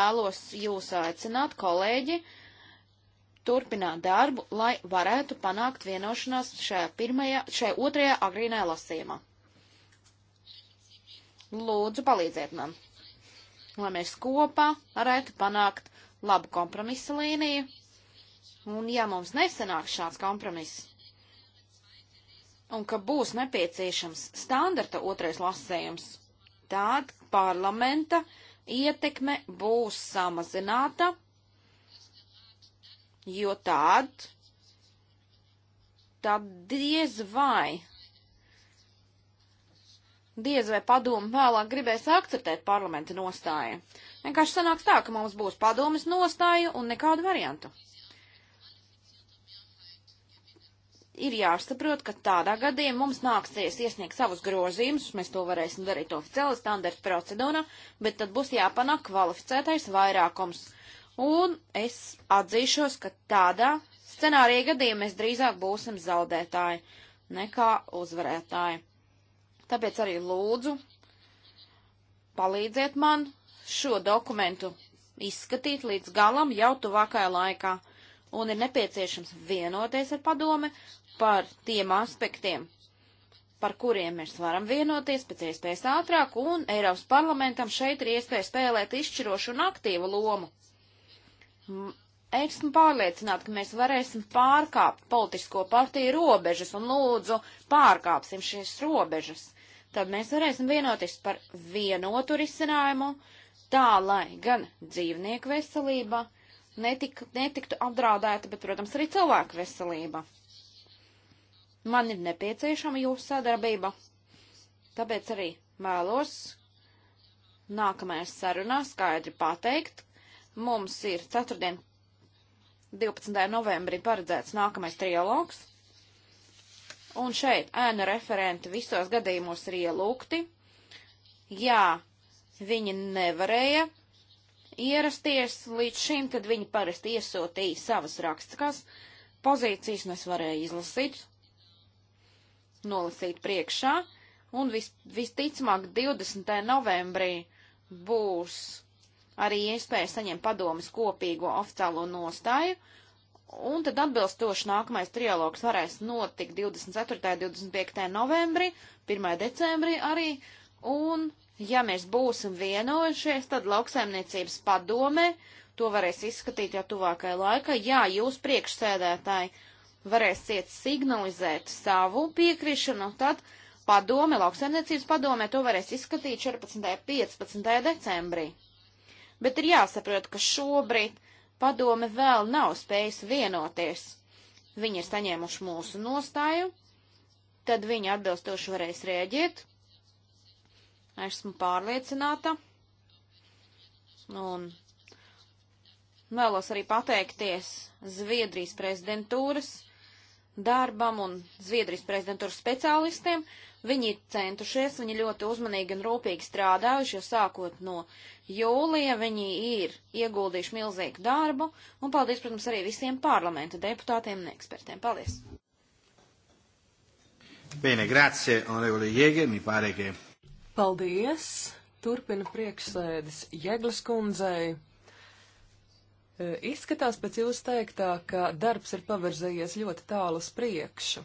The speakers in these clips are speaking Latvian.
vēlos jūs aicināt, kolēģi, turpināt darbu, lai varētu panākt vienošanās šajā, pirmajā, šajā otrajā agrīnajā lasījumā. Lūdzu, palīdziet man, lai mēs kopā varētu panākt labu kompromisa līniju. Un ja mums nesanāk šāds kompromiss, un ka būs nepieciešams standarta otrais lasējums, tad parlamenta uh, ietekme būs samazināta, jo tād, tad diez vai, diez vai padomu vēlāk gribēs akceptēt parlamenta nostāju. Vienkārši sanāks tā, ka mums būs padomas nostāja un nekādu variantu. ir jāsaprot, ka tādā gadījumā mums nāksies iesniegt savus grozījumus, mēs to varēsim darīt oficiāli standarta procedūrā, bet tad būs jāpanāk kvalificētais vairākums. Un es atzīšos, ka tādā scenārija gadījumā mēs drīzāk būsim zaudētāji nekā uzvarētāji. Tāpēc arī lūdzu palīdziet man šo dokumentu izskatīt līdz galam jau tuvākajā laikā un ir nepieciešams vienoties ar padome par tiem aspektiem, par kuriem mēs varam vienoties pēc iespējas ātrāk, un Eiropas parlamentam šeit ir iespēja spēlēt izšķirošu un aktīvu lomu. Esmu pārliecināta, ka mēs varēsim pārkāpt politisko partiju robežas un lūdzu pārkāpsim šīs robežas. Tad mēs varēsim vienoties par vienotu risinājumu, tā lai gan dzīvnieku veselība netik, netiktu apdraudēta, bet, protams, arī cilvēku veselība. Man ir nepieciešama jūsu sadarbība, tāpēc arī vēlos nākamajās sarunās skaidri pateikt. Mums ir ceturtdien 12. novembrī paredzēts nākamais trialogs, un šeit ēna referenti visos gadījumos ir ielūgti. Jā, viņi nevarēja ierasties līdz šim, tad viņi parasti iesūtīja savas rakstiskās pozīcijas, un es varēju izlasīt nolasīt priekšā, un vis, visticamāk 20. novembrī būs arī iespēja saņemt padomas kopīgo oficiālo nostāju, un tad atbilstoši nākamais trialogs varēs notikt 24. un 25. novembrī, 1. decembrī arī, un ja mēs būsim vienojušies, tad lauksaimniecības padomē to varēs izskatīt jau tuvākajā laikā. Jā, jūs priekšsēdētāji varēsiet signalizēt savu piekrišanu, tad padome, lauksaimniecības padome, to varēs izskatīt 14. un 15. decembrī. Bet ir jāsaprot, ka šobrīd padome vēl nav spējusi vienoties. Viņi ir saņēmuši mūsu nostāju, tad viņi atbilstoši varēs rēģēt. Esmu pārliecināta. Un vēlos arī pateikties Zviedrijas prezidentūras darbam un Zviedrijas prezidentūras speciālistiem. Viņi ir centušies, viņi ļoti uzmanīgi un rūpīgi strādājuši, jo sākot no jūlija viņi ir ieguldījuši milzīgu darbu, un paldies, protams, arī visiem parlamenta deputātiem un ekspertiem. Paldies! Bene, grazie, onorevole Jēger, mi pare, ka. Paldies! Turpina priekšsēdis Jēglas kundzei. E, izskatās pēc jūs teiktā, ka darbs ir pavirzējies ļoti tālu uz priekšu.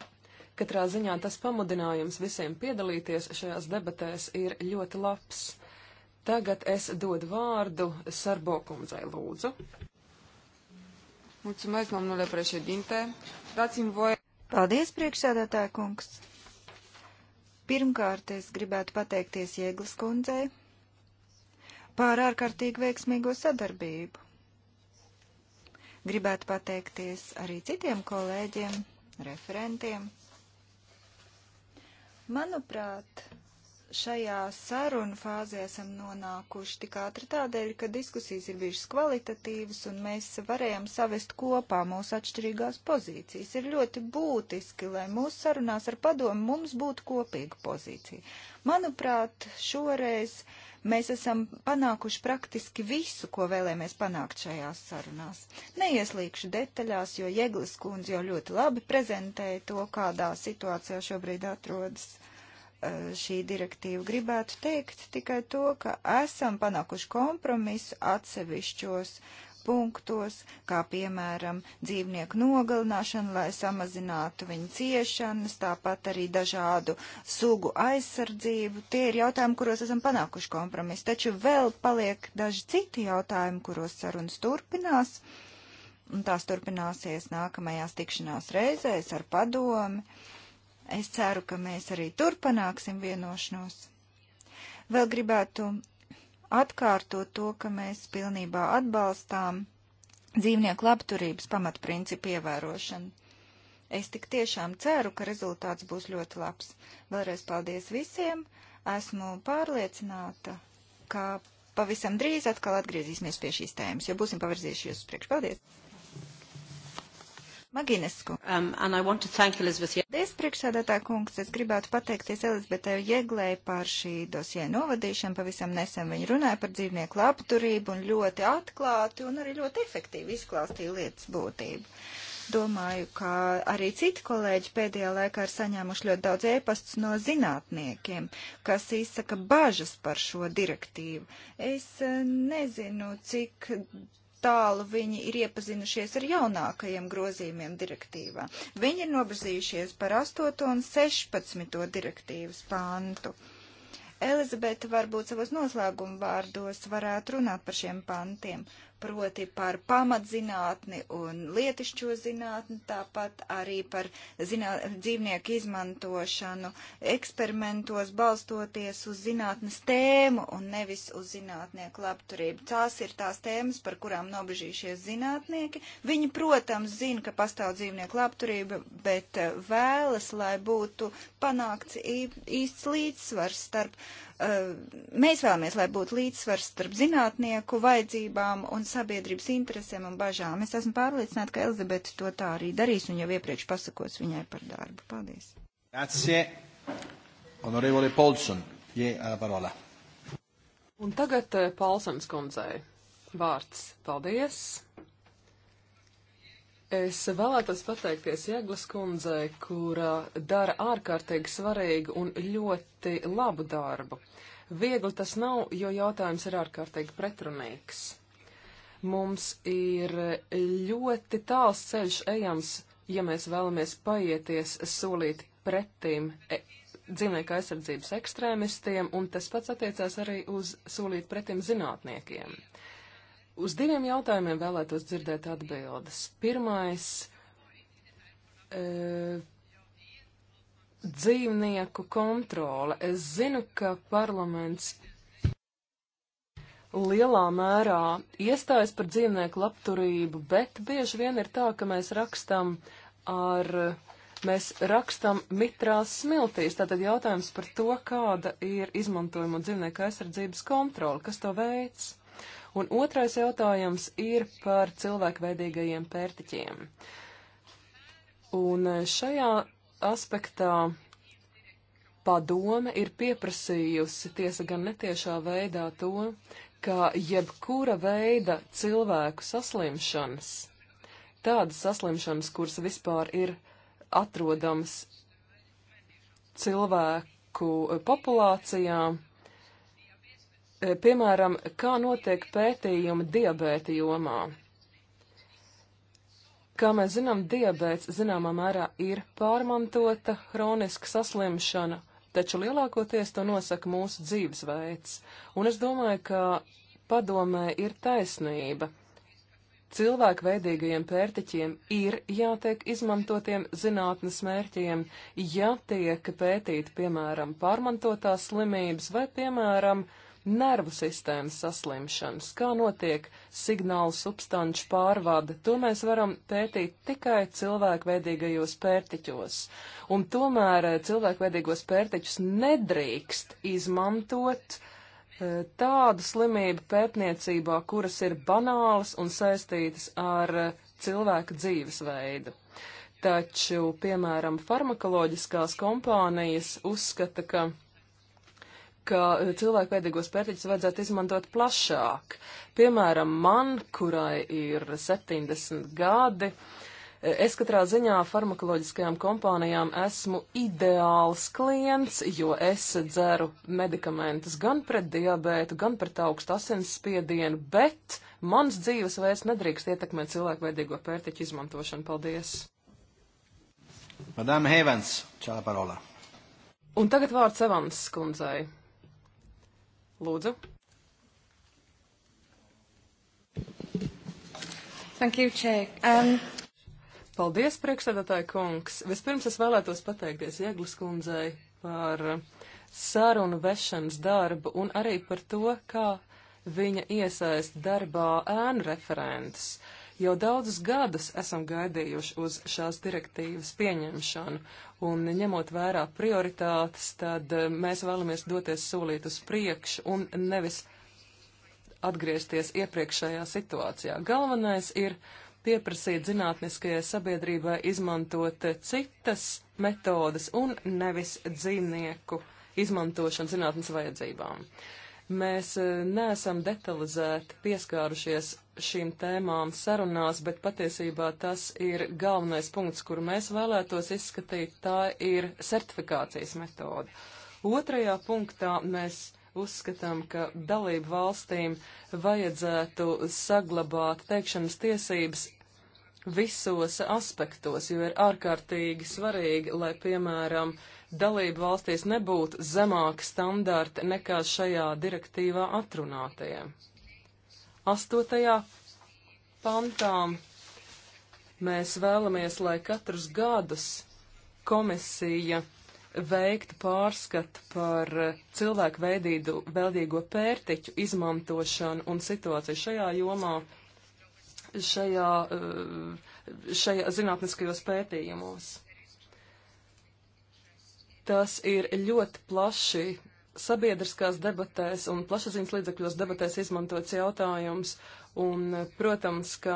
Katrā ziņā tas pamudinājums visiem piedalīties šajās debatēs ir ļoti labs. Tagad es dodu vārdu Sarbo kundzei lūdzu. Mulțumesc, domnule președinte. Dați-mi voie. Paldies, priekšsēdētāja kungs. Pirmkārt, es gribētu pateikties Jēglas kundzei par ārkārtīgi veiksmīgo sadarbību Gribētu pateikties arī citiem kolēģiem, referentiem. Manuprāt, šajā sarunu fāzē esam nonākuši tik ātri tādēļ, ka diskusijas ir bijušas kvalitatīvas un mēs varējām savest kopā mūsu atšķirīgās pozīcijas. Ir ļoti būtiski, lai mūsu sarunās ar padomu mums būtu kopīga pozīcija. Manuprāt, šoreiz uh, Mēs esam panākuši praktiski visu, ko vēlēmies panākt šajās sarunās. Neieslīgšu detaļās, jo Jeglis kundze jau ļoti labi prezentēja to, kādā situācijā šobrīd atrodas eh, šī direktīva. Gribētu teikt tikai to, ka esam panākuši kompromisu atsevišķos punktos, kā piemēram dzīvnieku nogalināšana, lai samazinātu viņu ciešanas, tāpat arī dažādu sugu aizsardzību. Tie ir jautājumi, kuros esam panākuši kompromisu, taču vēl paliek daži citi jautājumi, kuros sarunas turpinās, un tās turpināsies nākamajās tikšanās reizēs ar padomi. Es ceru, ka mēs arī tur panāksim vienošanos. Vēl gribētu atkārtot to, ka mēs pilnībā atbalstām dzīvnieku labturības pamatprincipu ievērošanu. Es tik tiešām ceru, ka rezultāts būs ļoti labs. Vēlreiz paldies visiem! Esmu pārliecināta, ka pavisam drīz atkal atgriezīsimies pie šīs tēmas, jo būsim pavirzījušies uz priekšu. Paldies! Maginesku. Um, Paldies, priekšsēdētā kungs. Es gribētu pateikties Elizabetei Jeglei par šī dosie novadīšanu. Pavisam nesen viņa runāja par dzīvnieku labturību un ļoti atklāti un arī ļoti efektīvi izklāstīja lietas būtību domāju, ka arī citi kolēģi pēdējā laikā ir saņēmuši ļoti daudz ēpastus no zinātniekiem, kas izsaka bažas par šo direktīvu. Es eh, nezinu, cik tālu viņi ir iepazinušies ar jaunākajiem grozījumiem direktīvā. Viņi ir nobazījušies par 8. un 16. direktīvas pantu. Elizabete varbūt savos noslēguma vārdos varētu runāt par šiem pantiem proti par pamatzinātni un lietišķo zinātni, tāpat arī par zinā, dzīvnieku izmantošanu eksperimentos balstoties uz zinātnes tēmu un nevis uz zinātnieku labturību. Tās ir tās tēmas, par kurām nobežījušies zinātnieki. Viņi, protams, zina, ka pastāv dzīvnieku labturība, bet eh, vēlas, lai būtu panākts īsts līdzsvars starp uh, Eh, mēs vēlamies, lai būtu līdzsvars starp zinātnieku vajadzībām un sabiedrības interesēm un bažām. Es esmu pārliecināta, ka Elizabete to tā arī darīs un jau iepriekš pasakos viņai par darbu. Paldies. Grazie. Honorevole Polson, jē, eh, parola. Un tagad eh, Polsons kundzei vārds. Paldies. Es vēlētos pateikties Jēglas kundzei, kura dara ārkārtīgi svarīgu un ļoti labu darbu. Viegli tas nav, jo jautājums ir ārkārtīgi pretrunīgs. Mums ir ļoti tāls ceļš ejams, ja mēs vēlamies paieties solīt pretim e dzīvnieku aizsardzības ekstrēmistiem, un tas pats attiecās arī uz solīt pretim zinātniekiem. Uz diviem jautājumiem vēlētos dzirdēt atbildes. Pirmais e, - dzīvnieku kontrole. Es zinu, ka parlaments lielā mērā iestājas par dzīvnieku labturību, bet bieži vien ir tā, ka mēs rakstam ar, mēs rakstam mitrās smiltīs. Tātad jautājums par to, kāda ir izmantojuma dzīvnieku aizsardzības kontrole, kas to veids? Un otrais jautājums ir par cilvēkveidīgajiem pērtiķiem. Un eh, šajā aspektā padome ir pieprasījusi, tiesa gan netiešā veidā to, ka jebkura veida cilvēku saslimšanas, tādas saslimšanas, kuras vispār ir atrodams cilvēku eh, populācijā, E, piemēram, kā notiek pētījumi diabēta jomā? Kā mēs zinām, diabēts zināmā mērā ir pārmantota hroniska saslimšana, taču lielākoties to nosaka mūsu dzīvesveids. Un es domāju, ka padomē ir taisnība. Cilvēku veidīgajiem pērtiķiem ir jātiek izmantotiem zinātnes mērķiem, ja tiek pētīti, piemēram, pārmantotās slimības vai, piemēram, uh, nervu sistēmas saslimšanas, kā notiek signālu substanču pārvade, to mēs varam pētīt tikai cilvēkveidīgajos pērtiķos. Un tomēr eh, cilvēkveidīgos pērtiķus nedrīkst izmantot eh, tādu slimību pētniecībā, kuras ir banālas un saistītas ar eh, cilvēka dzīvesveidu. Taču, piemēram, farmakoloģiskās kompānijas uzskata, ka ka cilvēku pēdējos pērtiķus vajadzētu izmantot plašāk. Piemēram, man, kurai ir 70 gadi, es katrā ziņā farmakoloģiskajām kompānijām esmu ideāls klients, jo es dzeru medikamentus gan pret diabētu, gan pret augstu asinsspiedienu, bet mans dzīvesveids nedrīkst ietekmēt cilvēku veidīgo pērtiķu izmantošanu. Paldies! Madame Hevens, čāla parola. Un tagad vārds Evans skundzei. Lūdzu. Thank you, Chair. Um... Paldies, priekšsēdētāji kungs. Vispirms es vēlētos pateikties Jēglas kundzei par sarunu vešanas darbu un arī par to, kā viņa iesaist darbā ēnu referents. Jau daudzus gadus esam gaidījuši uz šās direktīvas pieņemšanu, un ņemot vērā prioritātes, tad eh, mēs vēlamies doties solīt uz priekšu un nevis atgriezties iepriekšējā situācijā. Galvenais ir pieprasīt zinātniskajai sabiedrībai izmantot citas metodas un nevis dzīvnieku izmantošanu zinātnes vajadzībām. Mēs eh, neesam detalizēti pieskārušies šīm tēmām sarunās, bet patiesībā tas ir galvenais punkts, kuru mēs vēlētos izskatīt, tā ir certifikācijas metode. Otrajā punktā mēs uzskatām, ka dalību valstīm vajadzētu saglabāt teikšanas tiesības visos aspektos, jo ir ārkārtīgi svarīgi, lai, piemēram, dalību valstīs nebūtu zemāka standarta nekā šajā direktīvā atrunātajiem astotajā pantām. Mēs vēlamies, lai katrs gadus komisija veiktu pārskatu par cilvēku veidīdu, veidīgo pērtiķu izmantošanu un situāciju šajā jomā, šajā, eh, šajā zinātniskajos pētījumos. Tas ir ļoti plaši sabiedriskās debatēs un plašsaziņas līdzekļos debatēs izmantots jautājums, un, protams, ka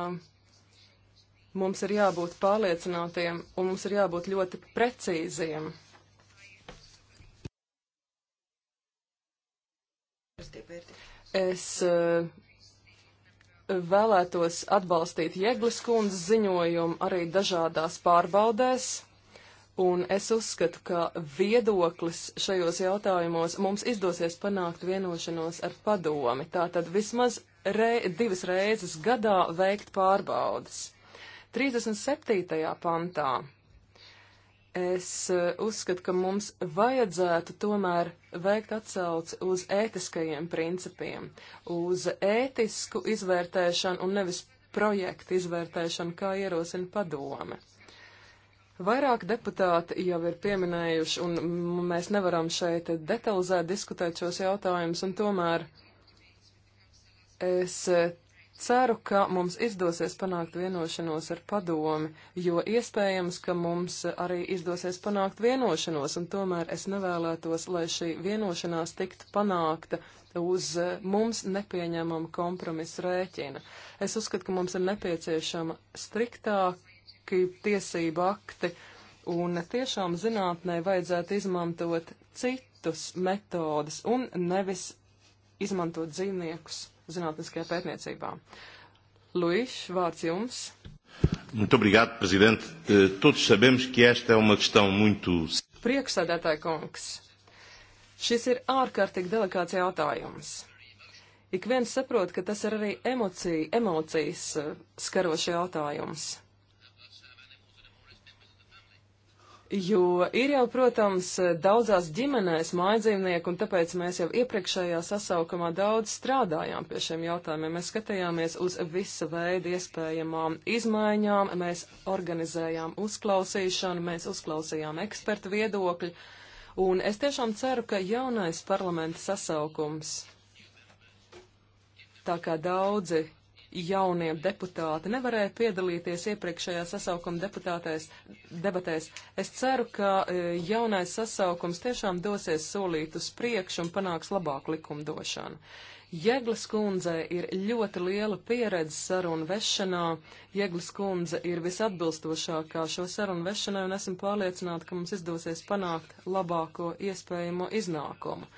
mums ir jābūt pārliecinātiem un mums ir jābūt ļoti precīziem. Es uh, vēlētos atbalstīt Jeglis kundzes ziņojumu arī dažādās pārbaudēs, un es uzskatu, ka viedoklis šajos jautājumos mums izdosies panākt vienošanos ar padomi. Tātad vismaz rei, divas reizes gadā veikt pārbaudas. 37. pantā es e, uzskatu, ka mums vajadzētu tomēr veikt atsauci uz ētiskajiem principiem, uz ētisku izvērtēšanu un nevis projektu izvērtēšanu, kā ierosina padome. Vairāk deputāti jau ir pieminējuši, un mēs nevaram šeit detalizēt diskutēt šos jautājumus, un tomēr es e, ceru, ka mums izdosies panākt vienošanos ar padomi, jo iespējams, ka mums arī izdosies panākt vienošanos, un tomēr es nevēlētos, lai šī vienošanās tiktu panākta uz e, mums nepieņemama kompromisa rēķina. Es uzskatu, ka mums ir nepieciešama striktāk tiesību akti, un tiešām zinātnē vajadzētu izmantot citus metodus un nevis izmantot dzīvniekus zinātniskajā pētniecībā. Luís, vārds jums. Muito obrigado, Presidente. Eh, todos sabemos que esta é uma questão muito. Priekšsēdētāji kungs, šis ir ārkārtīgi delikāts jautājums. Ik viens saprot, ka tas ir arī emocija, emocijas eh, skarošs jautājums. Jo ir jau, protams, daudzās ģimenēs mājdzīvnieki, un tāpēc mēs jau iepriekšējā sasaukumā daudz strādājām pie šiem jautājumiem. Mēs skatījāmies uz visa veida iespējamām izmaiņām, mēs organizējām uzklausīšanu, mēs uzklausījām ekspertu viedokļi, un es tiešām ceru, ka jaunais parlamenta sasaukums, tā kā daudzi jaunie deputāti nevarēja piedalīties iepriekšējā sasaukuma debatēs. Es ceru, ka e, jaunais sasaukums tiešām dosies solīt uz priekšu un panāks labāku likumdošanu. Jeglas kundze ir ļoti liela pieredze sarunu vešanā. Jeglas kundze ir visatbilstošākā šo sarunu vešanai un esmu pārliecināta, ka mums izdosies panākt labāko iespējamo iznākumu.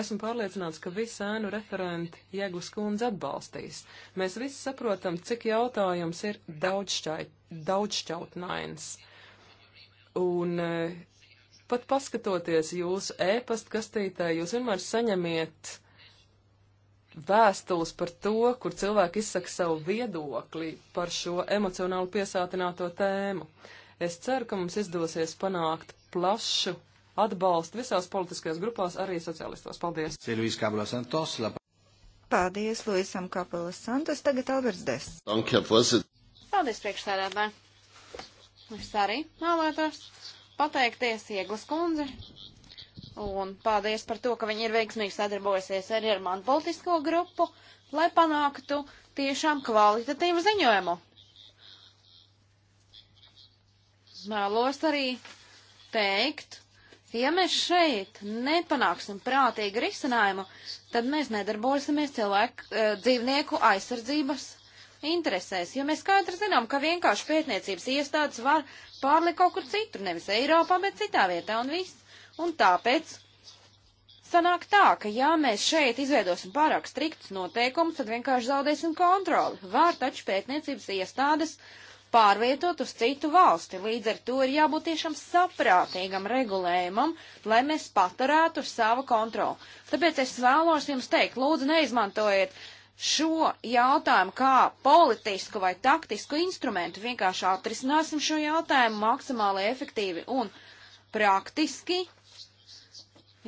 Esmu pārliecināts, ka visi ēnu referenti Jēgus kundze atbalstīs. Mēs visi saprotam, cik jautājums ir daudzšķautnains. Un e, pat paskatoties jūsu ēpastu e kastītē, jūs vienmēr saņemiet vēstules par to, kur cilvēki izsaka savu viedokli par šo emocionāli piesātināto tēmu. Es ceru, ka mums izdosies panākt plašu atbalstu visās politiskajās grupās, arī sociālistos. Paldies! Paldies, Luisam Kapelas Santos. Tagad Alberts Des. Paldies, priekšsēdētāji! Es arī vēlētos pateikties Ieglas kundze un paldies par to, ka viņi ir veiksmīgi sadarbojusies arī ar manu politisko grupu, lai panāktu tiešām kvalitatīvu ziņojumu. Mēlos arī teikt, Ja mēs šeit nepanāksim prātīgu risinājumu, tad mēs nedarbosimies cilvēku eh, dzīvnieku aizsardzības interesēs, jo mēs skaidri zinām, ka vienkārši pētniecības iestādes var pārlikt kaut kur citur, nevis Eiropā, bet citā vietā un viss. Un tāpēc sanāk tā, ka ja mēs šeit izveidosim pārāk striktus noteikumus, tad vienkārši zaudēsim kontroli. Var taču pētniecības iestādes uh, pārvietot uz citu valsti. Līdz ar to ir jābūt tiešām saprātīgam regulējumam, lai mēs paturētu savu kontroli. Tāpēc es vēlos jums teikt, lūdzu, neizmantojiet šo jautājumu kā politisku vai taktisku instrumentu. Vienkārši atrisināsim šo jautājumu maksimāli efektīvi un praktiski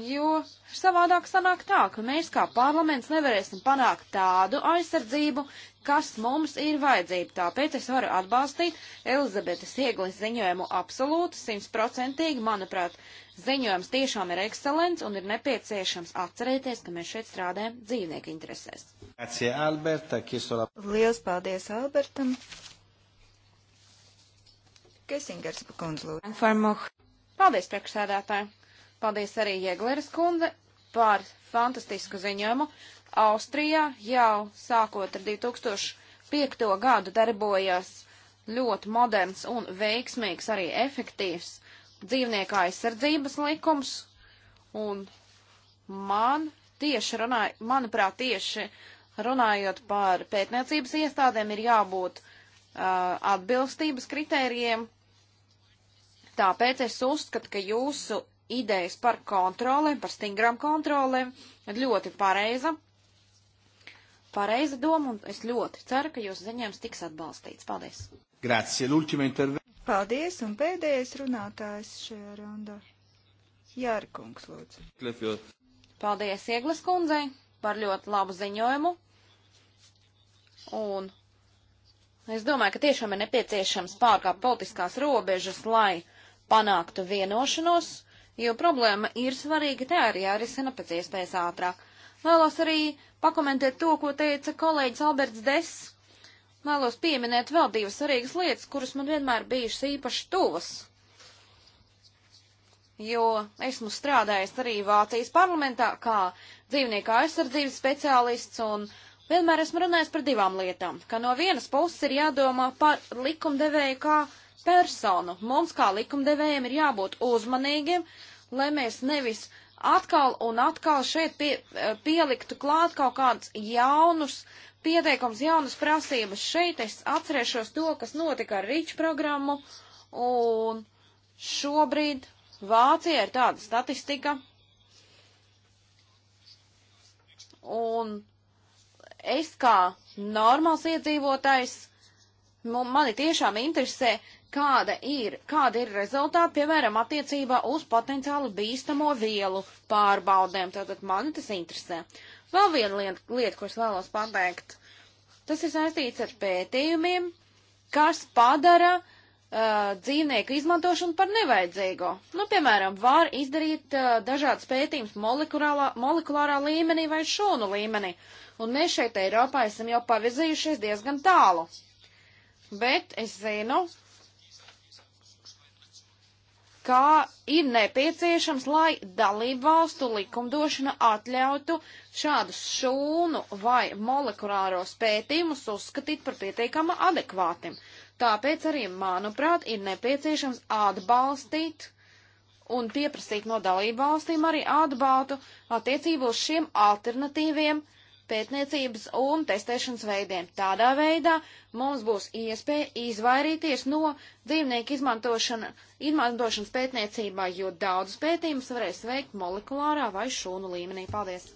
Jo savādāk sanāk tā, ka mēs kā parlaments nevarēsim panākt tādu aizsardzību, kas mums ir vajadzība. Tāpēc es varu atbalstīt Elizabetes ieglis ziņojumu absolūti, simtprocentīgi. Manuprāt, ziņojums tiešām ir ekscelents un ir nepieciešams atcerēties, ka mēs šeit strādājam dzīvnieku interesēs. Lielas paldies Albertam! Kesingers, kundze, lūdzu. Paldies, priekšsēdētāji! Paldies arī Jegleres kundze par fantastisku ziņojumu. Austrijā jau sākot ar 2005. gadu darbojas ļoti moderns un veiksmīgs arī efektīvs dzīvnieku aizsardzības likums. Un man tieši runāja, manuprāt, tieši runājot par pētniecības iestādēm, ir jābūt uh, atbilstības kritērijiem. Tāpēc es uzskatu, ka jūsu idejas par kontrolēm, par stingrām kontrolēm ļoti pareiza. Pareiza doma, un es ļoti ceru, ka jūsu ziņojums tiks atbalstīts. Paldies! Grazie, l'ultima intervija. Paldies, un pēdējais runātājs šajā raundā. Jārkungs, lūdzu. Klefjot. Paldies Ieglas kundzei par ļoti labu ziņojumu. Un es domāju, ka tiešām ir nepieciešams pārkāpt politiskās robežas, lai panāktu vienošanos jo problēma ir svarīga, tā arī jārisina pēc iespējas ātrāk. Vēlos arī pakomentēt to, ko teica kolēģis Alberts Des. Vēlos pieminēt vēl divas svarīgas lietas, kuras man vienmēr bijušas īpaši tuvas. Jo esmu strādājis arī Vācijas parlamentā kā dzīvnieku aizsardzības speciālists un vienmēr esmu runājis par divām lietām. Ka no vienas puses ir jādomā par likumdevēju kā personu. Mums kā likumdevējiem ir jābūt uzmanīgiem, lai mēs nevis atkal un atkal šeit pie, eh, pieliktu klāt kaut kādus jaunus pieteikums, jaunas prasības. Šeit es atcerēšos to, kas notika ar Rīču programmu, un šobrīd Vācija ir tāda statistika, un es kā normāls iedzīvotājs, mani tiešām interesē, kāda ir, kāda ir rezultāti, piemēram, attiecībā uz potenciāli bīstamo vielu pārbaudēm. Tātad mani tas interesē. Vēl viena lieta, lieta ko es vēlos pateikt. Tas ir saistīts ar pētījumiem, kas padara uh, dzīvnieku izmantošanu par nevajadzīgo. Nu, piemēram, var izdarīt uh, dažādas pētījumas molekulārā, molekulārā līmenī vai šūnu līmenī. Un mēs šeit Eiropā esam jau pavirzījušies diezgan tālu. Bet es zinu, kā ir nepieciešams, lai dalību valstu likumdošana atļautu šādus šūnu vai molekulāros pētījumus uzskatīt par pietiekama adekvātiem. Tāpēc arī, manuprāt, ir nepieciešams atbalstīt un pieprasīt no dalību valstīm arī atbalstu attiecībā uz šiem alternatīviem pētniecības un testēšanas veidiem. Tādā veidā mums būs iespēja izvairīties no dzīvnieku izmantošana, izmantošanas pētniecībā, jo daudzus pētījumus varēs veikt molekulārā vai šūnu līmenī. Paldies!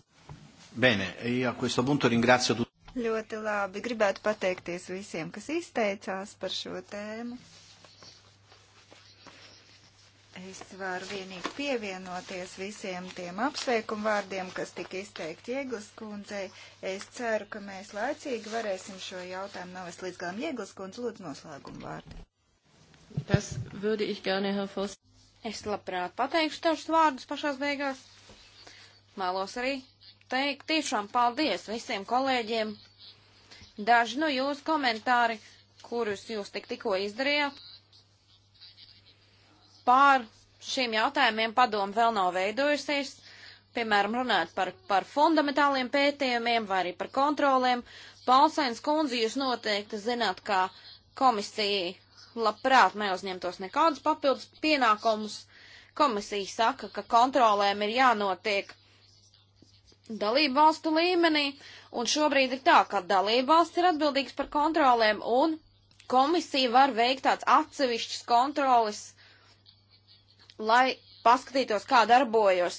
Bene, ja e questo punto ringrazio tu. Ļoti labi. Gribētu pateikties visiem, kas izteicās par šo tēmu. Es varu vienīgi pievienoties visiem tiem apsveikumu vārdiem, kas tika izteikti Jēglas kundzei. Es ceru, ka mēs laicīgi varēsim šo jautājumu novest līdz galam. Jēglas kundze, lūdzu noslēgumu vārdu. Tas würde ich gerne, Herr Foss. Es labprāt pateikšu tašus vārdus pašās beigās. Mēlos arī teikt tiešām paldies visiem kolēģiem. Daži no jūsu komentāri, kurus jūs tik tikko izdarījāt, pār šiem jautājumiem padomu vēl nav veidojusies, piemēram, runāt par, par fundamentāliem pētījumiem vai arī par kontroliem. Palsēns kundze, jūs noteikti zināt, ka komisija labprāt neuzņemtos nekādus papildus pienākumus. Komisija saka, ka kontrolēm ir jānotiek dalību valstu līmenī, un šobrīd ir tā, ka dalību valsts ir atbildīgs par kontrolēm, un komisija var veikt tāds atsevišķas kontrolas lai paskatītos, kā darbojas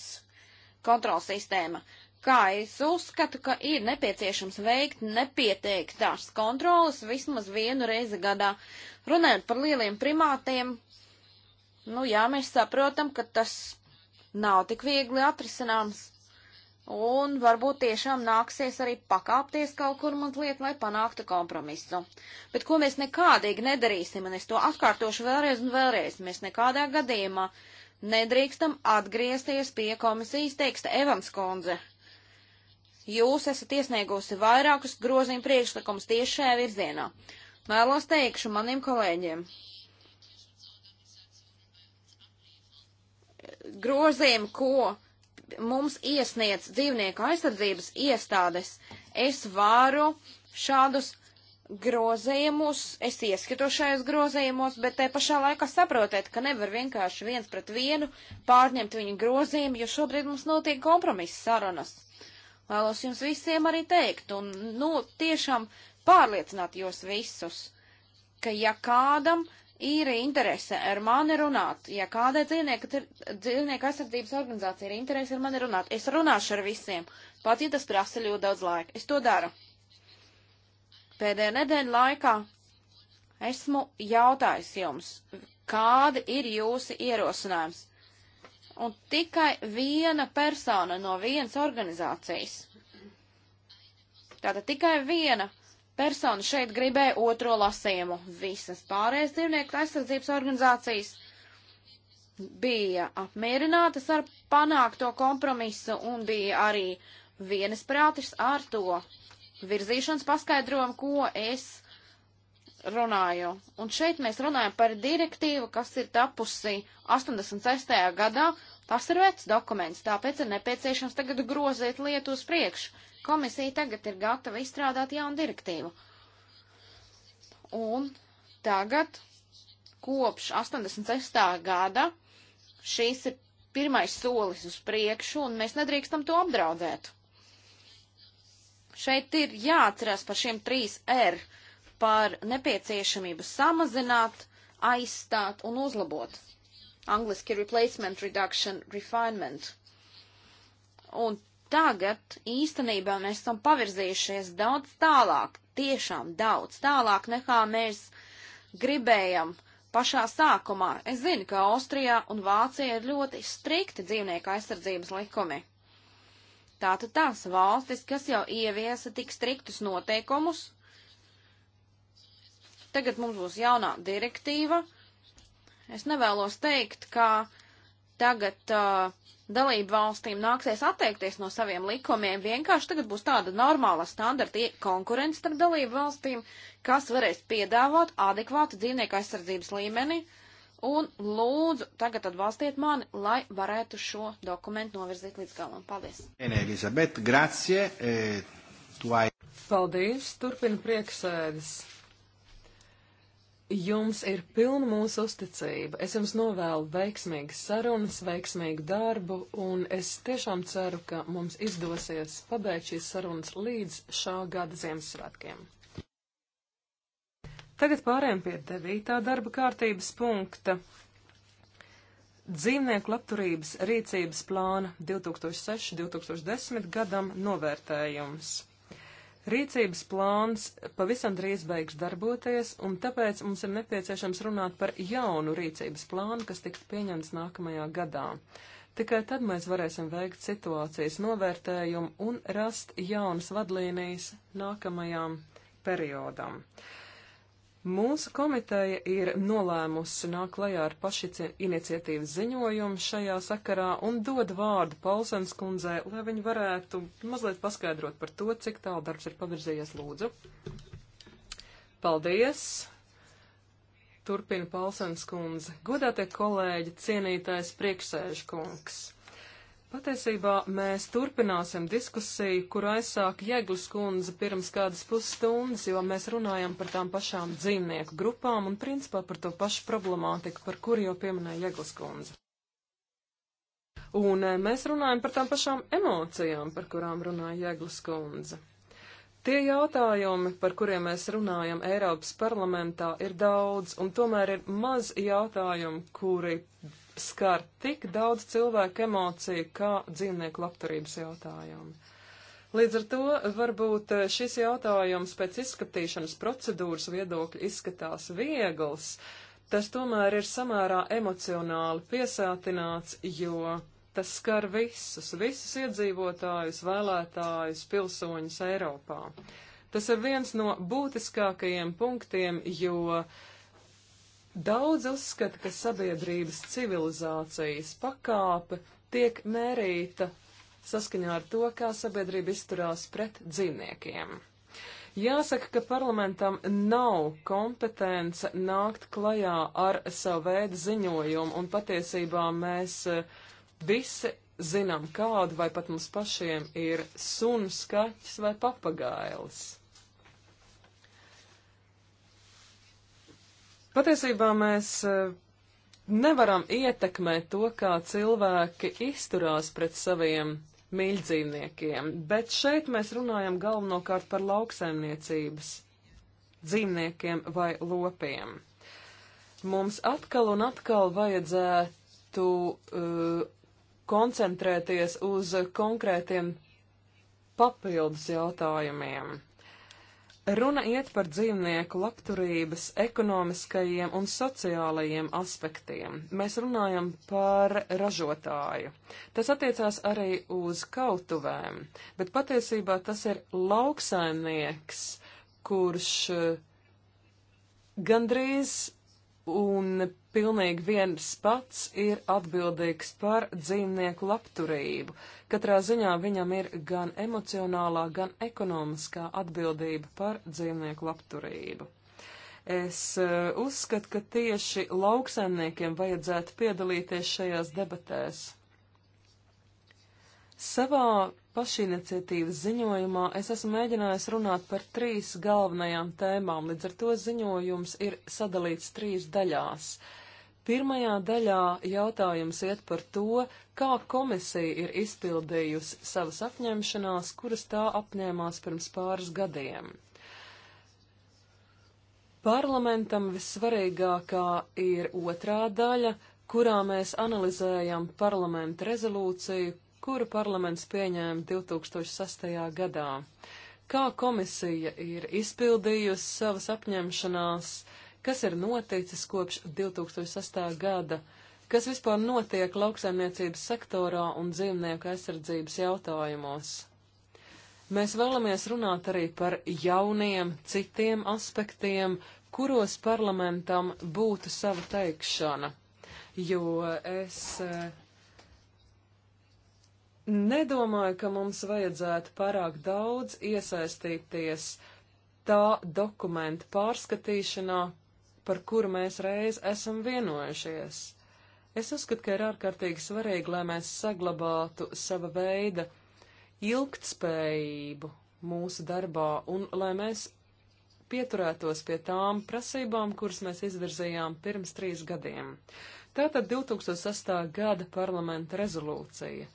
kontrols sistēma. Kā es uzskatu, ka ir nepieciešams veikt nepieteiktās kontrolas vismaz vienu reizi gadā. Runājot par lieliem primātiem, nu jā, mēs saprotam, ka tas nav tik viegli atrisināms. Un varbūt tiešām nāksies arī pakāpties kaut kur mazliet, lai panāktu kompromisu. Bet ko mēs nekādīgi nedarīsim, un es to atkārtošu vēlreiz un vēlreiz, mēs nekādā gadījumā nedrīkstam atgriezties pie komisijas teksta Evans kundze. Jūs esat iesniegusi vairākus grozījumu priekšlikumus tieši šajā virzienā. Vēlos teikšu maniem kolēģiem. Grozījumi, ko mums iesniedz dzīvnieku aizsardzības iestādes, es varu šādus grozījumus, es ieskatu šajos grozījumos, bet te pašā laikā saprotiet, ka nevar vienkārši viens pret vienu pārņemt viņu grozījumu, jo šobrīd mums notiek kompromisa sarunas. Vēlos jums visiem arī teikt, un, nu, tiešām pārliecināt jūs visus, ka ja kādam ir interese ar mani runāt. Ja kādai dzīvnieku aizsardzības organizācija ir interese ar mani runāt, es runāšu ar visiem, pat ja tas prasa ļoti daudz laika. Es to daru. Pēdējā nedēļa laikā esmu jautājis jums, kādi ir jūsu ierosinājums. Un tikai viena persona no vienas organizācijas. Tātad tikai viena persona šeit gribēja otro lasījumu. Visas pārējās dzīvnieku aizsardzības organizācijas bija apmierinātas ar panākto kompromisu un bija arī vienas prātis ar to virzīšanas paskaidrojumu, ko es runāju. Un šeit mēs runājam par direktīvu, kas ir tapusi 86. gadā. Tas ir vecs dokuments, tāpēc ir nepieciešams tagad grozīt lietu uz priekšu. Komisija tagad ir gatava izstrādāt jaunu direktīvu. Un tagad, kopš 86. gada, šīs ir pirmais solis uz priekšu, un mēs nedrīkstam to apdraudēt. Šeit ir jāatcerās par šiem trīs R, par nepieciešamību samazināt, aizstāt un uzlabot. Angliski replacement, reduction, refinement. Un Tagad īstenībā mēs esam pavirzījušies daudz tālāk, tiešām daudz tālāk nekā mēs gribējam pašā sākumā. Es zinu, ka Austrijā un Vācija ir ļoti strikti dzīvnieku aizsardzības likumi. Tātad tās valstis, kas jau ieviesa tik striktus noteikumus, tagad mums būs jaunā direktīva. Es nevēlos teikt, ka uh, tagad uh, dalību valstīm nāksies atteikties no saviem likumiem. Vienkārši tagad būs tāda normāla standarta konkurence starp dalību valstīm, kas varēs piedāvāt adekvātu dzīvnieku aizsardzības līmeni. Un lūdzu, tagad atbalstiet mani, lai varētu šo dokumentu novirzīt līdz galam. Paldies! Elizabete, grazie! E, eh, tuai... Paldies! Turpina prieksēdes! Jums ir pilna mūsu uzticība. Es jums novēlu veiksmīgas sarunas, veiksmīgu darbu, un es tiešām ceru, ka mums izdosies pabeigt šīs sarunas līdz šā gada Ziemassvētkiem. Tagad pārējām pie devītā darba kārtības punkta - dzīvnieku labturības rīcības plāna 2006-2010 gadam novērtējums. Rīcības plāns pavisam drīz beigs darboties, un tāpēc mums ir nepieciešams runāt par jaunu rīcības plānu, kas tiks pieņemts nākamajā gadā. Tikai tad mēs varēsim veikt situācijas novērtējumu un rast jaunas vadlīnijas nākamajām periodam. Uh, Mūsu komiteja ir nolēmusi nāk klajā ar pašiniciatīvas ziņojumu šajā sakarā un dod vārdu Paulsens kundzei, lai viņi varētu mazliet paskaidrot par to, cik tālu darbs ir pavirzījies lūdzu. Paldies! Turpina Paulsens kundze. Godātie kolēģi, cienītais priekšsēžkungs! Patiesībā mēs turpināsim diskusiju, kur aizsāk Jēglis kundze pirms kādas pusstundas, jo mēs runājam par tām pašām dzīvnieku grupām un principā par to pašu problemātiku, par kuru jau pieminēja Jēglis kundze. Un e, mēs runājam par tām pašām emocijām, par kurām runāja Jēglis kundze. Tie jautājumi, par kuriem mēs runājam Eiropas parlamentā, ir daudz, un tomēr ir maz jautājumu, kuri skar tik daudz cilvēku emociju kā dzīvnieku labturības jautājumi. Līdz ar to varbūt eh, šis jautājums pēc izskatīšanas procedūras viedokļa izskatās viegls, tas tomēr ir samērā emocionāli piesātināts, jo tas skar visus, visus iedzīvotājus, vēlētājus, pilsoņus Eiropā. Tas ir viens no būtiskākajiem punktiem, jo uh, Daudz uzskata, ka sabiedrības civilizācijas pakāpe tiek mērīta saskaņā ar to, kā sabiedrība izturās pret dzīvniekiem. Jāsaka, ka parlamentam nav kompetence nākt klajā ar savu veidu ziņojumu, un patiesībā mēs eh, visi zinām kādu, vai pat mums pašiem ir suns, kaķis vai papagailis. Patiesībā mēs eh, nevaram ietekmēt to, kā cilvēki izturās pret saviem mīļdzīvniekiem, bet šeit mēs runājam galvenokārt par lauksaimniecības dzīvniekiem vai lopiem. Mums atkal un atkal vajadzētu uh, koncentrēties uz konkrētiem papildus jautājumiem. Runa iet par dzīvnieku labturības ekonomiskajiem un sociālajiem aspektiem. Mēs runājam par ražotāju. Tas attiecās arī uz kautuvēm, bet patiesībā tas ir lauksaimnieks, kurš eh, gandrīz un pilnīgi viens pats ir atbildīgs par dzīvnieku labturību. Katrā ziņā viņam ir gan emocionālā, gan ekonomiskā atbildība par dzīvnieku labturību. Es uh, uzskatu, ka tieši lauksaimniekiem vajadzētu piedalīties šajās debatēs. Savā pašiniciatīvas ziņojumā es esmu mēģinājis runāt par trīs galvenajām tēmām, līdz ar to ziņojums ir sadalīts trīs daļās. Pirmajā daļā jautājums iet par to, kā komisija ir izpildījusi savas apņemšanās, kuras tā apņēmās pirms pāris gadiem. Parlamentam vissvarīgākā ir otrā daļa, kurā mēs analizējam parlamenta rezolūciju, kuru parlaments pieņēma 2006. gadā. Kā komisija ir izpildījusi savas apņemšanās, kas ir noticis kopš 2006. gada, kas vispār notiek lauksaimniecības sektorā un dzīvnieku aizsardzības jautājumos? Mēs vēlamies runāt arī par jauniem, citiem aspektiem, kuros parlamentam būtu sava teikšana, jo es eh, Nedomāju, ka mums vajadzētu pārāk daudz iesaistīties tā dokumenta pārskatīšanā, par kuru mēs reiz esam vienojušies. Es uzskatu, ka ir ārkārtīgi svarīgi, lai mēs saglabātu sava veida ilgtspējību mūsu darbā un lai mēs pieturētos pie tām prasībām, kuras mēs izvirzījām pirms trīs gadiem. Tātad 2008. gada parlamenta rezolūcija.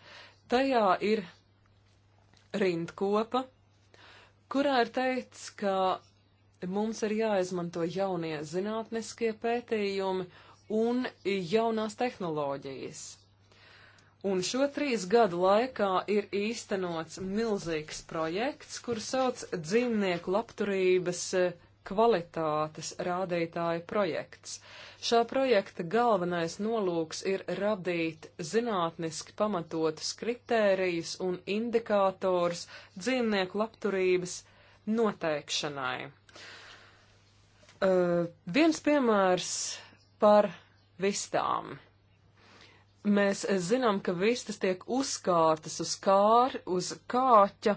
Tajā ir rindkopa, kurā ir teikts, ka mums ir jāizmanto jaunie zinātniskie pētījumi un jaunās tehnoloģijas. Un šo trīs gadu laikā ir īstenots milzīgs projekts, kur sauc dzīvnieku labturības uh, kvalitātes rādītāja projekts. Šā projekta galvenais nolūks ir radīt zinātniski pamatotus kritērijus un indikātors dzīvnieku labturības noteikšanai. Uh, viens piemērs par vistām. Mēs zinām, ka vistas tiek uzkārtas uz kāri, uz kāķa,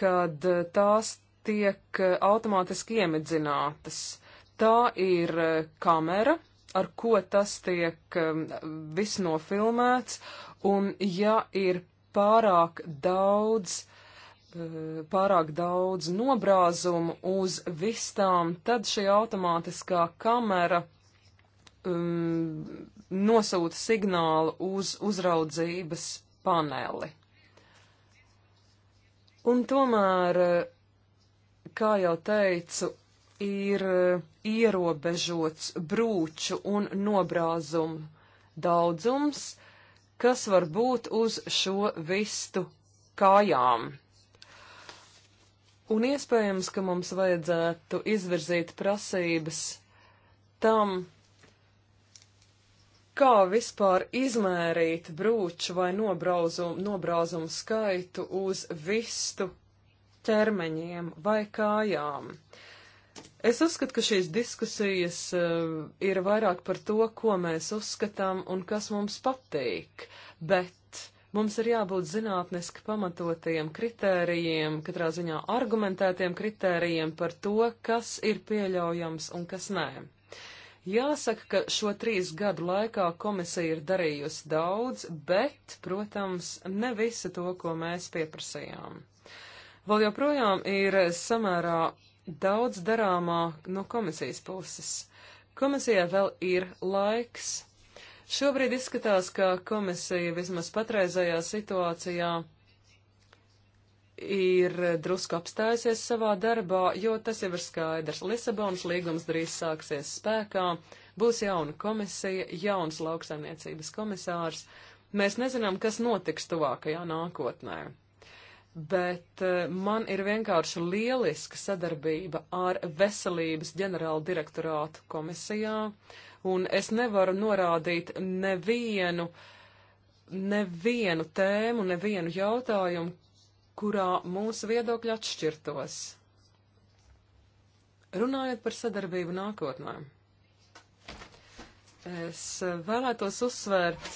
kad tās tiek eh, automātiski iemidzinātas. Tā ir eh, kamera, ar ko tas tiek eh, viss nofilmēts, un ja ir pārāk daudz, pārāk daudz nobrāzumu uz vistām, tad šī automātiskā kamera um, nosūta signālu uz uzraudzības paneli. Un tomēr kā jau teicu, ir eh, ierobežots brūču un nobrāzumu daudzums, kas var būt uz šo vistu kājām. Un iespējams, ka mums vajadzētu izvirzīt prasības tam, kā vispār izmērīt brūču vai nobrāzumu skaitu uz vistu ķermeņiem vai kājām. Es uzskatu, ka šīs diskusijas eh, ir vairāk par to, ko mēs uzskatām un kas mums patīk, bet mums ir jābūt zinātniski pamatotajiem kritērijiem, katrā ziņā argumentētiem kritērijiem par to, kas ir pieļaujams un kas nē. Jāsaka, ka šo trīs gadu laikā komisija ir darījusi daudz, bet, protams, ne visu to, ko mēs pieprasījām. Vēl joprojām ir samērā daudz darāmā no komisijas puses. Komisijai vēl ir laiks. Šobrīd izskatās, ka komisija vismaz patreizajā situācijā ir drusku apstājusies savā darbā, jo tas jau ir skaidrs. Lisabonas līgums drīz sāksies spēkā, būs jauna komisija, jauns lauksaimniecības komisārs. Mēs nezinām, kas notiks tuvākajā nākotnē bet eh, man ir vienkārši lieliska sadarbība ar veselības ģenerāla direktorātu komisijā, un es nevaru norādīt nevienu, nevienu tēmu, nevienu jautājumu, kurā mūsu viedokļi atšķirtos. Runājot par sadarbību nākotnē, es eh, vēlētos uzsvērt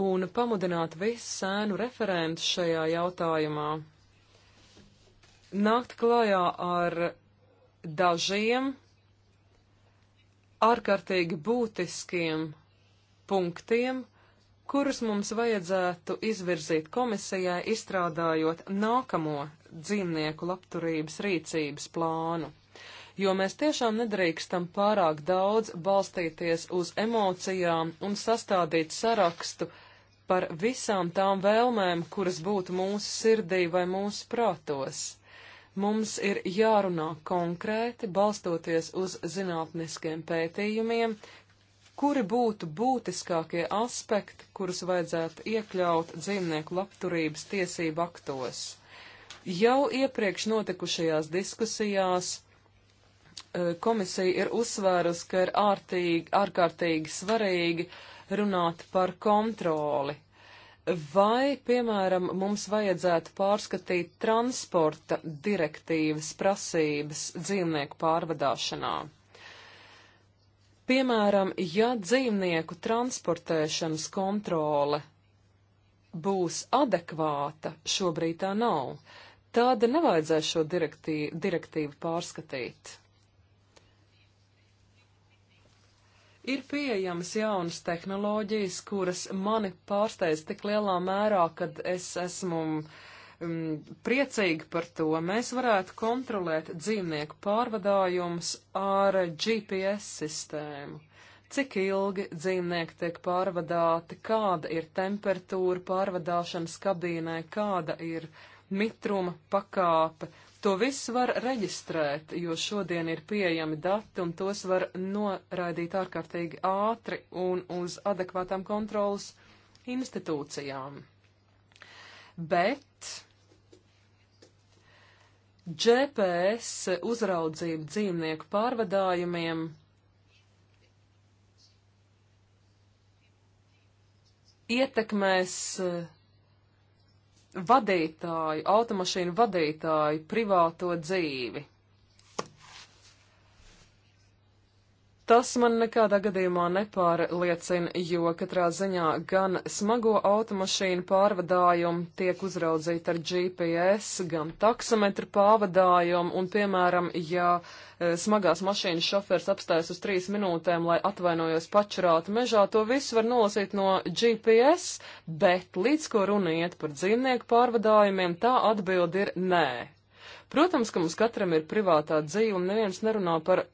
un pamudināt visus sēnu referentus šajā jautājumā. Nākt klājā ar dažiem ārkārtīgi būtiskiem punktiem, kurus mums vajadzētu izvirzīt komisijai, izstrādājot nākamo dzīvnieku labturības rīcības plānu. Jo mēs tiešām nedrīkstam pārāk daudz balstīties uz emocijām un sastādīt sarakstu par visām tām vēlmēm, kuras būtu mūsu sirdī vai mūsu prātos. Mums ir jārunā konkrēti, balstoties uz zinātniskiem pētījumiem, kuri būtu būtiskākie aspekti, kurus vajadzētu iekļaut dzīvnieku labturības tiesību aktos. Jau iepriekš notikušajās diskusijās eh, komisija ir uzsvērusi, ka ir ārtīgi, ārkārtīgi svarīgi uh, runāt par kontroli. Vai, piemēram, mums vajadzētu pārskatīt transporta direktīvas prasības dzīvnieku pārvadāšanā? Piemēram, ja dzīvnieku transportēšanas kontrole būs adekvāta, šobrīd tā nav, tad nevajadzēs šo direktīvu, direktīvu pārskatīt. Ir pieejamas jaunas tehnoloģijas, kuras mani pārsteidz tik lielā mērā, kad es esmu mm, priecīgi par to. Mēs varētu kontrolēt dzīvnieku pārvadājumus ar GPS sistēmu. Cik ilgi dzīvnieki tiek pārvadāti, kāda ir temperatūra pārvadāšanas kabīnē, kāda ir mitruma pakāpe. To viss var reģistrēt, jo šodien ir pieejami dati un tos var noraidīt ārkārtīgi ātri un uz adekvātām kontrolas institūcijām. Bet GPS uzraudzību dzīvnieku pārvadājumiem ietekmēs uh, vadītāju, automašīnu vadītāju privāto dzīvi. Tas man nekādā gadījumā nepārliecina, jo katrā ziņā gan smago automašīnu pārvadājumu tiek uzraudzīta ar GPS, gan taksometru pārvadājumu, un, piemēram, ja e, smagās mašīnas šofērs apstājas uz trīs minūtēm, lai atvainojos pačurātu mežā, to visu var nolasīt no GPS, bet līdz ko runa iet par dzīvnieku pārvadājumiem, tā atbildi ir nē. Protams, ka mums katram ir privātā dzīve, un neviens nerunā par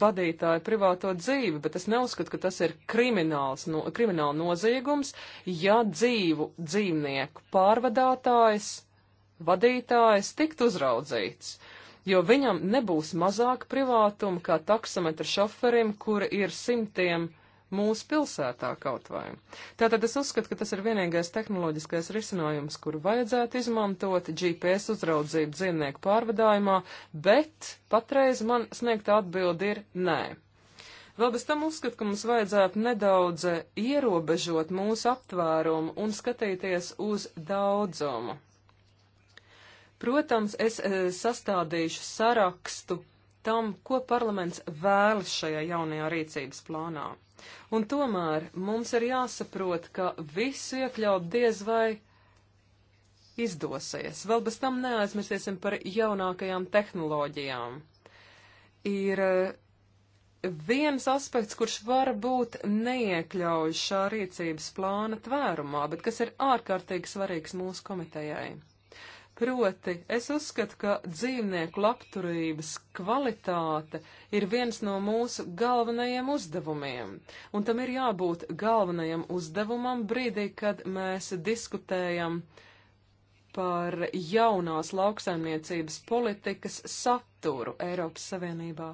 vadītāju privāto dzīvi, bet es neuzskatu, ka tas ir krimināls, no, krimināla noziegums, ja dzīvu dzīvnieku pārvadātājs, vadītājs tikt uzraudzīts, jo viņam nebūs mazāk privātuma kā taksometra šoferim, kura ir simtiem mūsu pilsētā kaut vai. Tātad es uzskatu, ka tas ir vienīgais tehnoloģiskais risinājums, kuru vajadzētu izmantot GPS uzraudzību dzīvnieku pārvadājumā, bet patreiz man sniegta atbildi ir nē. Vēl bez tam uzskatu, ka mums vajadzētu nedaudz ierobežot mūsu aptvērumu un skatīties uz daudzumu. Protams, es e, sastādīšu sarakstu tam, ko parlaments vēlas šajā jaunajā rīcības plānā. Un tomēr mums ir jāsaprot, ka visu iekļaut diez vai izdosies. Vēl bez tam neaizmirsīsim par jaunākajām tehnoloģijām. Ir eh, viens aspekts, kurš varbūt neiekļauj šā rīcības plāna tvērumā, bet kas ir ārkārtīgi svarīgs mūsu komitejai. Proti, es uzskatu, ka dzīvnieku labturības kvalitāte ir viens no mūsu galvenajiem uzdevumiem, un tam ir jābūt galvenajam uzdevumam brīdī, kad mēs diskutējam par jaunās lauksaimniecības politikas saturu Eiropas Savienībā.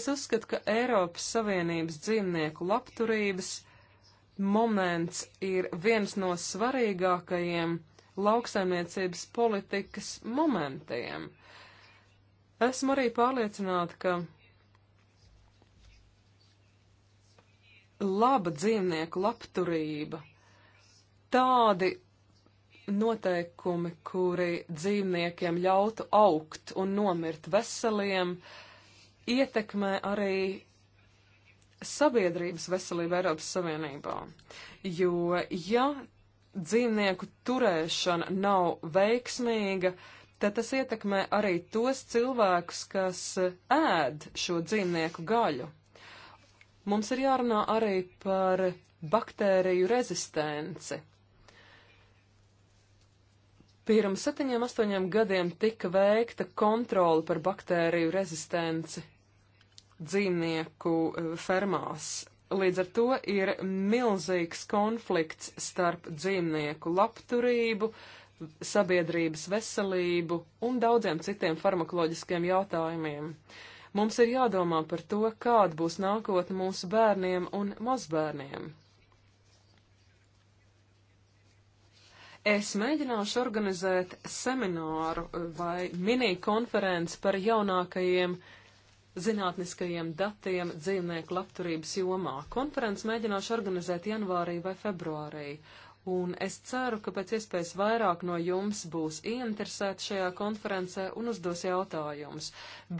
Es uzskatu, ka Eiropas Savienības dzīvnieku labturības moments ir viens no svarīgākajiem lauksaimniecības politikas momentiem. Esmu arī pārliecināta, ka laba dzīvnieku labturība, tādi noteikumi, kuri dzīvniekiem ļautu augt un nomirt veseliem, ietekmē arī sabiedrības veselību Eiropas Savienībā. Jo, ja dzīvnieku turēšana nav veiksmīga, tad tas ietekmē arī tos cilvēkus, kas ēd šo dzīvnieku gaļu. Mums ir jārunā arī par baktēriju rezistenci. Pirms septiņiem, astoņiem gadiem tika veikta kontrola par baktēriju rezistenci dzīvnieku eh, fermās, Līdz ar to ir milzīgs konflikts starp dzīvnieku labturību, sabiedrības veselību un daudziem citiem farmakoloģiskiem jautājumiem. Mums ir jādomā par to, kāda būs nākotne mūsu bērniem un mazbērniem. Es mēģināšu organizēt semināru eh, vai mini konferenci par jaunākajiem uh, zinātniskajiem datiem dzīvnieku labturības jomā. Konferences mēģināšu organizēt janvārī vai februārī. Un es ceru, ka pēc iespējas vairāk no jums būs ieinteresēti šajā konferencē un uzdos jautājumus.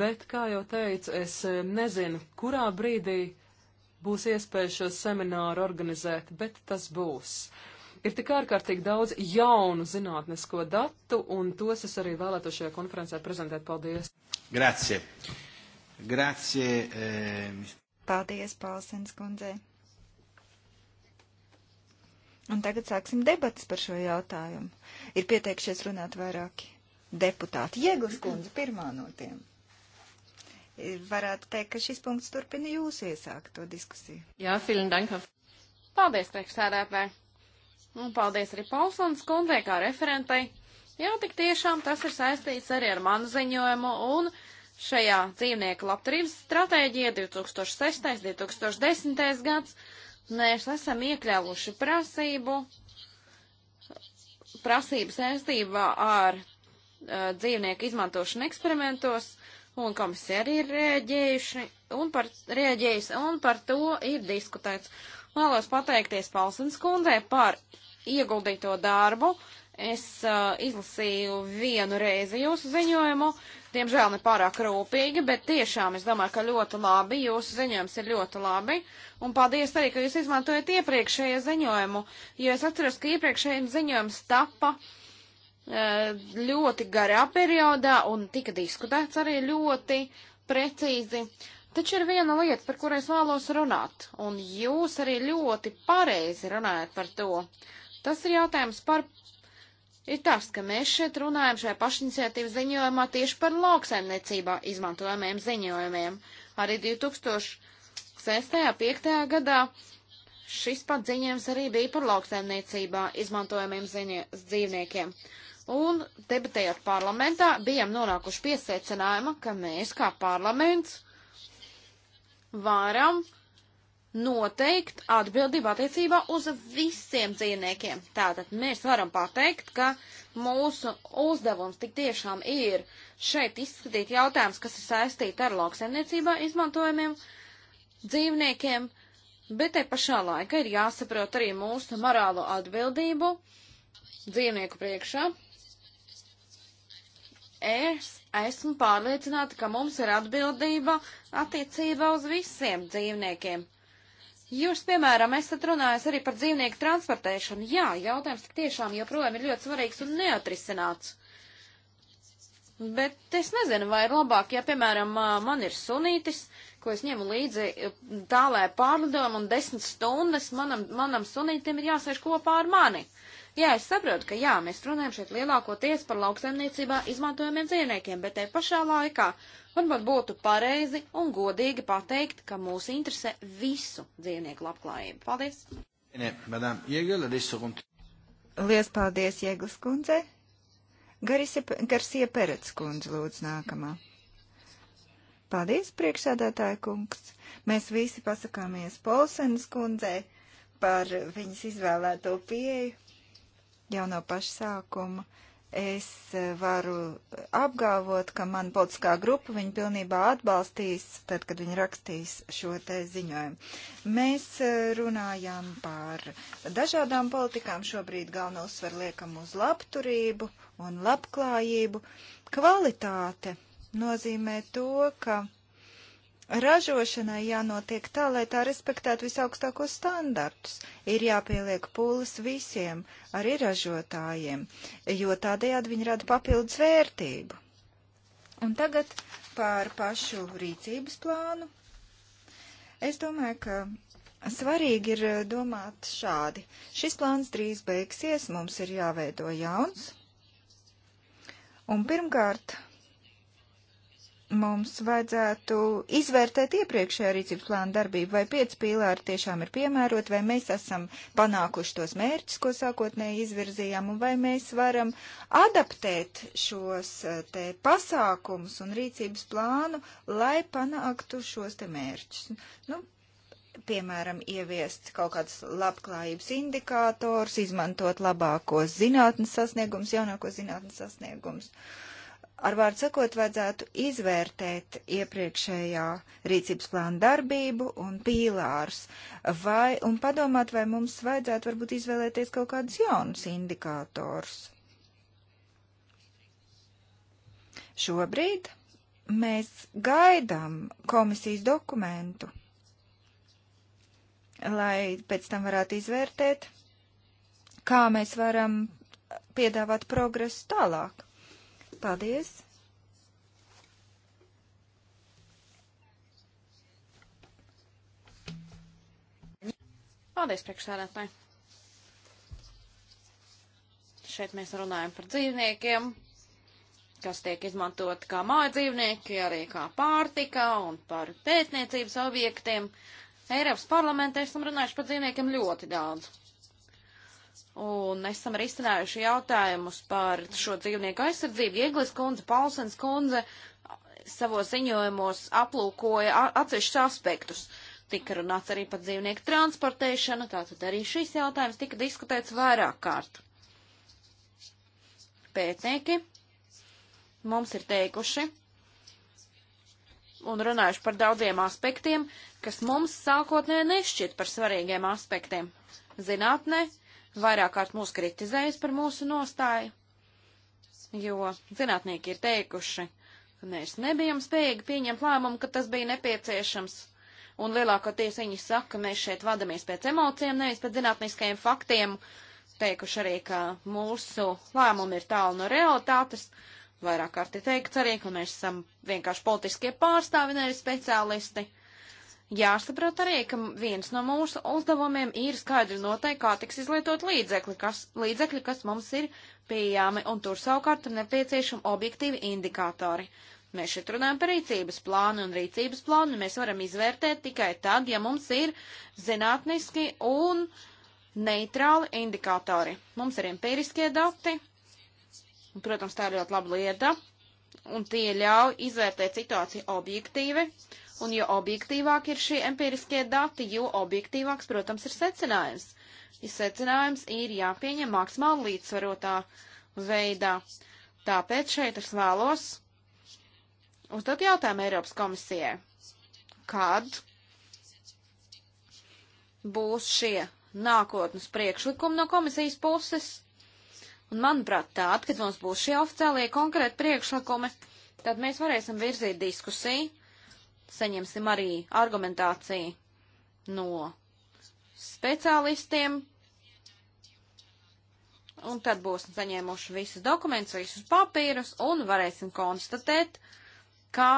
Bet, kā jau teicu, es eh, nezinu, kurā brīdī būs iespēja šo semināru organizēt, bet tas būs. Ir tik ārkārtīgi daudz jaunu zinātnisko datu, un tos es arī vēlētu šajā konferencē prezentēt. Paldies! Grazie! Grazie. Eh... Paldies, Pālsens kundzei. Un tagad sāksim debatas par šo jautājumu. Ir pieteikšies runāt vairāki deputāti. Jēgus kundze pirmā no tiem. Varētu teikt, ka šis punkts turpina jūsu iesākto diskusiju. Jā, vielen dank. Paldies, priekšsēdētāji. Un nu, paldies arī Paulsons kundzei kā referentai. Jā, tik tiešām tas ir saistīts arī ar manu ziņojumu un šajā dzīvnieku labturības stratēģijā 2006.-2010. gads mēs esam iekļāvuši prasību, prasību saistībā ar uh, dzīvnieku izmantošanu eksperimentos, un komisija arī ir rēģējuši un par, rēģējusi, un par to ir diskutēts. Vēlos pateikties Palsens kundzei par ieguldīto darbu, uh, Es uh, izlasīju vienu reizi jūsu ziņojumu, diemžēl ne pārāk rūpīgi, bet tiešām es domāju, ka ļoti labi, jūsu ziņojums ir ļoti labi, un paldies arī, ka jūs izmantojat iepriekšējo ziņojumu, jo es atceros, ka iepriekšējiem ziņojums tapa uh, ļoti garā periodā un tika diskutēts arī ļoti precīzi. Taču ir viena lieta, par kuru es vēlos runāt, un jūs arī ļoti pareizi runājat par to. Tas ir jautājums par ir tas, ka mēs šeit runājam šajā pašiniciatīvas ziņojumā tieši par lauksaimniecībā izmantojamiem ziņojumiem. Arī 2006.5. gadā šis pats ziņojums arī bija par lauksaimniecībā izmantojamiem ziņo, dzīvniekiem. Un debatējot parlamentā, bijām nonākuši pie secinājuma, ka mēs kā parlaments varam noteikt atbildību attiecībā uz visiem dzīvniekiem. Tātad mēs varam pateikt, ka mūsu uzdevums tik tiešām ir šeit izskatīt jautājums, kas ir saistīti ar lauksaimniecībā izmantojumiem dzīvniekiem, bet te pašā laikā ir jāsaprot arī mūsu morālo atbildību dzīvnieku priekšā. Es esmu pārliecināta, ka mums ir atbildība attiecībā uz visiem dzīvniekiem. Jūs, piemēram, esat runājis arī par dzīvnieku transportēšanu. Jā, jautājums tiešām joprojām ir ļoti svarīgs un neatrisināts. Bet es nezinu, vai ir labāk, ja, piemēram, man ir sunītis, ko es ņemu līdzi tālē pārlidojumu un desmit stundas manam, manam sunītim ir jāsēž kopā ar mani. Uh, Jā, es saprotu, ka jā, mēs runājam šeit lielākoties par lauksaimniecībā izmantojamiem dzīvniekiem, bet te pašā laikā varbūt būtu pareizi un godīgi pateikt, ka mūs interesē visu dzīvnieku labklājību. Paldies! Lielas paldies, Jēglas kundze! Garsie Perec kundze lūdz nākamā. Paldies, priekšsēdētāja kungs! Mēs visi pasakāmies Polsenas kundzei par viņas izvēlēto pieeju Jau no paša sākuma es eh, varu apgalvot, ka man politiskā grupa viņu pilnībā atbalstīs, tad, kad viņi rakstīs šo te ziņojumu. Mēs eh, runājām par dažādām politikām, šobrīd galveno uzsver liekam uz labturību un labklājību. Kvalitāte nozīmē to, ka Ražošanai jānotiek tā, lai tā respektētu visaugstākos standartus. Ir jāpieliek pūles visiem, arī ražotājiem, jo tādējādi viņi rada papildus vērtību. Un tagad par pašu rīcības plānu. Es domāju, ka Svarīgi ir eh, domāt šādi. Šis plāns drīz beigsies, mums ir jāveido jauns. Un pirmkārt, mums vajadzētu izvērtēt iepriekšējā rīcības plāna darbību, vai pieci pīlāri tiešām ir piemērot, vai mēs esam panākuši tos mērķus, ko sākotnēji izvirzījām, un vai mēs varam adaptēt šos eh, te pasākumus un rīcības plānu, lai panāktu šos te mērķus. Nu, piemēram, ieviest kaut kādus labklājības indikātors, izmantot labākos zinātnes sasniegums, jaunākos zinātnes sasniegums. Uh, Ar vārdu sakot, vajadzētu izvērtēt iepriekšējā rīcības plāna darbību un pīlārus, vai, un padomāt, vai mums vajadzētu varbūt izvēlēties kaut kādus jaunus indikātors. Šobrīd mēs gaidām komisijas dokumentu, lai pēc tam varētu izvērtēt, kā mēs varam piedāvāt progresu tālāk. Paldies! Paldies, priekšsēdētāji! Šeit mēs runājam par dzīvniekiem, kas tiek izmantot kā māja dzīvnieki, arī kā pārtika un par pētniecības objektiem. Eiropas parlamentā esam runājuši par dzīvniekiem ļoti daudz. Un esam arī izstrādājuši jautājumus par šo dzīvnieku aizsardzību. Ieglis kundze, Paulsens kundze savos ziņojumos aplūkoja atsevišķus aspektus. Tika runāts arī par dzīvnieku transportēšanu, tātad arī šis jautājums tika diskutēts vairāk kārt. Pētnieki mums ir teikuši un runājuši par daudziem aspektiem, kas mums sākotnēji nešķiet par svarīgiem aspektiem. Zinātnē ne? vairāk kārt mūs kritizējis par mūsu nostāju, jo zinātnieki ir teikuši, ka mēs nebijam spējīgi pieņemt lēmumu, ka tas bija nepieciešams. Un lielākoties viņi saka, ka mēs šeit vadamies pēc emocijām, nevis pēc zinātniskajiem faktiem. Teikuši arī, ka mūsu lēmumi ir tālu no realitātes. Vairāk kārt ir teikts arī, ka mēs esam vienkārši politiskie pārstāvi, nevis speciālisti. Uh, Jāsaprot arī, ka viens no mūsu uzdevumiem ir skaidri noteikt, kā tiks izlietot līdzekļi, kas, līdzekļi, kas mums ir pieejami, un tur savukārt ir nepieciešami objektīvi indikātori. Mēs šeit runājam par rīcības plānu, un rīcības plānu mēs varam izvērtēt tikai tad, ja mums ir zinātniski un neitrāli indikātori. Mums ir empiriskie dati, un, protams, tā ir ļoti laba lieta, un tie ļauj izvērtēt situāciju objektīvi, Un jo objektīvāk ir šie empiriskie dati, jo objektīvāks, protams, ir secinājums. Ja secinājums ir jāpieņem maksimāli līdzsvarotā veidā. Tāpēc šeit es vēlos uzdot jautājumu Eiropas komisijai. Kad būs šie nākotnes priekšlikumi no komisijas puses? Un, manuprāt, tad, kad mums būs šie oficiālie konkrēti priekšlikumi, tad mēs varēsim virzīt diskusiju saņemsim arī argumentāciju no speciālistiem, un tad būsim saņēmuši visus dokumentus, visus papīrus, un varēsim konstatēt, ka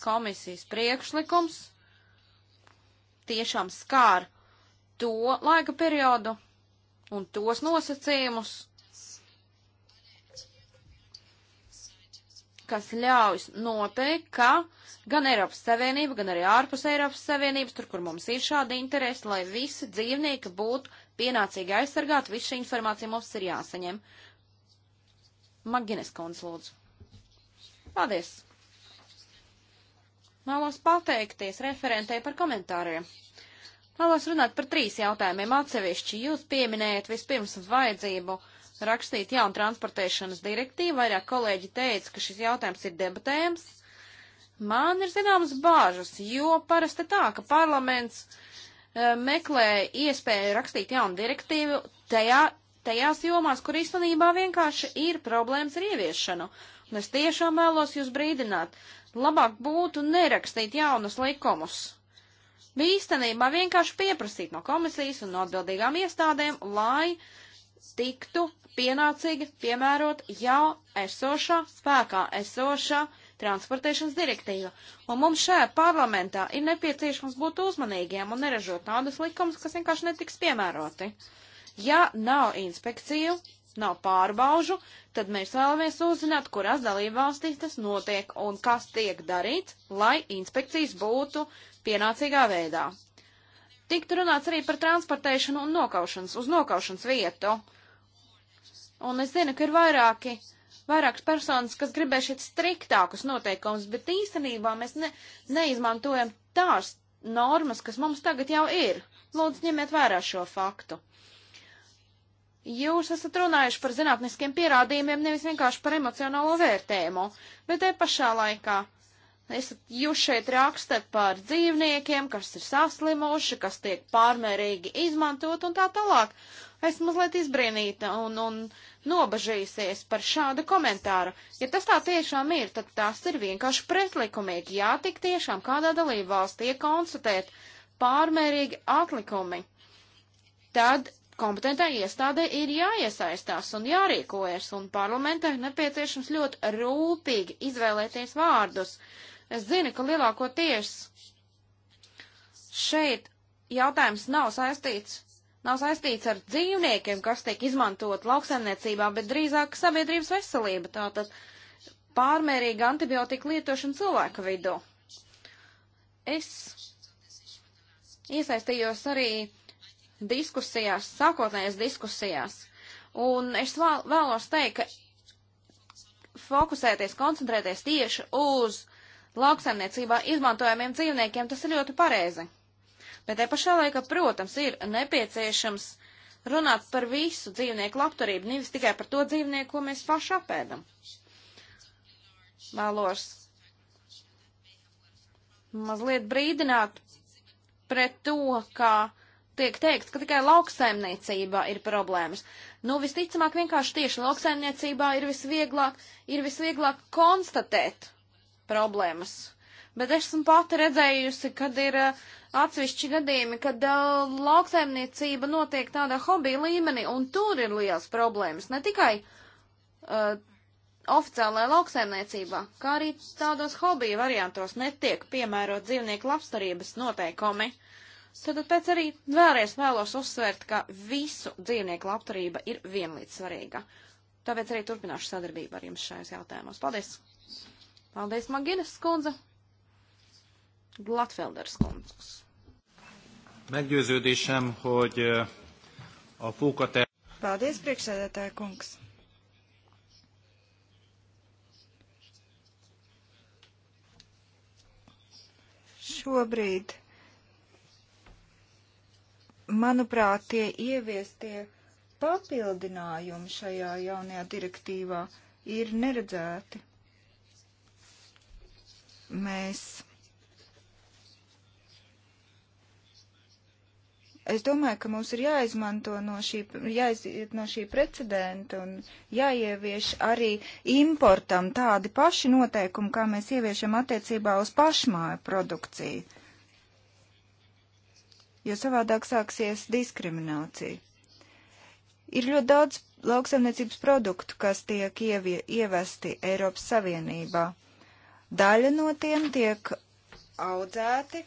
komisijas priekšlikums tiešām skār to laika periodu un tos nosacījumus, kas ļauj noteikt, ka gan Eiropas Savienība, gan arī ārpus Eiropas Savienības, tur, kur mums ir šādi interesi, lai visi dzīvnieki būtu pienācīgi aizsargāti, visu šī informācija mums ir jāsaņem. Magines kundze, lūdzu. Paldies! Vēlos pateikties referentei par komentāriem. Vēlos runāt par trīs jautājumiem atsevišķi. Jūs pieminējat vispirms vajadzību uh, rakstīt jaunu transportēšanas direktīvu. Vairāk kolēģi teica, ka šis jautājums ir debatējams. Man ir zināmas bāžas, jo parasti tā, ka parlaments uh, meklē iespēju rakstīt jaunu direktīvu tajā, tajās jomās, kur īstenībā vienkārši ir problēmas ar ieviešanu. Un es tiešām vēlos jūs brīdināt, labāk būtu nerakstīt jaunus likumus. Bija īstenībā vienkārši pieprasīt no komisijas un no atbildīgām iestādēm, lai uh, tiktu pienācīgi piemērot jau esošā, spēkā esošā transportēšanas direktīva. Un mums šajā parlamentā ir nepieciešams būt uzmanīgiem un neražot tādas likumus, kas vienkārši netiks piemēroti. Ja nav inspekciju, nav pārbaužu, tad mēs vēlamies uzzināt, kurās dalībvalstīs tas notiek un kas tiek darīts, lai inspekcijas būtu pienācīgā veidā. Tiktu runāts arī par transportēšanu un nokaušanas, uz nokaušanas vietu. Un es zinu, ka ir vairāki, vairākas personas, kas gribēja šeit striktākus noteikumus, bet īstenībā mēs ne, neizmantojam tās normas, kas mums tagad jau ir. Lūdzu, ņemiet vērā šo faktu. Jūs esat runājuši par zinātniskiem pierādījumiem, nevis vienkārši par emocionālo vērtējumu, bet te pašā laikā Es, jūs šeit rakstat par dzīvniekiem, kas ir saslimuši, kas tiek pārmērīgi izmantot un tā tālāk. Es mazliet izbrīnīta un, un nobažīsies par šādu komentāru. Ja tas tā tiešām ir, tad tas ir vienkārši pretlikumīgi. Jā, tik tiešām kādā dalību valstī konstatēt pārmērīgi atlikumi. Tad kompetentai iestādē ir jāiesaistās un jārīkojas, un parlamentai nepieciešams ļoti rūpīgi izvēlēties vārdus, Es zinu, ka lielākoties šeit jautājums nav saistīts. Nav saistīts ar dzīvniekiem, kas tiek izmantot lauksaimniecībā, bet drīzāk sabiedrības veselība, tātad pārmērīga antibiotika lietošana cilvēka vidū. Es iesaistījos arī diskusijās, sākotnējās diskusijās, un es vēlos teikt, ka fokusēties, koncentrēties tieši uz uh, lauksaimniecībā izmantojamiem dzīvniekiem, tas ir ļoti pareizi. Bet te pašā laikā, protams, ir nepieciešams runāt par visu dzīvnieku labturību, nevis tikai par to dzīvnieku, ko mēs paši apēdam. Vēlos mazliet brīdināt pret to, ka tiek teikts, ka tikai lauksaimniecībā ir problēmas. Nu, visticamāk, vienkārši tieši lauksaimniecībā ir visvieglāk, ir visvieglāk konstatēt problēmas. Bet esmu pati redzējusi, kad ir eh, atsevišķi gadījumi, kad uh, lauksaimniecība notiek tādā hobija līmenī, un tur ir liels problēmas. Ne tikai uh, oficiālajā lauksaimniecībā, kā arī tādos hobija variantos netiek piemērot dzīvnieku labstarības noteikumi. Tad pēc arī vēlreiz vēlos uzsvērt, ka visu dzīvnieku labturība ir vienlīdz svarīga. Tāpēc arī turpināšu sadarbību ar jums šajos jautājumos. Paldies! Paldies, Maginas skundze. Glatfelders kundzes. Meggyőződésem, hogy a fókate... Paldies, priekšsēdētāja kungs. Šobrīd, manuprāt, tie ieviestie papildinājumi šajā jaunajā direktīvā ir neredzēti mēs. Es domāju, ka mums ir jāizmanto no šī, jāiziet no šī precedenta un jāievieš arī importam tādi paši noteikumi, kā mēs ieviešam attiecībā uz pašmāju produkciju. Jo savādāk sāksies diskriminācija. Ir ļoti daudz lauksaimniecības produktu, kas tiek ievie, ievesti Eiropas Savienībā. Daļa no tiem tiek audzēti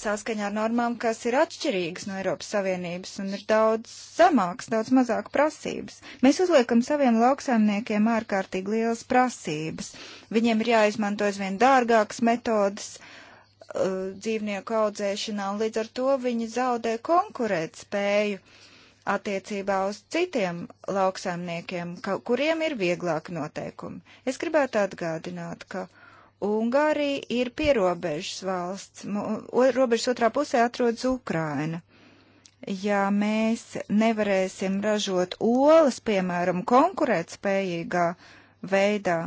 saskaņā ar normām, kas ir atšķirīgas no Eiropas Savienības un ir daudz zemāks, daudz mazāk prasības. Mēs uzliekam saviem lauksaimniekiem ārkārtīgi lielas prasības. Viņiem ir jāizmanto aizvien dārgākas metodas uh, dzīvnieku audzēšanā, un līdz ar to viņi zaudē konkurēt spēju attiecībā uz citiem lauksaimniekiem, ka, kuriem ir vieglāki noteikumi. Es gribētu atgādināt, ka Ungārija ir pierobežas valsts, robežas otrā pusē atrodas Ukraina. Ja mēs nevarēsim ražot olas, piemēram, konkurētspējīgā veidā,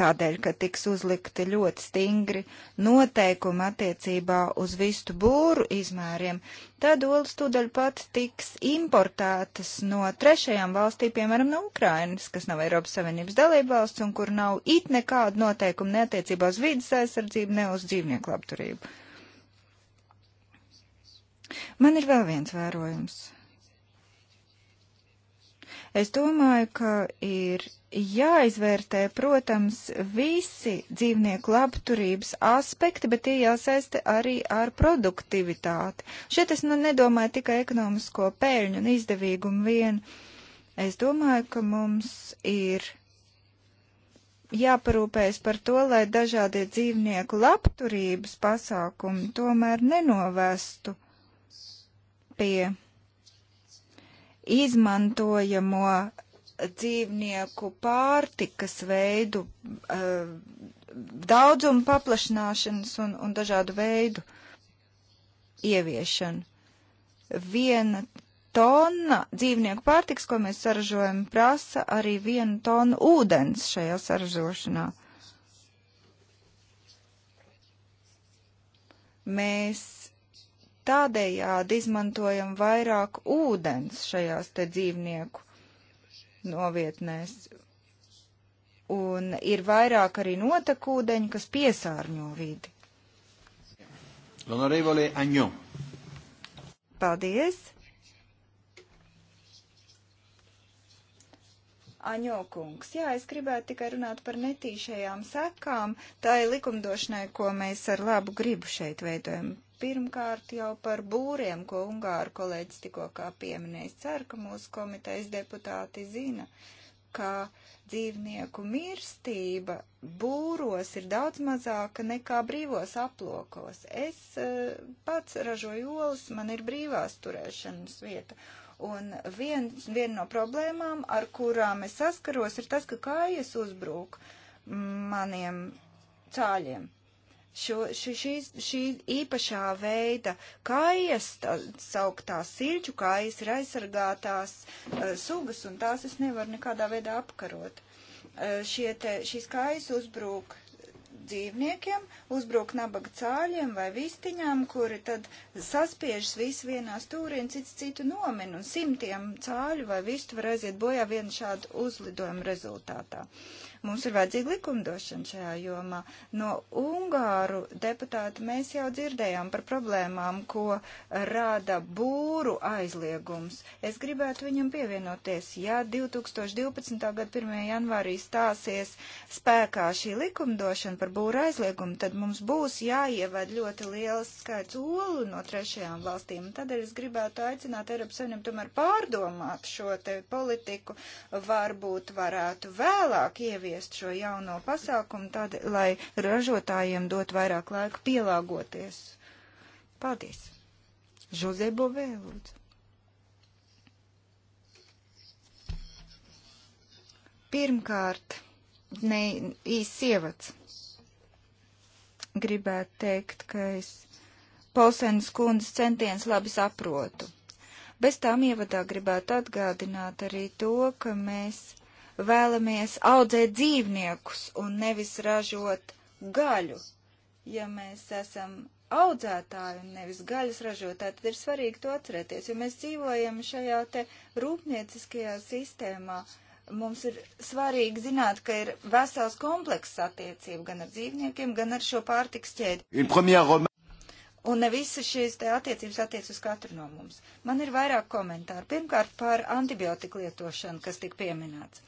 tādēļ, ka tiks uzlikti ļoti stingri noteikumi attiecībā uz vistu būru izmēriem, tad olas tūdaļ pat tiks importētas no trešajām valstīm, piemēram, no Ukrainas, kas nav Eiropas Savienības dalībvalsts un kur nav it nekādu noteikumu neatiecībā uz vīdas aizsardzību, ne uz dzīvnieku labturību. Man ir vēl viens vērojums. Es domāju, ka ir jāizvērtē, protams, visi dzīvnieku labturības aspekti, bet tie jāsaista arī ar produktivitāti. Šeit es nu nedomāju tikai ekonomisko pēļņu un izdevīgumu vien. Es domāju, ka mums ir jāparūpējas par to, lai dažādie dzīvnieku labturības pasākumi tomēr nenovestu pie izmantojamo dzīvnieku pārtikas veidu uh, daudzumu paplašināšanas un, un dažādu veidu ieviešanu. Viena tonna dzīvnieku pārtikas, ko mēs saražojam, prasa arī vienu tonu ūdens šajā saražošanā. Mēs Tādējādi izmantojam vairāk ūdens šajās te dzīvnieku novietnēs. Un ir vairāk arī notekūdeņu, kas piesārņo vidi. L'onorevole Agno. Paldies. Aņokungs. Jā, es gribētu tikai runāt par netīšajām sekām. Tā ir likumdošanai, ko mēs ar labu gribu šeit veidojam. Pirmkārt jau par būriem, ko Ungāru kolēģis tikko kā pieminējis. Ceru, ka mūsu komitejas deputāti zina, ka dzīvnieku mirstība būros ir daudz mazāka nekā brīvos aplokos. Es eh, pats ražoju olas, man ir brīvās turēšanas vieta. Un viens, viena no problēmām, ar kurām es saskaros, ir tas, ka kājas uzbrūk maniem cāļiem. Šo, šo, šīs, šī īpašā veida kājas, tā, sauktās sirču kājas, ir aizsargātās uh, sugas, un tās es nevaru nekādā veidā apkarot. Uh, šie te, šīs kājas uzbrūk dzīvniekiem, uzbrūk nabaga cāļiem vai vistiņām, kuri tad saspiežas visi vienā stūrī un cits citu nomin, un simtiem cāļu vai vistu var aiziet bojā vienu šādu uzlidojumu rezultātā. Uh, Mums ir vajadzīga likumdošana šajā jomā. No Ungāru deputāta mēs jau dzirdējām par problēmām, ko rada būru aizliegums. Es gribētu viņam pievienoties, ja 2012. gada 1. janvārī stāsies spēkā šī likumdošana par būru aizliegumu, tad mums būs jāievad ļoti liels skaits olu no trešajām valstīm. Tādēļ es gribētu aicināt Eiropas Savienību tomēr pārdomāt šo te politiku. Varbūt varētu vēlāk ieviest ieviest šo jauno pasākumu, tad, lai ražotājiem dot vairāk laika pielāgoties. Paldies! Žozē Bovē, lūdzu. Pirmkārt, ne īsts ievads. Gribētu teikt, ka es Polsenas kundas centiens labi saprotu. Bez tām ievadā gribētu atgādināt arī to, ka mēs vēlamies audzēt dzīvniekus un nevis ražot gaļu. Ja mēs esam audzētāji un nevis gaļas ražotāji, tad ir svarīgi to atcerēties, jo mēs dzīvojam šajā te rūpnieciskajā sistēmā. Mums ir svarīgi zināt, ka ir vesels komplekss attiecību gan ar dzīvniekiem, gan ar šo pārtiks ķēdi. Un ne visas šīs attiecības attiec uz katru no mums. Man ir vairāk komentāru. Pirmkārt, par antibiotiku lietošanu, kas tika pieminēts.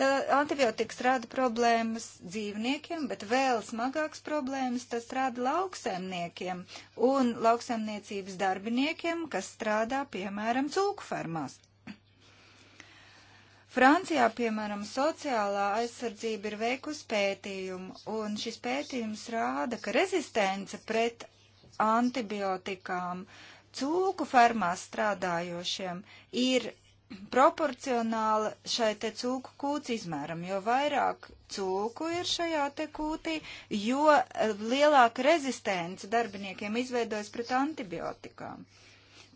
Tā antibiotikas rada problēmas dzīvniekiem, bet vēl smagāks problēmas tas rada lauksēmniekiem un lauksēmniecības darbiniekiem, kas strādā, piemēram, cūku fermās. Francijā, piemēram, sociālā aizsardzība ir veikusi pētījumu, un šis pētījums rāda, ka rezistence pret antibiotikām cūku fermās strādājošiem ir proporcionāla šai te cūku kūts izmēram, jo vairāk cūku ir šajā te kūtī, jo lielāka rezistence darbiniekiem izveidojas pret antibiotikām.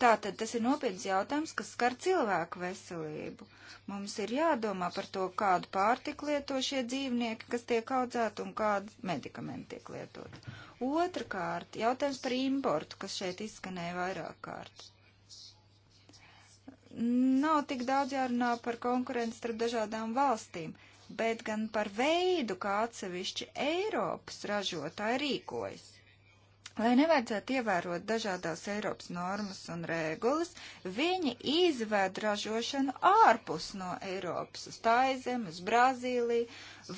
Tātad tas ir nopietns jautājums, kas skar cilvēku veselību. Mums ir jādomā par to, kādu pārtiku lieto šie dzīvnieki, kas tiek audzēti un kādi medikamenti tiek lietoti. Otrakārt, jautājums par importu, kas šeit izskanēja vairāk kārt. Nav tik daudz jārunā par konkurenci starp dažādām valstīm, bet gan par veidu, kā atsevišķi Eiropas ražotāji rīkojas. Lai nevajadzētu ievērot dažādās Eiropas normas un regulas, viņi izved ražošanu ārpus no Eiropas, uz Taizem, uz Brazīliju.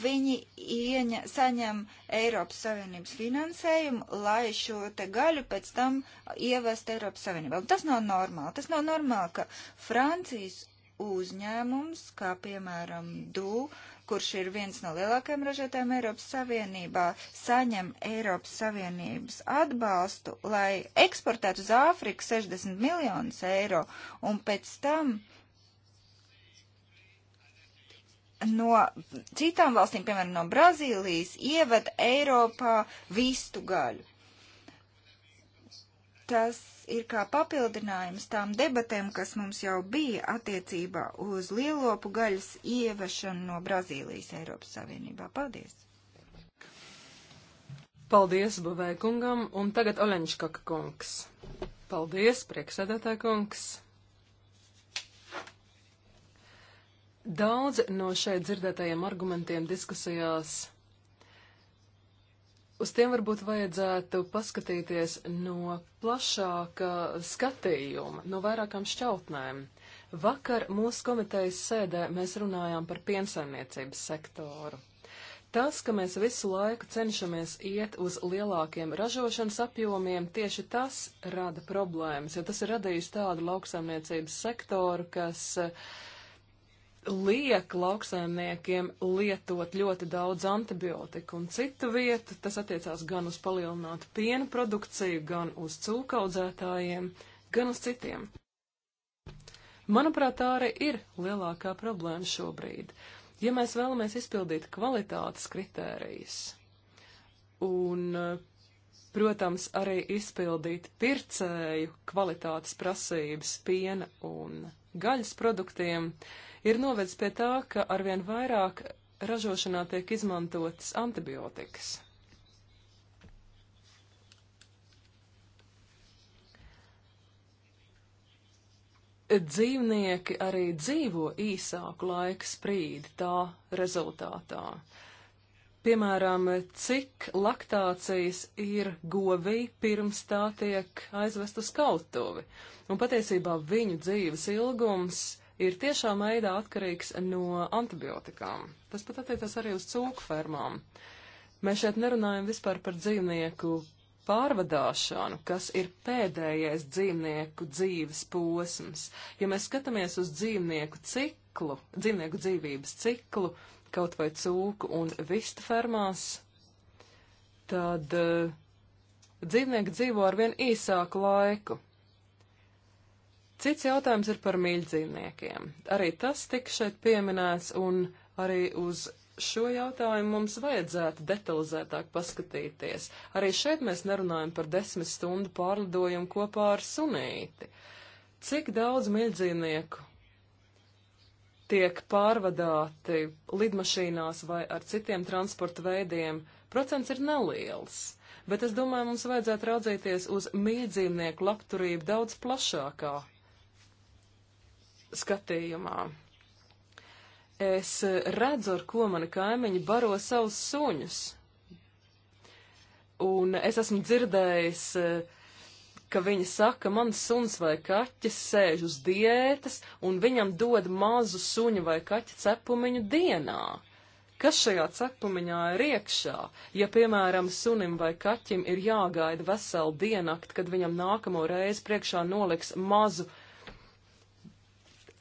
Viņi ieņa, saņem Eiropas Savienības finansējumu, lai šo te gaļu pēc tam ievest Eiropas Savienībā. Un tas nav normāli. Tas nav normāli, ka Francijas uzņēmums, kā piemēram DU, kurš ir viens no lielākajiem ražotājiem Eiropas Savienībā, saņem Eiropas Savienības atbalstu, lai eksportētu uz Āfriku 60 miljonus eiro, un pēc tam no citām valstīm, piemēram, no Brazīlijas, ievada Eiropā vistu gaļu. Tas ir kā papildinājums tām debatēm, kas mums jau bija attiecībā uz lielopu gaļas ievešanu no Brazīlijas Eiropas Savienībā. Paldies! Paldies Buvēkungam un tagad Oleņškaka kungs. Paldies, prieksēdētāja kungs! Daudz no šeit dzirdētajiem argumentiem diskusijās uz tiem varbūt vajadzētu paskatīties no plašāka skatījuma, no vairākām šķautnēm. Vakar mūsu komitejas sēdē mēs runājām par piensaimniecības sektoru. Tas, ka mēs visu laiku cenšamies iet uz lielākiem ražošanas apjomiem, tieši tas rada problēmas, jo tas ir radījis tādu lauksaimniecības sektoru, kas uh, liek lauksaimniekiem lietot ļoti daudz antibiotiku un citu vietu. Tas attiecās gan uz palielinātu piena produkciju, gan uz cūkaudzētājiem, gan uz citiem. Manuprāt, tā arī ir lielākā problēma šobrīd. Ja mēs vēlamies izpildīt kvalitātes kritērijas un, protams, arī izpildīt pircēju kvalitātes prasības piena un gaļas produktiem, uh, ir novedis pie tā, ka arvien vairāk ražošanā tiek izmantotas antibiotikas. Dzīvnieki arī dzīvo īsāku laiku sprīdi tā rezultātā. Piemēram, cik laktācijas ir govī pirms tā tiek aizvest uz kautuvi, un patiesībā viņu dzīves ilgums ir tiešā veidā atkarīgs no antibiotikām. Tas pat attiecas arī uz cūku fermām. Mēs šeit nerunājam vispār par dzīvnieku pārvadāšanu, kas ir pēdējais dzīvnieku dzīves posms. Ja mēs skatāmies uz dzīvnieku ciklu, dzīvnieku dzīvības ciklu, kaut vai cūku un vistu fermās, tad uh, dzīvnieki dzīvo ar vien īsāku laiku. Cits jautājums ir par mīļdzīvniekiem. Arī tas tika šeit pieminēts, un arī uz šo jautājumu mums vajadzētu detalizētāk paskatīties. Arī šeit mēs nerunājam par desmit stundu pārlidojumu kopā ar sunīti. Cik daudz mīļdzīvnieku tiek pārvadāti lidmašīnās vai ar citiem transporta veidiem, procents ir neliels. Bet es domāju, mums vajadzētu raudzīties uz mīļdzīvnieku labturību daudz plašākā skatījumā. Es redzu, ar ko mani kaimiņi baro savus suņus. Un es esmu dzirdējis, ka viņi saka, mans suns vai kaķis sēž uz diētas, un viņam dod mazu suņu vai kaķa cepumiņu dienā. Kas šajā cepumiņā ir iekšā? Ja, piemēram, sunim vai kaķim ir jāgaida veselu diennakti, kad viņam nākamo reizi priekšā noliks mazu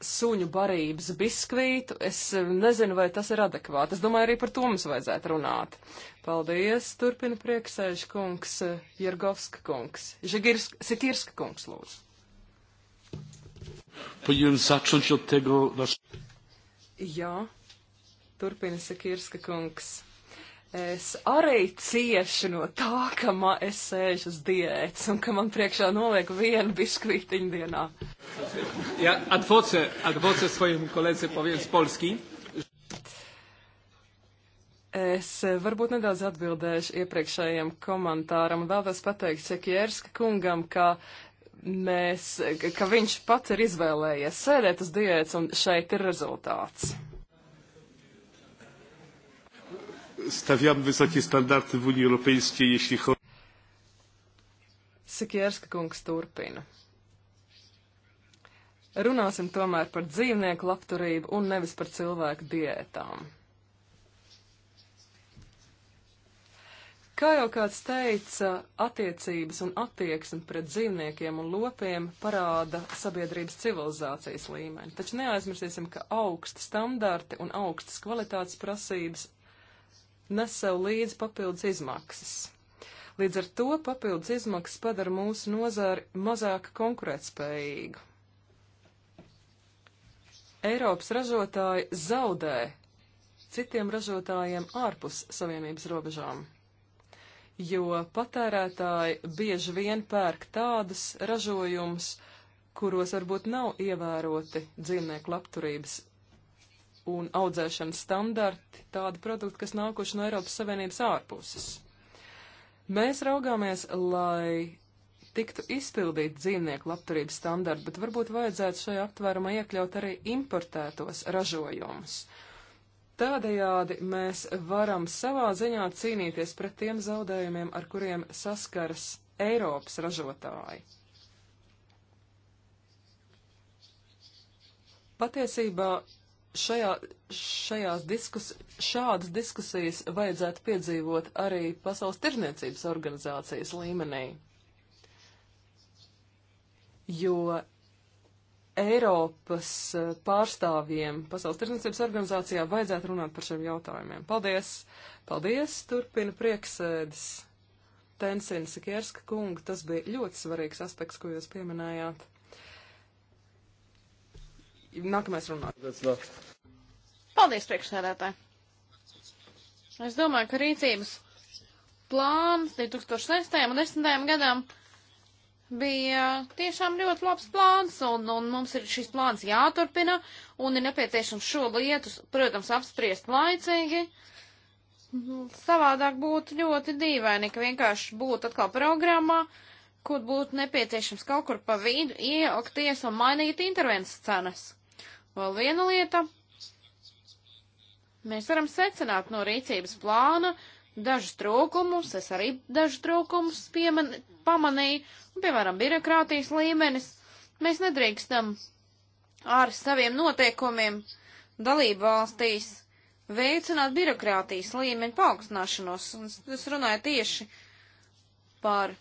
suņu barības biskvītu. Es e, nezinu, vai tas ir adekvāti. Es domāju, arī par to mums vajadzētu runāt. Paldies, turpina prieksēžu kungs, e, Jergovska kungs, Žagirska, Sitirska kungs, lūdzu. Jā, turpina Sikirska kungs. Es arī ciešu no tā, ka man es sēžu uz diētas un ka man priekšā noliek vienu biskvītiņu dienā. Ja atvoce, atvoce svojim kolēdze paviens polski. Es e, varbūt nedaudz atbildēšu iepriekšējiem komentāram un vēlos pateikt Čekierska kungam, ka mēs, ka viņš pats ir izvēlējies sēdēt uz diētas un šeit ir rezultāts. stawiamy wysokie standardy w Unii Europejskiej, jeśli chodzi. Sikierska kungs turpina. Runāsim tomēr par dzīvnieku labturību un nevis par cilvēku diētām. Kā jau kāds teica, attiecības un attieksme pret dzīvniekiem un lopiem parāda sabiedrības civilizācijas līmeni, taču neaizmirsīsim, ka augsti standarti un augstas kvalitātes prasības nes sev līdzi papildus izmaksas. Līdz ar to papildus izmaksas padara mūsu nozari mazāk konkurētspējīgu. Eiropas ražotāji zaudē citiem ražotājiem ārpus savienības robežām, jo patērētāji bieži vien pērk tādus ražojumus, kuros varbūt nav ievēroti dzīvnieku labturības un audzēšanas standarti, tādi produkti, kas nākuši no Eiropas Savienības ārpuses. Mēs raugāmies, lai tiktu izpildīt dzīvnieku labturības standarti, bet varbūt vajadzētu šajā aptvērumā iekļaut arī importētos ražojumus. Tādējādi mēs varam savā ziņā cīnīties pret tiem zaudējumiem, ar kuriem saskaras Eiropas ražotāji. Patiesībā šajā, šajās diskus, šādas diskusijas vajadzētu piedzīvot arī Pasaules tirniecības organizācijas līmenī. Jo Eiropas eh, pārstāvjiem Pasaules tirniecības organizācijā vajadzētu runāt par šiem jautājumiem. Paldies! Paldies! Turpina prieksēdis Tensins Kierska kunga. Tas bija ļoti svarīgs aspekts, ko jūs pieminējāt. Nākamais runāt. Paldies, priekšsēdētāji. Es domāju, ka rīcības plāns 2006. un 10. gadam bija tiešām ļoti labs plāns, un, un mums ir šis plāns jāturpina, un ir nepieciešams šo lietu, protams, apspriest laicīgi. Savādāk būtu ļoti dīvaini, ka vienkārši būtu atkal programmā, kur būtu nepieciešams kaut kur pa vidu iejaukties un mainīt intervences cenas. Vēl viena lieta. Mēs varam secināt no rīcības plāna dažus trūkumus, es arī dažus trūkumus piemani, pamanīju, un, piemēram, birokrātijas līmenis. Mēs nedrīkstam ar saviem noteikumiem dalību valstīs veicināt birokrātijas līmeņa paaugstināšanos, un es runāju tieši par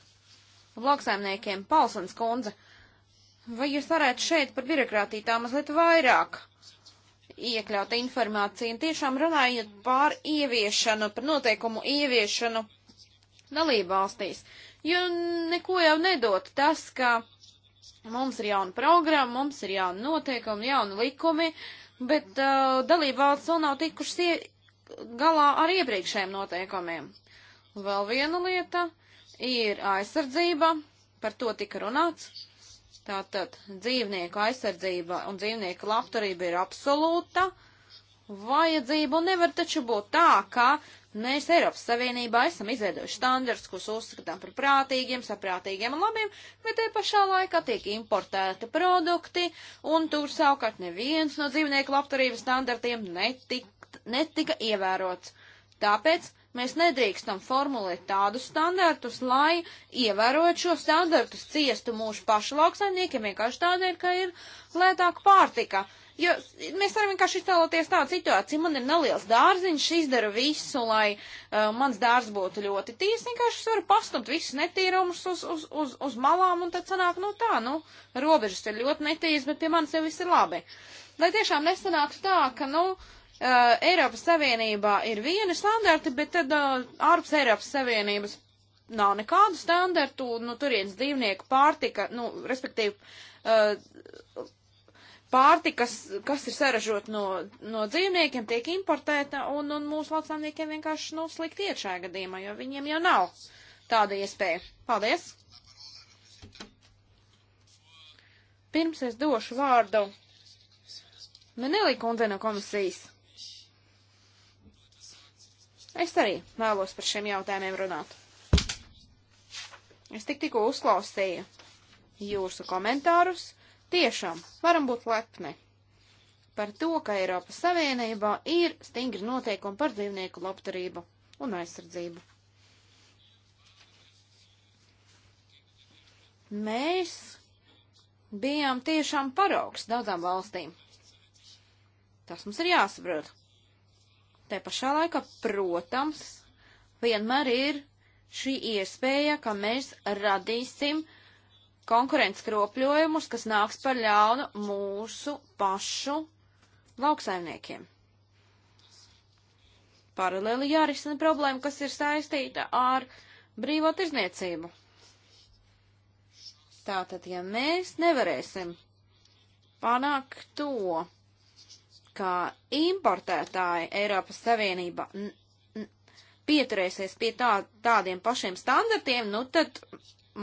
lauksaimniekiem Palsons kundze. Vai jūs varētu šeit par birokrātiju tā mazliet vairāk iekļaut informāciju un tiešām runājot par ieviešanu, par noteikumu ieviešanu dalībvalstīs? Jo neko jau nedot tas, ka mums ir jauna programma, mums ir jauna noteikuma, jauna likumi, bet uh, dalībvalsts vēl nav tikušas galā ar iepriekšējiem noteikumiem. Vēl viena lieta ir aizsardzība, par to tika runāts Tātad dzīvnieku aizsardzība un dzīvnieku labturība ir absolūta vajadzība, un nevar taču būt tā, ka mēs Eiropas Savienībā esam izveidojuši standarts, kurus uzskatām par prātīgiem, saprātīgiem un labiem, bet te pašā laikā tiek importēti produkti, un tur savukārt neviens no dzīvnieku labturības standartiem netik, netika ievērots. Tāpēc Mēs nedrīkstam formulēt tādus standartus, lai ievērojot šo standartus ciestu mūsu pašu lauksaimniekiem vienkārši tādēļ, ka ir lētāka pārtika. Jo mēs varam vienkārši iztēloties tādu situāciju, man ir neliels dārziņš, izdara visu, lai uh, mans dārz būtu ļoti tīrs, vienkārši es varu pastumt visus netīrumus uz, uz, uz, uz malām un tad sanāk, nu tā, nu, robežas ir ļoti netīras, bet pie manis jau viss ir labi. Lai tiešām nesanāks tā, ka, nu, uh, Uh, Eiropas Savienībā ir viena standarta, bet tad uh, ārpus Eiropas Savienības nav nekādu standartu, nu, turienes dzīvnieku pārtika, nu, respektīvi, uh, pārtikas, kas ir saražot no, no dzīvniekiem, tiek importēta, un, un mūsu lauksaimniekiem vienkārši, nu, slikti iet šajā gadījumā, jo viņiem jau nav tāda iespēja. Paldies! Pirms es došu vārdu Menelī kundze no komisijas. Es arī vēlos par šiem jautājumiem runāt. Es tik tikko uzklausīju jūsu komentārus. Tiešām varam būt lepni par to, ka Eiropas Savienībā ir stingri noteikumi par dzīvnieku labturību un aizsardzību. Mēs bijām tiešām paraugs daudzām valstīm. Tas mums ir jāsaprot. Te pašā laikā, protams, vienmēr ir šī iespēja, ka mēs radīsim konkurences kropļojumus, kas nāks par ļaunu mūsu pašu lauksaimniekiem. Paralēli jārisina problēma, kas ir saistīta ar brīvo tirzniecību. Tātad, ja mēs nevarēsim panākt to, ka importētāji Eiropas Savienība pieturēsies pie tā, tādiem pašiem standartiem, nu tad,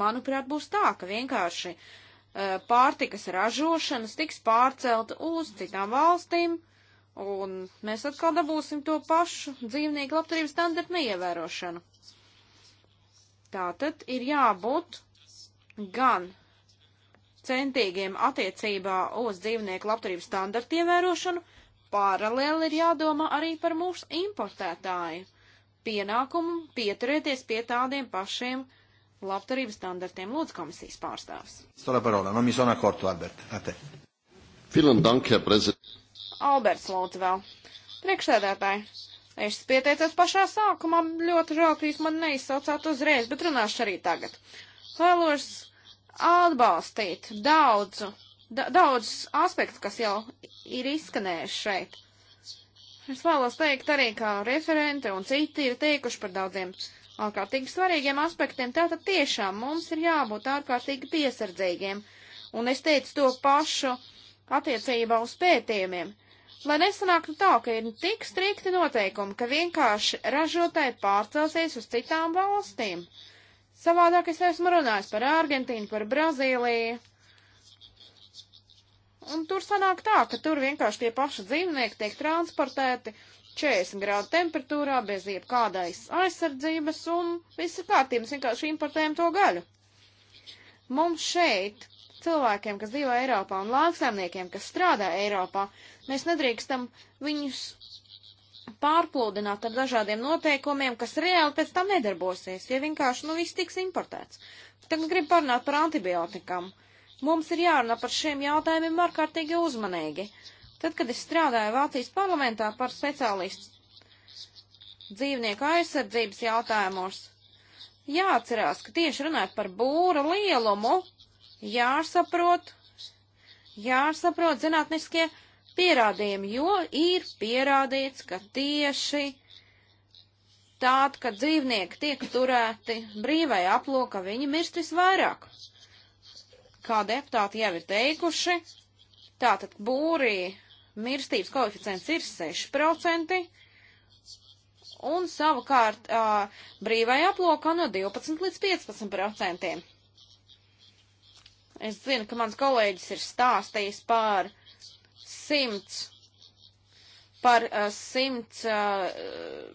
manuprāt, būs tā, ka vienkārši uh, pārtikas ražošanas tiks pārcelta uz citām valstīm, un mēs atkal dabūsim to pašu dzīvnieku labturības standartu neievērošanu. Tātad ir jābūt gan centīgiem attiecībā uz dzīvnieku labturības standartu ievērošanu, paralēli ir jādomā arī par mūsu importētāju pienākumu pieturēties pie tādiem pašiem labturības standartiem. Lūdzu, komisijas pārstāvs. Stora parola, no mi sono accorto, Albert, a te. Filan danke, prezidents. Alberts lūdzu vēl. Priekšsēdētāji, es pieteicos pašā sākumā, ļoti žēl, ka jūs man neizsaucāt uzreiz, bet runāšu arī tagad. Vēlos atbalstīt daudzu da daudz aspektu, kas jau ir izskanējuši šeit. Es vēlos teikt arī, kā referente un citi ir teikuši par daudziem ārkārtīgi svarīgiem aspektiem, tātad tiešām mums ir jābūt ārkārtīgi piesardzīgiem. Un es teicu to pašu attiecībā uz pētījumiem. Lai nesanāktu tā, ka ir tik strikti noteikumi, ka vienkārši ražotāji pārcelsies uz citām valstīm. Savādāk es esmu runājis par Argentīnu, par Brazīliju, Un tur sanāk tā, ka tur vienkārši tie paši dzīvnieki tiek transportēti 40 grādu temperatūrā bez jebkādais aizsardzības un viss ir kārtībā. Mēs vienkārši importējam to gaļu. Mums šeit cilvēkiem, kas dzīvo Eiropā, un lauksaimniekiem, kas strādā Eiropā, mēs nedrīkstam viņus pārplūdināt ar dažādiem noteikumiem, kas reāli pēc tam nedarbosies, ja vienkārši, nu, viss tiks importēts. Tagad gribu parunāt par antibiotikām. Uh, Mums ir jārunā par šiem jautājumiem ārkārtīgi uzmanīgi. Tad, kad es strādāju Vācijas parlamentā par speciālistu dzīvnieku aizsardzības jautājumos, jāatcerās, ka tieši runājot par būra lielumu, jāsaprot, jāsaprot zinātniskie pierādījumi, jo ir pierādīts, ka tieši tād, kad dzīvnieki tiek turēti brīvai aplokā, viņi mirst visvairāk kā deputāti jau ir teikuši, tātad būrī mirstības koeficients ir 6%, un savukārt uh, brīvajā plokā no 12 līdz 15%. Es zinu, ka mans kolēģis ir stāstījis par 100, par uh, 100 uh,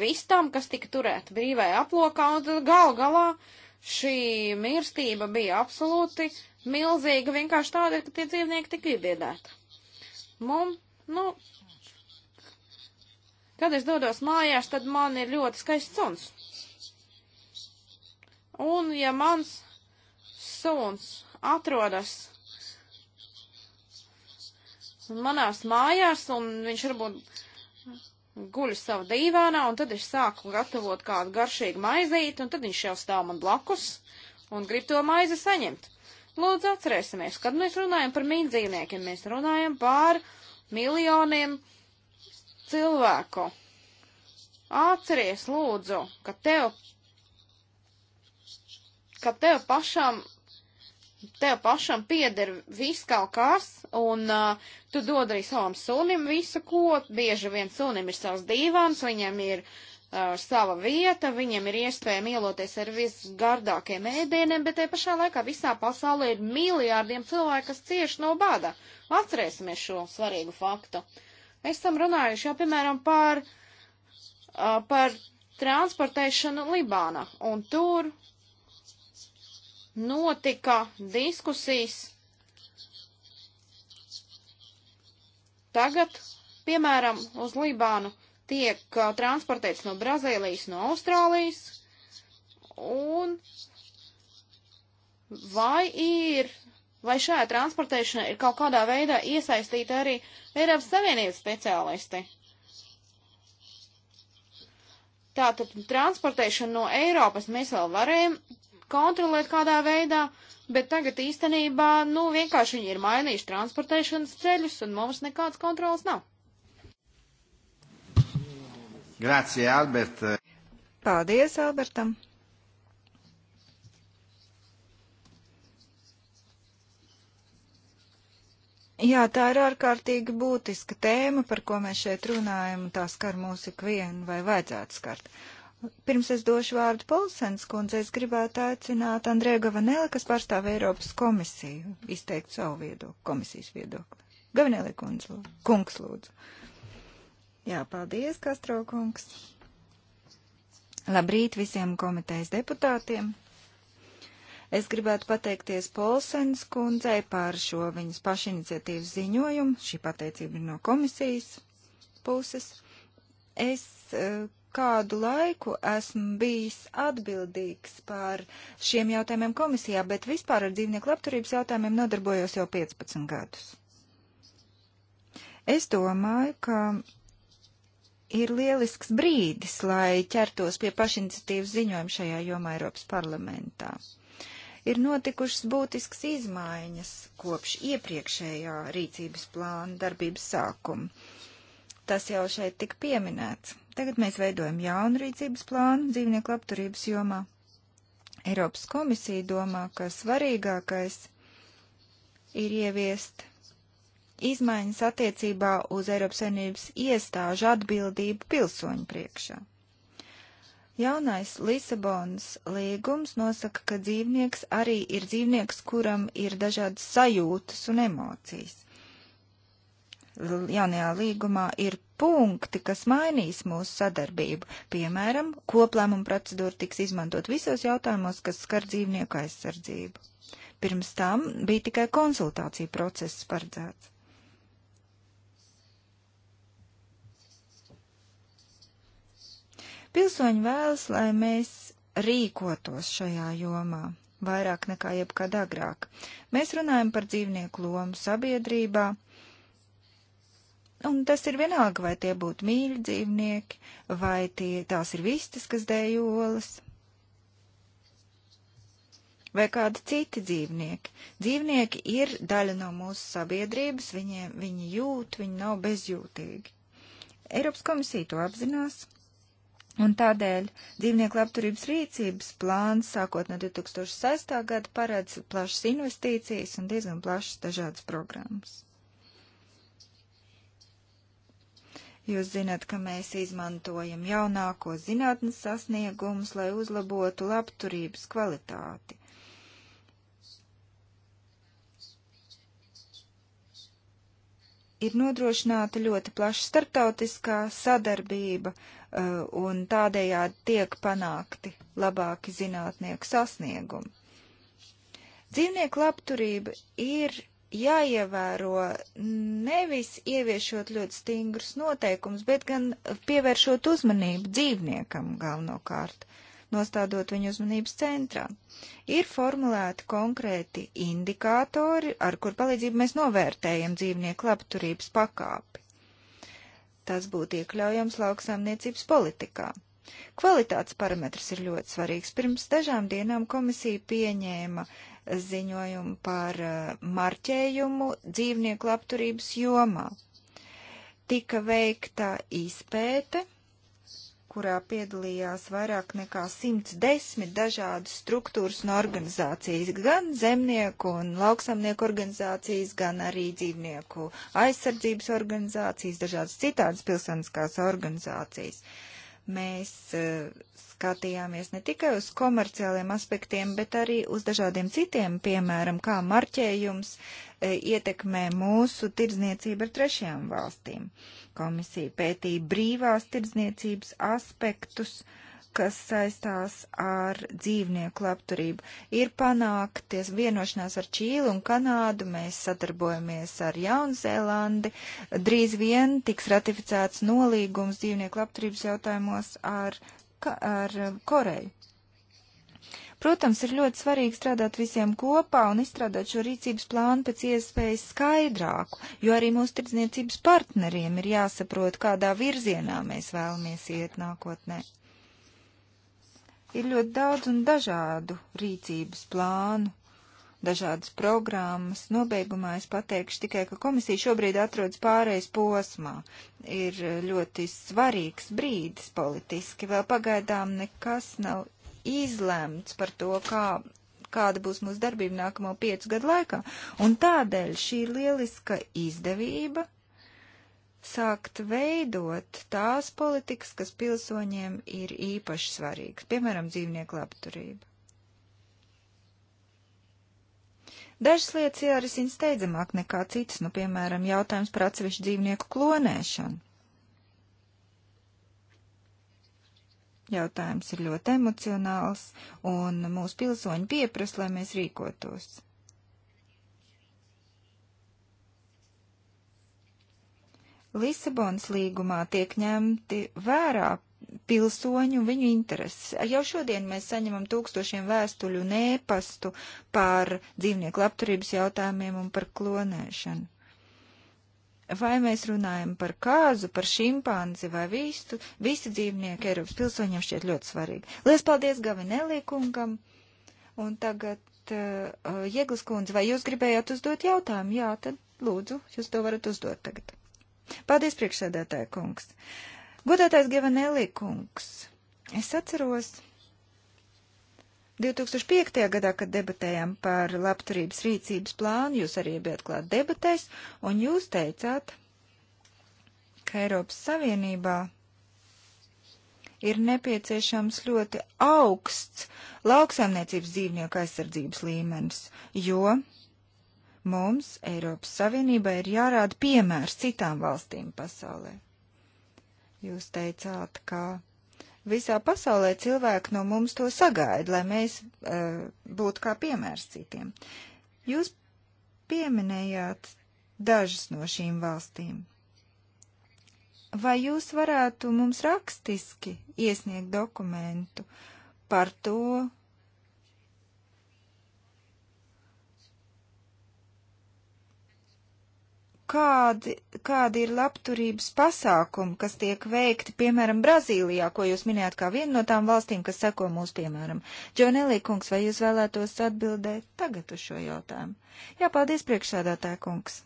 vistām, kas tika turēta brīvajā aplokā, un gal galā uh, šī mirstība bija absolūti milzīga, vienkārši tāda, ka tie dzīvnieki tika iebiedēti. Mums, nu, kad es dodos mājās, tad man ir ļoti skaists suns. Un ja mans suns atrodas manās mājās, un viņš varbūt guļu savā dīvānā, un tad es sāku gatavot kādu garšīgu maizīti, un tad viņš jau stāv man blakus un grib to maizi saņemt. Lūdzu, atcerēsimies, kad mēs runājam par mīndzīvniekiem, mēs runājam par miljoniem cilvēku. Atceries, lūdzu, ka tev, ka tev pašam tev pašam pieder viss kaut kas, un uh, tu dod arī savam sunim visu, ko. Bieži vien sunim ir savs divans, viņam ir uh, sava vieta, viņam ir iespēja mieloties ar visgardākiem ēdieniem, bet te pašā laikā visā pasaulē ir miljārdiem cilvēku, kas cieši no bada. Atcerēsimies šo svarīgu faktu. Esam runājuši jau, piemēram, par, uh, par transportēšanu Libānā, un tur notika diskusijas. Tagad, piemēram, uz Libānu tiek uh, transportēts no Brazīlijas, no Austrālijas, un vai ir, vai šajā transportēšanā ir kaut kādā veidā iesaistīti arī Eiropas Savienības speciālisti? Tātad transportēšanu no Eiropas mēs vēl varējām kontrolēt kādā veidā, bet tagad īstenībā, nu, vienkārši viņi ir mainījuši transportēšanas ceļus un mums nekādas kontrolas nav. Grācie, Albert. Paldies, Albertam. Jā, tā ir ārkārtīgi būtiska tēma, par ko mēs šeit runājam, un tā skar mūsu ikvienu vai vajadzētu skart. Uh, Pirms es došu vārdu Polsens kundze, es gribētu aicināt Andrēju Gavaneli, kas pārstāv Eiropas komisiju, izteikt savu viedokli, komisijas viedokli. Gavaneli kundze, kungs lūdzu. Jā, paldies, Kastro kungs. Labrīt visiem komitejas deputātiem. Es gribētu pateikties Polsens kundzei par šo viņas pašiniciatīvas ziņojumu. Šī pateicība ir no komisijas puses. Es uh, kādu laiku esmu bijis atbildīgs par šiem jautājumiem komisijā, bet vispār ar dzīvnieku labturības jautājumiem nodarbojos jau 15 gadus. Es domāju, ka ir lielisks brīdis, lai ķertos pie pašiniciatīvas ziņojuma šajā jomā Eiropas parlamentā. Ir notikušas būtiskas izmaiņas kopš iepriekšējā rīcības plāna darbības sākuma. Tas jau šeit tika pieminēts. Tagad mēs veidojam jaunu rīcības plānu dzīvnieku labturības jomā. Eiropas komisija domā, ka svarīgākais ir ieviest izmaiņas attiecībā uz Eiropas Savienības iestāžu atbildību pilsoņu priekšā. Jaunais Lisabonas līgums nosaka, ka dzīvnieks arī ir dzīvnieks, kuram ir dažādas sajūtas un emocijas. Jaunajā līgumā ir punkti, kas mainīs mūsu sadarbību. Piemēram, koplēmuma procedūra tiks izmantot visos jautājumos, kas skar dzīvnieku aizsardzību. Pirms tam bija tikai konsultācija process paredzēts. Pilsoņi vēlas, lai mēs rīkotos šajā jomā vairāk nekā jebkad agrāk. Mēs runājam par dzīvnieku lomu sabiedrībā Un tas ir vienalga, vai tie būtu mīļi dzīvnieki, vai tie, tās ir vistas, kas dēj olas, vai kādi citi dzīvnieki. Dzīvnieki ir daļa no mūsu sabiedrības, viņi, viņi jūt, viņi nav bezjūtīgi. Eiropas komisija to apzinās. Un tādēļ dzīvnieku labturības rīcības plāns sākot no 2006. gada paredz plašas investīcijas un diezgan plašas dažādas programmas. Jūs zināt, ka mēs izmantojam jaunāko zinātnes sasniegumus, lai uzlabotu labturības kvalitāti. Ir nodrošināta ļoti plaša starptautiskā sadarbība, uh, un tādējādi tiek panākti labāki zinātnieku sasniegumi. Dzīvnieku labturība ir jāievēro nevis ieviešot ļoti stingrus noteikumus, bet gan pievēršot uzmanību dzīvniekam galvenokārt, nostādot viņu uzmanības centrā. Ir formulēti konkrēti indikātori, ar kur palīdzību mēs novērtējam dzīvnieku labturības pakāpi. Tas būtu iekļaujams lauksaimniecības politikā. Kvalitātes parametrs ir ļoti svarīgs. Pirms dažām dienām komisija pieņēma ziņojumu par uh, marķējumu dzīvnieku labturības jomā. Tika veikta izpēte, kurā piedalījās vairāk nekā 110 dažādas struktūras un organizācijas, gan zemnieku un lauksamnieku organizācijas, gan arī dzīvnieku aizsardzības organizācijas, dažādas citādas pilsoniskās organizācijas. Uh, mēs eh, skatījāmies ne tikai uz komerciāliem aspektiem, bet arī uz dažādiem citiem, piemēram, kā marķējums eh, ietekmē mūsu tirdzniecību ar trešajām valstīm. Komisija pētīja brīvās tirdzniecības aspektus kas saistās ar dzīvnieku labturību. Ir panākties vienošanās ar Čīlu un Kanādu, mēs sadarbojamies ar Jaunzēlandi. Drīz vien tiks ratificēts nolīgums dzīvnieku labturības jautājumos ar, ar Koreju. Protams, ir ļoti svarīgi strādāt visiem kopā un izstrādāt šo rīcības plānu pēc iespējas skaidrāku, jo arī mūsu tirdzniecības partneriem ir jāsaprot, kādā virzienā mēs vēlamies iet nākotnē. Ir ļoti daudz un dažādu rīcības plānu, dažādas programmas. Nobeigumā es pateikšu tikai, ka komisija šobrīd atrodas pārējais posmā. Ir eh, ļoti svarīgs brīdis politiski, vēl pagaidām nekas nav izlemts par to, kā kāda būs mūsu darbība nākamo piecu gadu laikā. Un tādēļ šī lieliska izdevība sākt veidot tās politikas, kas pilsoņiem ir īpaši svarīgas, piemēram, dzīvnieku labturība. Dažas lietas jārisina steidzamāk nekā citas, nu, piemēram, jautājums par atsevišķu dzīvnieku klonēšanu. Jautājums ir ļoti emocionāls, un mūsu pilsoņi pieprasa, lai mēs rīkotos. Lisabonas līgumā tiek ņemti vērā pilsoņu viņu intereses. Jau šodien mēs saņemam tūkstošiem vēstuļu un ēpastu par dzīvnieku labturības jautājumiem un par klonēšanu. Vai mēs runājam par kāzu, par šimpanzi vai vistu, visi dzīvnieki Eiropas pilsoņiem šķiet ļoti svarīgi. Lielas paldies Gavinelī kungam! Un tagad, uh, Ieglis kundze, vai jūs gribējāt uzdot jautājumu? Jā, tad lūdzu, jūs to varat uzdot tagad. Paldies, priekšsēdētāja kungs. Godētais Gevanelī kungs, es atceros 2005. gadā, kad debatējām par labturības rīcības plānu, jūs arī bijat klāt debatēs, un jūs teicāt, ka Eiropas Savienībā ir nepieciešams ļoti augsts lauksaimniecības dzīvnieku aizsardzības līmenis, jo Mums, Eiropas Savienībai, ir jārāda piemērs citām valstīm pasaulē. Jūs teicāt, ka visā pasaulē cilvēki no mums to sagaida, lai mēs uh, būtu kā piemērs citiem. Jūs pieminējāt dažas no šīm valstīm. Vai jūs varētu mums rakstiski iesniegt dokumentu par to, kādi, kādi ir labturības pasākumi, kas tiek veikti, piemēram, Brazīlijā, ko jūs minējāt kā vienu no tām valstīm, kas seko mūsu piemēram. Džonelī kungs, vai jūs vēlētos atbildēt tagad uz šo jautājumu? Jā, paldies priekšsādātā kungs.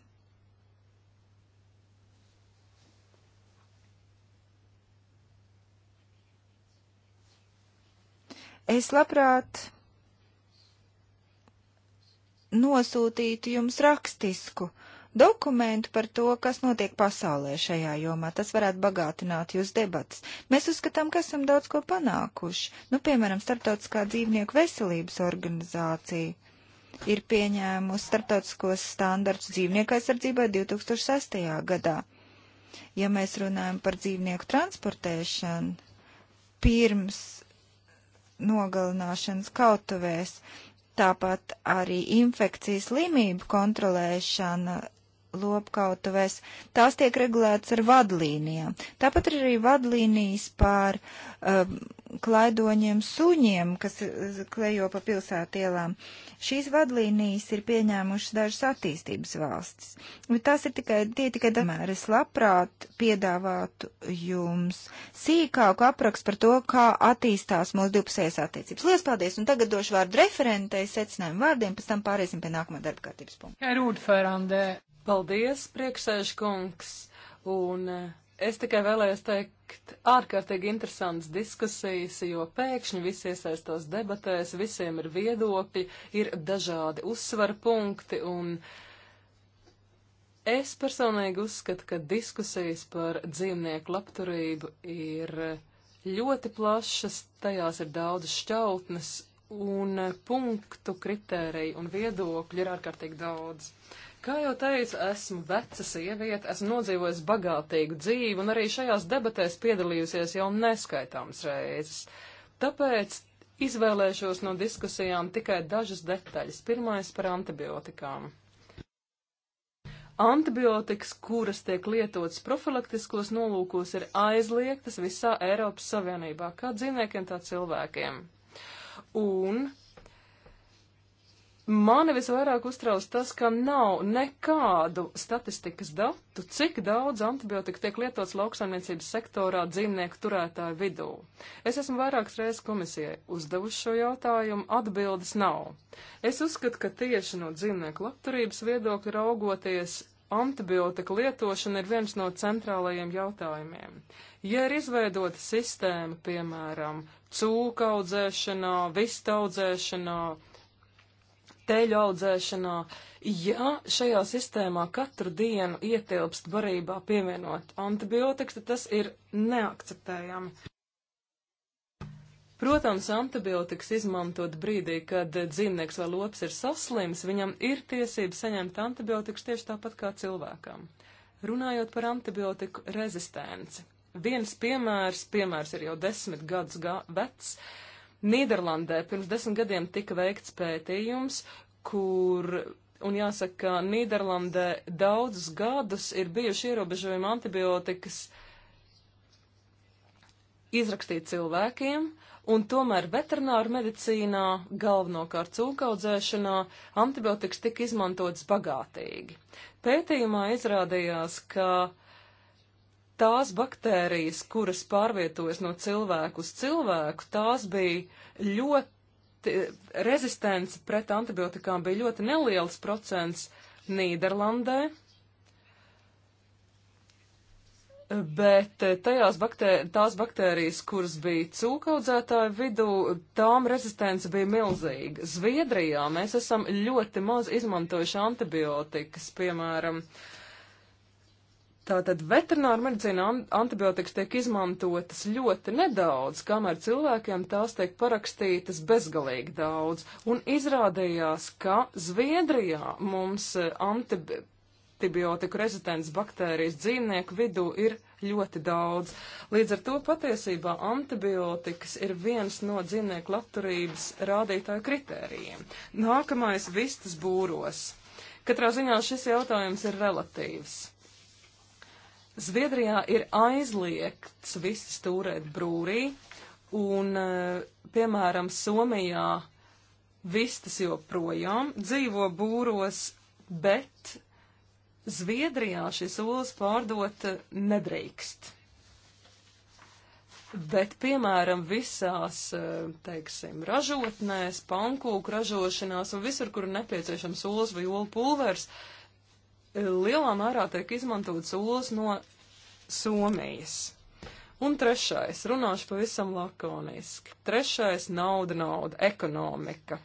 Es labprāt nosūtītu jums rakstisku uh, dokumentu par to, kas notiek pasaulē šajā jomā. Tas varētu bagātināt jūs debatas. Mēs uzskatām, ka esam daudz ko panākuši. Nu, piemēram, Startautiskā dzīvnieku veselības organizācija ir pieņēmusi startautiskos standartus dzīvnieku aizsardzībai 2006. gadā. Ja mēs runājam par dzīvnieku transportēšanu pirms nogalināšanas kautuvēs, Tāpat arī infekcijas slimību kontrolēšana lopkautuvēs, tās tiek regulētas ar vadlīnijām. Tāpat ir arī vadlīnijas pār um, klaidoņiem suņiem, kas uh, klejo pa pilsētielām. Šīs vadlīnijas ir pieņēmušas dažas attīstības valstis. Bet tās ir tikai, tie tikai damēr. Es labprāt piedāvātu jums sīkāku aprakstu par to, kā attīstās mūsu divpusējas attiecības. Lielas paldies! Un tagad došu vārdu referentei secinājumu vārdiem, pēc tam pāriesim pie nākamā darba kārtības punkta. Paldies, priekšsēžkungs, un eh, es tikai vēlējos teikt ārkārtīgi interesants diskusijas, jo pēkšņi visi iesaistās debatēs, visiem ir viedokļi, ir dažādi uzsvaru punkti, un es personīgi uzskatu, ka diskusijas par dzīvnieku labturību ir ļoti plašas, tajās ir daudz šķautnes un eh, punktu kritēriju un viedokļu ir ārkārtīgi daudz. Kā jau teicu, esmu veca sieviete, esmu nodzīvojusi bagātīgu dzīvi un arī šajās debatēs piedalījusies jau neskaitāmas reizes. Tāpēc izvēlēšos no diskusijām tikai dažas detaļas. Pirmais par antibiotikām. Antibiotikas, kuras tiek lietotas profilaktiskos nolūkos, ir aizliegtas visā Eiropas Savienībā, kā dzīvniekiem, tā cilvēkiem. Un Mani visvairāk uztrauc tas, ka nav nekādu statistikas datu, cik daudz antibiotika tiek lietots lauksaimniecības sektorā dzīvnieku turētāju vidū. Es esmu vairākas reizes komisijai uzdevusi šo jautājumu, atbildes nav. Es uzskatu, ka tieši no dzīvnieku labturības viedokļa raugoties, antibiotika lietošana ir viens no centrālajiem jautājumiem. Ja ir izveidota sistēma, piemēram, cūka audzēšanā, vistaudzēšanā, teļu audzēšanā, ja šajā sistēmā katru dienu ietilpst barībā pievienot antibiotikas, tad tas ir neakceptējami. Protams, antibiotikas izmantot brīdī, kad dzīvnieks vai lops ir saslims, viņam ir tiesības saņemt antibiotikas tieši tāpat kā cilvēkam. Runājot par antibiotiku rezistenci. Viens piemērs, piemērs ir jau desmit gadus vecs, Nīderlandē pirms desmit gadiem tika veikts pētījums, kur, un jāsaka, ka Nīderlandē daudzus gadus ir bijuši ierobežojumi antibiotikas izrakstīt cilvēkiem, un tomēr veterināru medicīnā, galvenokārt cūkaudzēšanā, antibiotikas tika izmantotas bagātīgi. Pētījumā izrādījās, ka tās baktērijas, kuras pārvietojas no cilvēku uz cilvēku, tās bija ļoti, rezistence pret antibiotikām bija ļoti neliels procents Nīderlandē, bet eh, tajās baktēr, tās baktērijas, kuras bija cūkaudzētāju vidū, tām rezistence bija milzīga. Zviedrijā mēs esam ļoti maz izmantojuši antibiotikas, piemēram, uh, Tātad veterināra medicīna antibiotikas tiek izmantotas ļoti nedaudz, kamēr cilvēkiem tās tiek parakstītas bezgalīgi daudz. Un izrādījās, ka Zviedrijā mums eh, antibiotiku rezistents baktērijas dzīvnieku vidū ir ļoti daudz. Līdz ar to patiesībā antibiotikas ir viens no dzīvnieku labturības rādītāju kritērijiem. Nākamais vistas būros. Katrā ziņā šis jautājums ir relatīvs. Zviedrijā ir aizliegts viss stūrēt brūrī, un, eh, piemēram, Somijā vistas joprojām dzīvo būros, bet Zviedrijā šis olas pārdot eh, nedrīkst. Bet, piemēram, visās, eh, teiksim, ražotnēs, pankūku ražošanās un visur, kur nepieciešams olas vai olu pulvers, uh, lielā mērā tiek izmantots olas no Somijas. Un trešais, runāšu pavisam lakoniski. Trešais - nauda, nauda, ekonomika.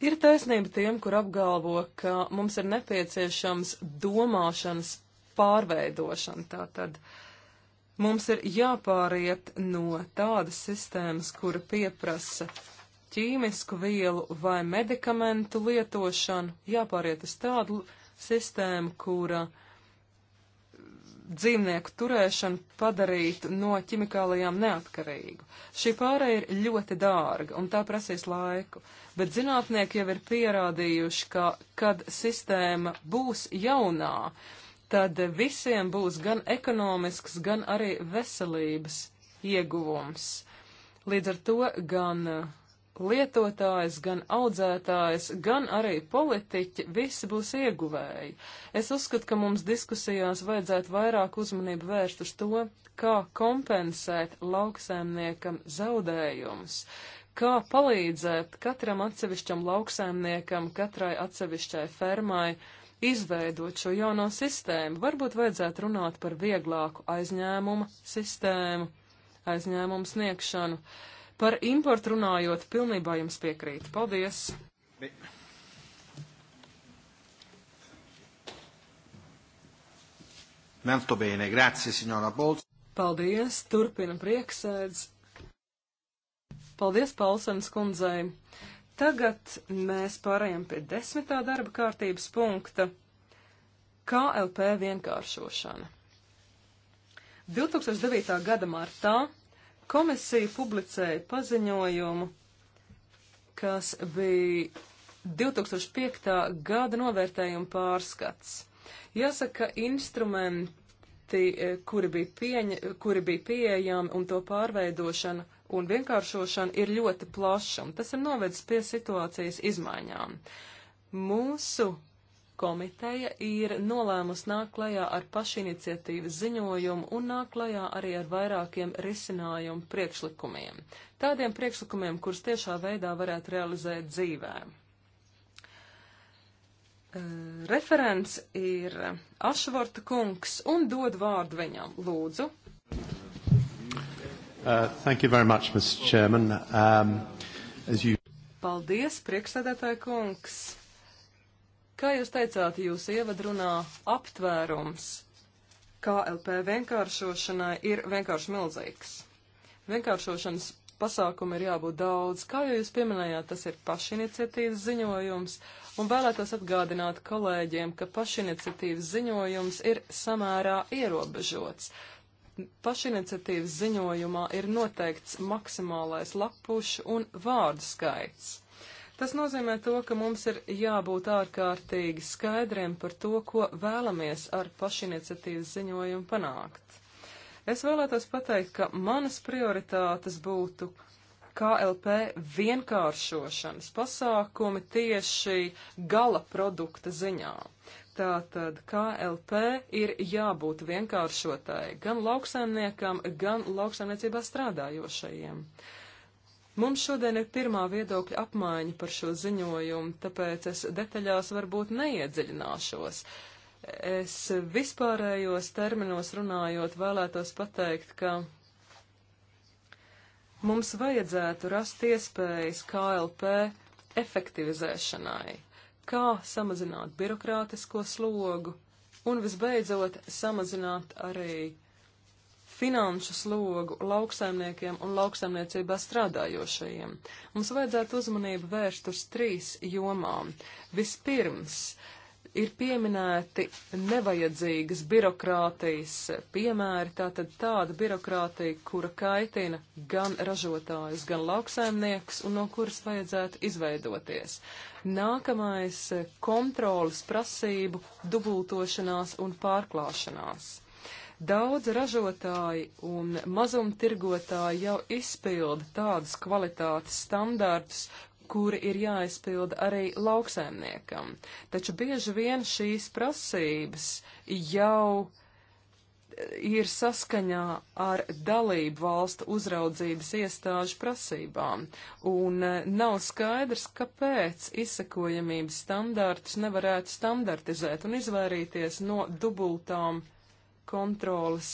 Ir taisnība tiem, kur apgalvo, ka mums ir nepieciešams domāšanas pārveidošana. Tātad mums ir jāpāriet no tādas sistēmas, kura pieprasa ķīmisku vielu vai medikamentu lietošanu, jāpāriet uz tādu sistēmu, kura dzīvnieku turēšanu padarītu no ķimikālijām neatkarīgu. Šī pārēja ir ļoti dārga, un tā prasīs laiku, bet zinātnieki jau ir pierādījuši, ka, kad sistēma būs jaunā, tad visiem būs gan ekonomisks, gan arī veselības ieguvums. Līdz ar to gan uh, lietotājs, gan audzētājs, gan arī politiķi visi būs ieguvēji. Es uzskatu, ka mums diskusijās vajadzētu vairāk uzmanību vērst uz to, kā kompensēt lauksēmniekam zaudējumus, kā palīdzēt katram atsevišķam lauksēmniekam, katrai atsevišķai fermai izveidot šo jauno sistēmu. Varbūt vajadzētu runāt par vieglāku aizņēmumu sistēmu, aizņēmumu sniegšanu. Uh, Par importu runājot, pilnībā jums piekrītu. Paldies! Molto bene, grazie signora Pols. Paldies, turpina prieksēdz. Paldies Paulsens kundzei. Tagad mēs pārējām pie desmitā darba kārtības punkta - KLP vienkāršošana. 2009. gada martā Komisija publicēja paziņojumu, kas bija 2005. gada novērtējuma pārskats. Jāsaka, instrumenti, eh, kuri bija, pieņa, kuri bija pieejami un to pārveidošana un vienkāršošana ir ļoti plaša, un tas ir novedis pie situācijas izmaiņām. Mūsu Komiteja ir nolēmusi nākt klajā ar pašiniciatīvas ziņojumu un nākt klajā arī ar vairākiem risinājumu priekšlikumiem. Tādiem priekšlikumiem, kurus tiešā veidā varētu realizēt dzīvē. Eh, referents ir Ašvorta kungs un dod vārdu viņam, lūdzu. Uh, thank you very much, Mr. Chairman. Um, as you... Paldies, priekšsēdētāja kungs. Kā jūs teicāt, jūs ievadrunā aptvērums KLP vienkāršošanai ir vienkārši milzīgs. Vienkāršošanas pasākumu ir jābūt daudz. Kā jau jūs pieminējāt, tas ir pašiniciatīvas ziņojums, un vēlētos atgādināt kolēģiem, ka pašiniciatīvas ziņojums ir samērā ierobežots. Pašiniciatīvas ziņojumā ir noteikts maksimālais lapušu un vārdu skaits. Tas nozīmē to, ka mums ir jābūt ārkārtīgi skaidriem par to, ko vēlamies ar pašiniciatīvas ziņojumu panākt. Es vēlētos pateikt, ka manas prioritātes būtu KLP vienkāršošanas pasākumi tieši gala produkta ziņā. Tātad KLP ir jābūt vienkāršotai gan lauksaimniekam, gan lauksaimniecībā strādājošajiem. Uh, Mums šodien ir pirmā viedokļa apmaiņa par šo ziņojumu, tāpēc es detaļās varbūt neiedziļināšos. Es vispārējos terminos runājot vēlētos pateikt, ka mums vajadzētu rast iespējas KLP efektivizēšanai, kā samazināt birokrātisko slogu un visbeidzot samazināt arī finanšu slogu lauksaimniekiem un lauksaimniecībā strādājošajiem. Mums vajadzētu uzmanību vērst uz trīs jomām. Vispirms ir pieminēti nevajadzīgas birokrātijas piemēri, tātad tāda birokrātija, kura kaitina gan ražotājus, gan lauksaimniekus un no kuras vajadzētu izveidoties. Nākamais - kontrolas prasību dubultošanās un pārklāšanās. Daudz ražotāji un mazumtirgotāji jau izpilda tādus kvalitātes standārtus, kuri ir jāizpilda arī lauksēmniekam. Taču bieži vien šīs prasības jau ir saskaņā ar dalību valstu uzraudzības iestāžu prasībām, un eh, nav skaidrs, kāpēc izsekojamības standārtus nevarētu standartizēt un izvairīties no dubultām kontrolas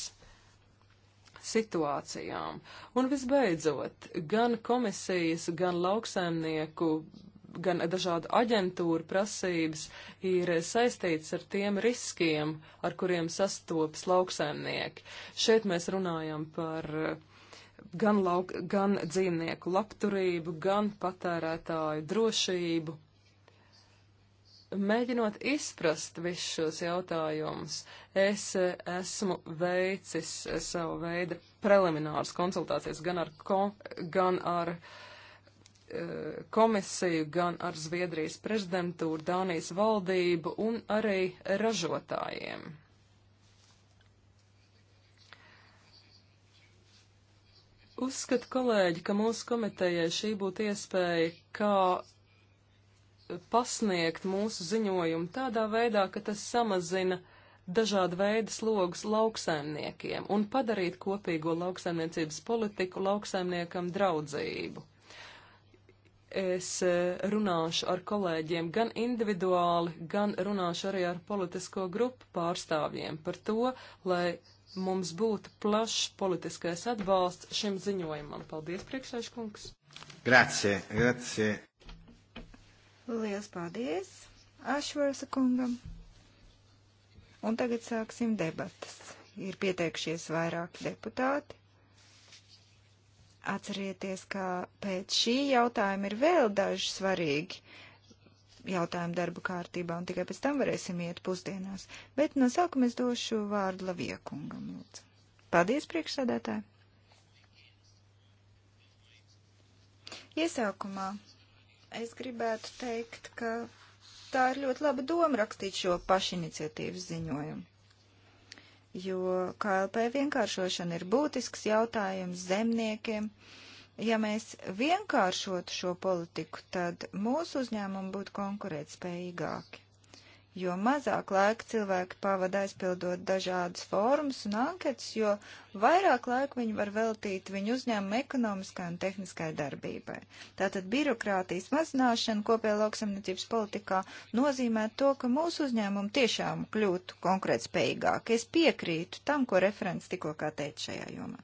situācijām. Un visbeidzot, gan komisijas, gan lauksaimnieku, gan dažādu aģentūru prasības ir saistīts ar tiem riskiem, ar kuriem sastopas lauksaimnieki. Šeit mēs runājam par eh, gan, lauk, gan dzīvnieku labturību, gan patērētāju drošību mēģinot izprast visus šos jautājumus, es esmu veicis savu veidu prelimināras konsultācijas gan ar, ko, gan ar e, komisiju, gan ar Zviedrijas prezidentūru, Dānijas valdību un arī ražotājiem. Uzskatu, kolēģi, ka mūsu komitejai šī būtu iespēja, kā pasniegt mūsu ziņojumu tādā veidā, ka tas samazina dažādu veidu slogus lauksaimniekiem un padarīt kopīgo lauksaimniecības politiku lauksaimniekam draudzību. Es e, runāšu ar kolēģiem gan individuāli, gan runāšu arī ar politisko grupu pārstāvjiem par to, lai mums būtu plašs politiskais atbalsts šim ziņojumam. Paldies, priekšsēškungs! Grazie, grazie! Lielas paldies Ašvarsa kungam. Un tagad sāksim debatas. Ir pieteikšies vairāki deputāti. Atcerieties, ka pēc šī jautājuma ir vēl daži svarīgi jautājumu darba kārtībā, un tikai pēc tam varēsim iet pusdienās. Bet no sākuma es došu vārdu Laviekungam. Paldies, priekšsādātāji! Iesākumā Es gribētu teikt, ka tā ir ļoti laba doma rakstīt šo pašiniciatīvas ziņojumu. Jo KLP vienkāršošana ir būtisks jautājums zemniekiem. Ja mēs vienkāršotu šo politiku, tad mūsu uzņēmumi būtu konkurētspējīgāki jo mazāk laika cilvēki pavada aizpildot dažādas formas un anketas, jo vairāk laika viņi var veltīt viņu uzņēmumu ekonomiskai un tehniskai darbībai. Tātad birokrātijas mazināšana kopējā lauksamniecības politikā nozīmē to, ka mūsu uzņēmumi tiešām kļūtu konkurētspējīgāk. Es piekrītu tam, ko referents tikko teica šajā jomā.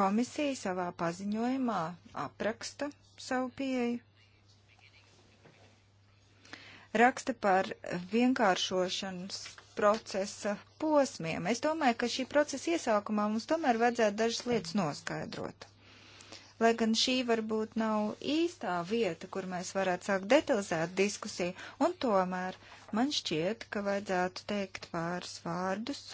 Komisija savā paziņojumā apraksta savu pieeju raksta par vienkāršošanas procesa posmiem. Es domāju, ka šī procesa iesākumā mums tomēr vajadzētu dažas lietas noskaidrot. Lai gan šī varbūt nav īstā vieta, kur mēs varētu sākt detalizēt diskusiju, un tomēr man šķiet, ka vajadzētu teikt pāris vārdus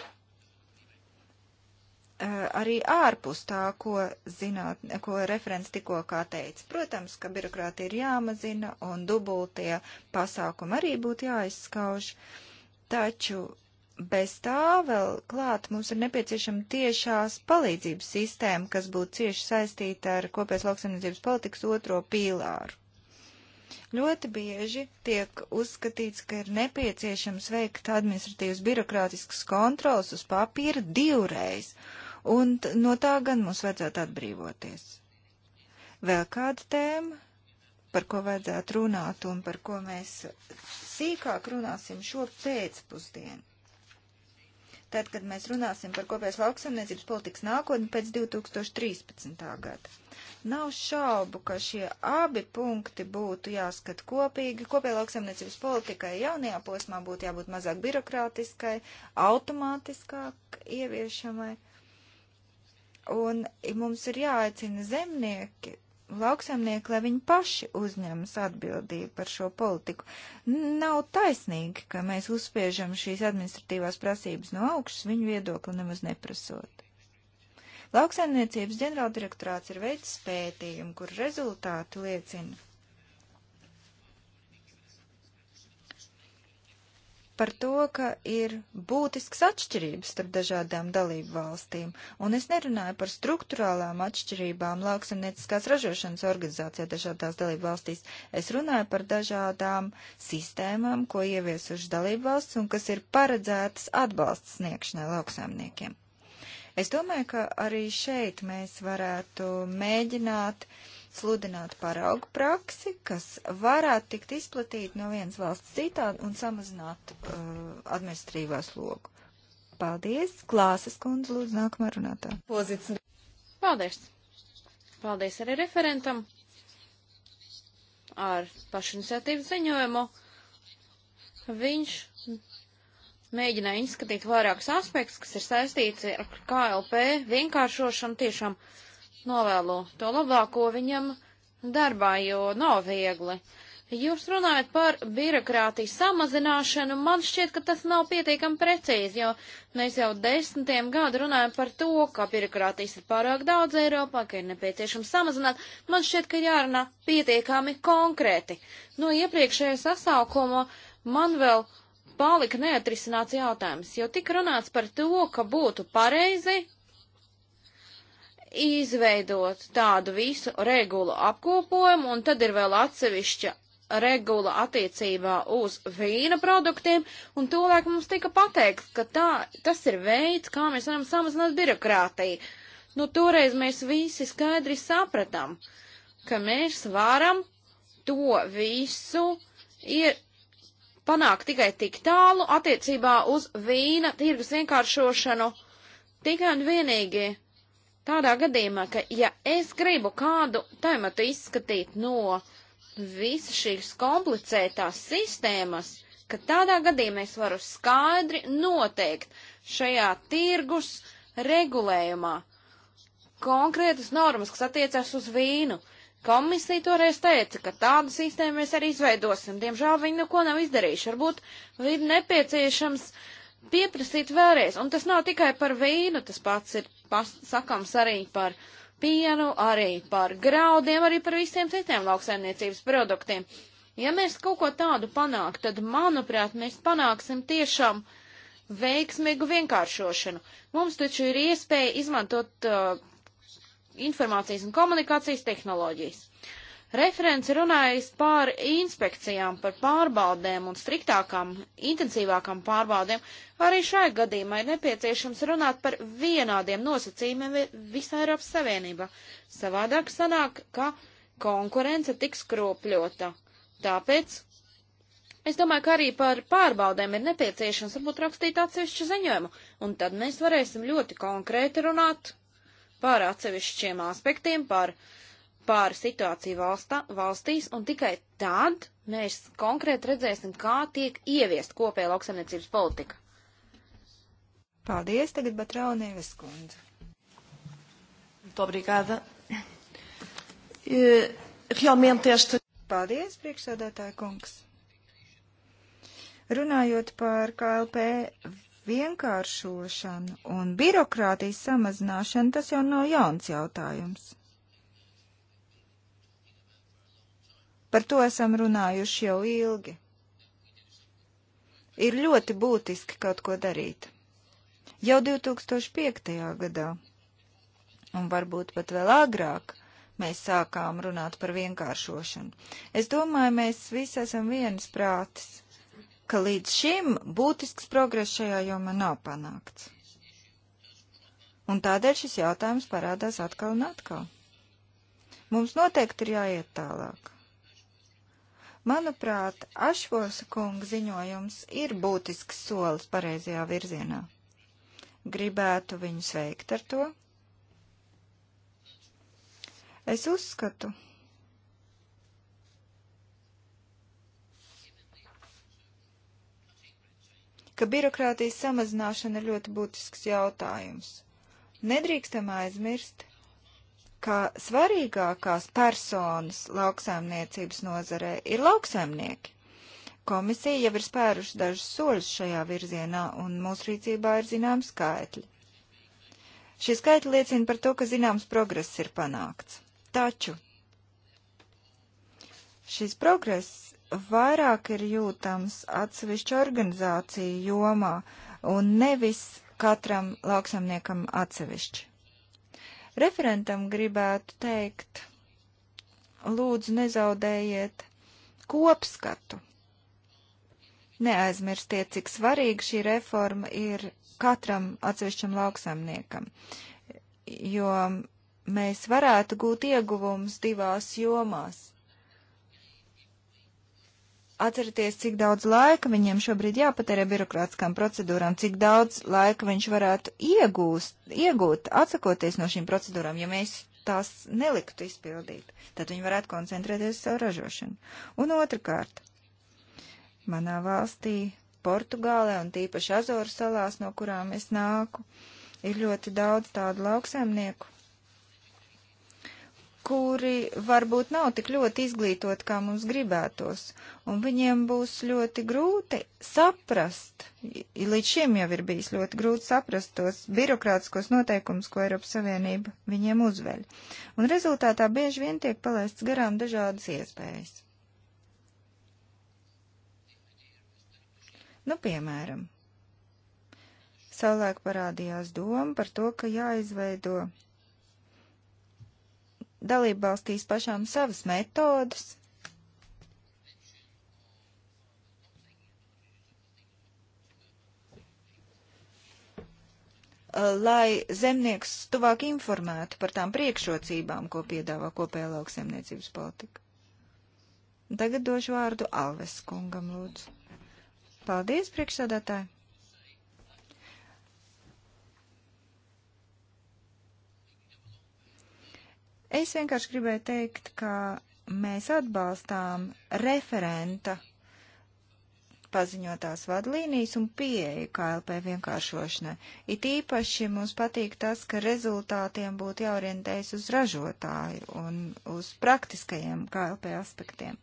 Eh, arī ārpus tā, ko, zināt, ko referents tikko kā teica. Protams, ka birokrātija ir jāmazina un dubultie pasākumi arī būtu jāizskauž, taču bez tā vēl klāt mums ir nepieciešama tiešās palīdzības sistēma, kas būtu cieši saistīta ar kopējas lauksaimniecības politikas otro pīlāru. Ļoti bieži tiek uzskatīts, ka ir nepieciešams veikt administratīvas birokrātiskas kontrolas uz papīra divreiz, uh, un no tā gan mums vajadzētu atbrīvoties. Vēl kāda tēma, par ko vajadzētu runāt un par ko mēs sīkāk runāsim šo pēcpusdienu. Tad, kad mēs runāsim par kopējas lauksaimniecības politikas nākotni pēc 2013. gada. Nav šaubu, ka šie abi punkti būtu jāskat kopīgi. Kopējā lauksaimniecības politikai jaunajā posmā būtu jābūt mazāk birokrātiskai, automātiskāk ieviešamai. Uh, Un mums ir jāaicina zemnieki, lauksamnieki, lai viņi paši uzņemas atbildību par šo politiku. Nav taisnīgi, ka mēs uzspiežam šīs administratīvās prasības no augšas viņu viedokli nemaz neprasot. Lauksaimniecības ģenerāldirektorāts ir veids pētījumu, kur rezultāti liecina, par to, ka ir būtisks atšķirības starp dažādām dalību valstīm, un es nerunāju par struktūrālām atšķirībām lauksamnieciskās ražošanas organizācijā dažādās dalību valstīs. Es runāju par dažādām sistēmām, ko ieviesuši dalību valsts un kas ir paredzētas atbalsts sniegšanai lauksamniekiem. Es domāju, ka arī šeit mēs varētu mēģināt uh, sludināt paraugu praksi, kas varētu tikt izplatīta no vienas valsts citā un samazināt uh, administratīvā slogu. Paldies! Klāsas kundze, lūdzu, nākamā runātā. Pozīcija. Paldies! Paldies arī referentam ar pašiniciatīvu ziņojumu. Viņš mēģināja izskatīt vairākus aspektus, kas ir saistīti ar KLP vienkāršošanu tiešām. Uh, novēlu to labāko viņam darbā, jo nav viegli. Jūs runājat par birokrātiju samazināšanu, man šķiet, ka tas nav pietiekami precīzi, jo mēs jau desmitiem gadu runājam par to, ka birokrātijas ir pārāk daudz Eiropā, ka ir nepieciešams samazināt. Man šķiet, ka jārunā pietiekami konkrēti. No iepriekšējā sasaukuma man vēl palika neatrisināts jautājums, jo tik runāts par to, ka būtu pareizi izveidot tādu visu regulu apkopojumu, un tad ir vēl atsevišķa regula attiecībā uz vīna produktiem, un tūlēk mums tika pateikts, ka tā, tas ir veids, kā mēs varam samazināt birokrātiju. Nu, toreiz mēs visi skaidri sapratām, ka mēs varam to visu ir panākt tikai tik tālu attiecībā uz vīna tirgus vienkāršošanu, tikai un vienīgi tādā gadījumā, ka ja es gribu kādu tematu izskatīt no visas šīs komplicētās sistēmas, ka tādā gadījumā es varu skaidri noteikt šajā tirgus regulējumā konkrētas normas, kas attiecas uz vīnu. Komisija toreiz teica, ka tādu sistēmu mēs arī izveidosim. Diemžēl viņi neko nav izdarījuši. Varbūt ir nepieciešams pieprasīt vēlreiz. Un tas nav tikai par vīnu, tas pats ir sakams arī par pienu, arī par graudiem, arī par visiem citiem lauksaimniecības produktiem. Ja mēs kaut ko tādu panāktu, tad, manuprāt, mēs panāksim tiešām veiksmīgu vienkāršošanu. Mums taču ir iespēja izmantot uh, informācijas un komunikācijas tehnoloģijas. Referents ir runājis par inspekcijām, par pārbaudēm un striktākām, intensīvākām pārbaudēm. Arī šai gadījumā ir nepieciešams runāt par vienādiem nosacījumiem visā Eiropas Savienībā. Savādāk sanāk, ka konkurence tiks kropļota. Tāpēc es domāju, ka arī par pārbaudēm ir nepieciešams varbūt rakstīt atsevišķu ziņojumu, un tad mēs varēsim ļoti konkrēti runāt par atsevišķiem aspektiem, par uh, par situāciju valstā, valstīs, un tikai tad mēs konkrēti redzēsim, kā tiek ieviest kopēja lauksaimniecības politika. Paldies, tagad Batraunieves kundze. Obrigada. E, realmente esta. Paldies, priekšsēdētāja kungs. Runājot par KLP vienkāršošanu un birokrātijas samazināšanu, tas jau nav no jauns jautājums. Par to esam runājuši jau ilgi. Ir ļoti būtiski kaut ko darīt. Jau 2005. gadā, un varbūt pat vēl agrāk, mēs sākām runāt par vienkāršošanu. Es domāju, mēs visi esam viens prātis, ka līdz šim būtisks progress šajā jomā nav panākts. Un tādēļ šis jautājums parādās atkal un atkal. Mums noteikti ir jāiet tālāk. Manuprāt, Ašvosa kunga ziņojums ir būtisks solis pareizajā virzienā. Gribētu viņu sveikt ar to. Es uzskatu, ka birokrātijas samazināšana ir ļoti būtisks jautājums. Nedrīkstam aizmirst, ka svarīgākās personas lauksaimniecības nozarē ir lauksaimnieki. Komisija jau ir spēruši dažus soļus šajā virzienā, un mūsu rīcībā ir zināms skaitļi. Šie skaitļi liecina par to, ka zināms progress ir panākts. Taču šis progress vairāk ir jūtams atsevišķu organizāciju jomā un nevis katram lauksamniekam atsevišķi. Referentam gribētu teikt, lūdzu nezaudējiet kopskatu. Neaizmirstiet, cik svarīga šī reforma ir katram atsevišķam lauksamniekam, jo mēs varētu gūt ieguvums divās jomās Atcerieties, cik daudz laika viņiem šobrīd jāpatērē birokrātiskām procedūrām, cik daudz laika viņš varētu iegūst, iegūt, atsakoties no šīm procedūrām, ja mēs tās neliktu izpildīt. Tad viņi varētu koncentrēties uz savu ražošanu. Un otrkārt, manā valstī, Portugālē un tīpaši Azoru salās, no kurām es nāku, ir ļoti daudz tādu lauksaimnieku, kuri varbūt nav tik ļoti izglītoti, kā mums gribētos, un viņiem būs ļoti grūti saprast, līdz šim jau ir bijis ļoti grūti saprast tos birokrātiskos noteikumus, ko Eiropas Savienība viņiem uzveļ. Un rezultātā bieži vien tiek palaists garām dažādas iespējas. Nu, piemēram, savulaik parādījās doma par to, ka jāizveido dalībvalstīs pašām savas metodas. lai zemnieks tuvāk informētu par tām priekšrocībām, ko piedāvā kopējā lauksemniecības politika. Tagad došu vārdu Alves kungam, lūdzu. Paldies, priekšsādātāji! Es vienkārši gribēju teikt, ka mēs atbalstām referenta paziņotās vadlīnijas un pieeja KLP vienkāršošanai. It īpaši mums patīk tas, ka rezultātiem būtu jāorientējas uz ražotāju un uz praktiskajiem KLP aspektiem.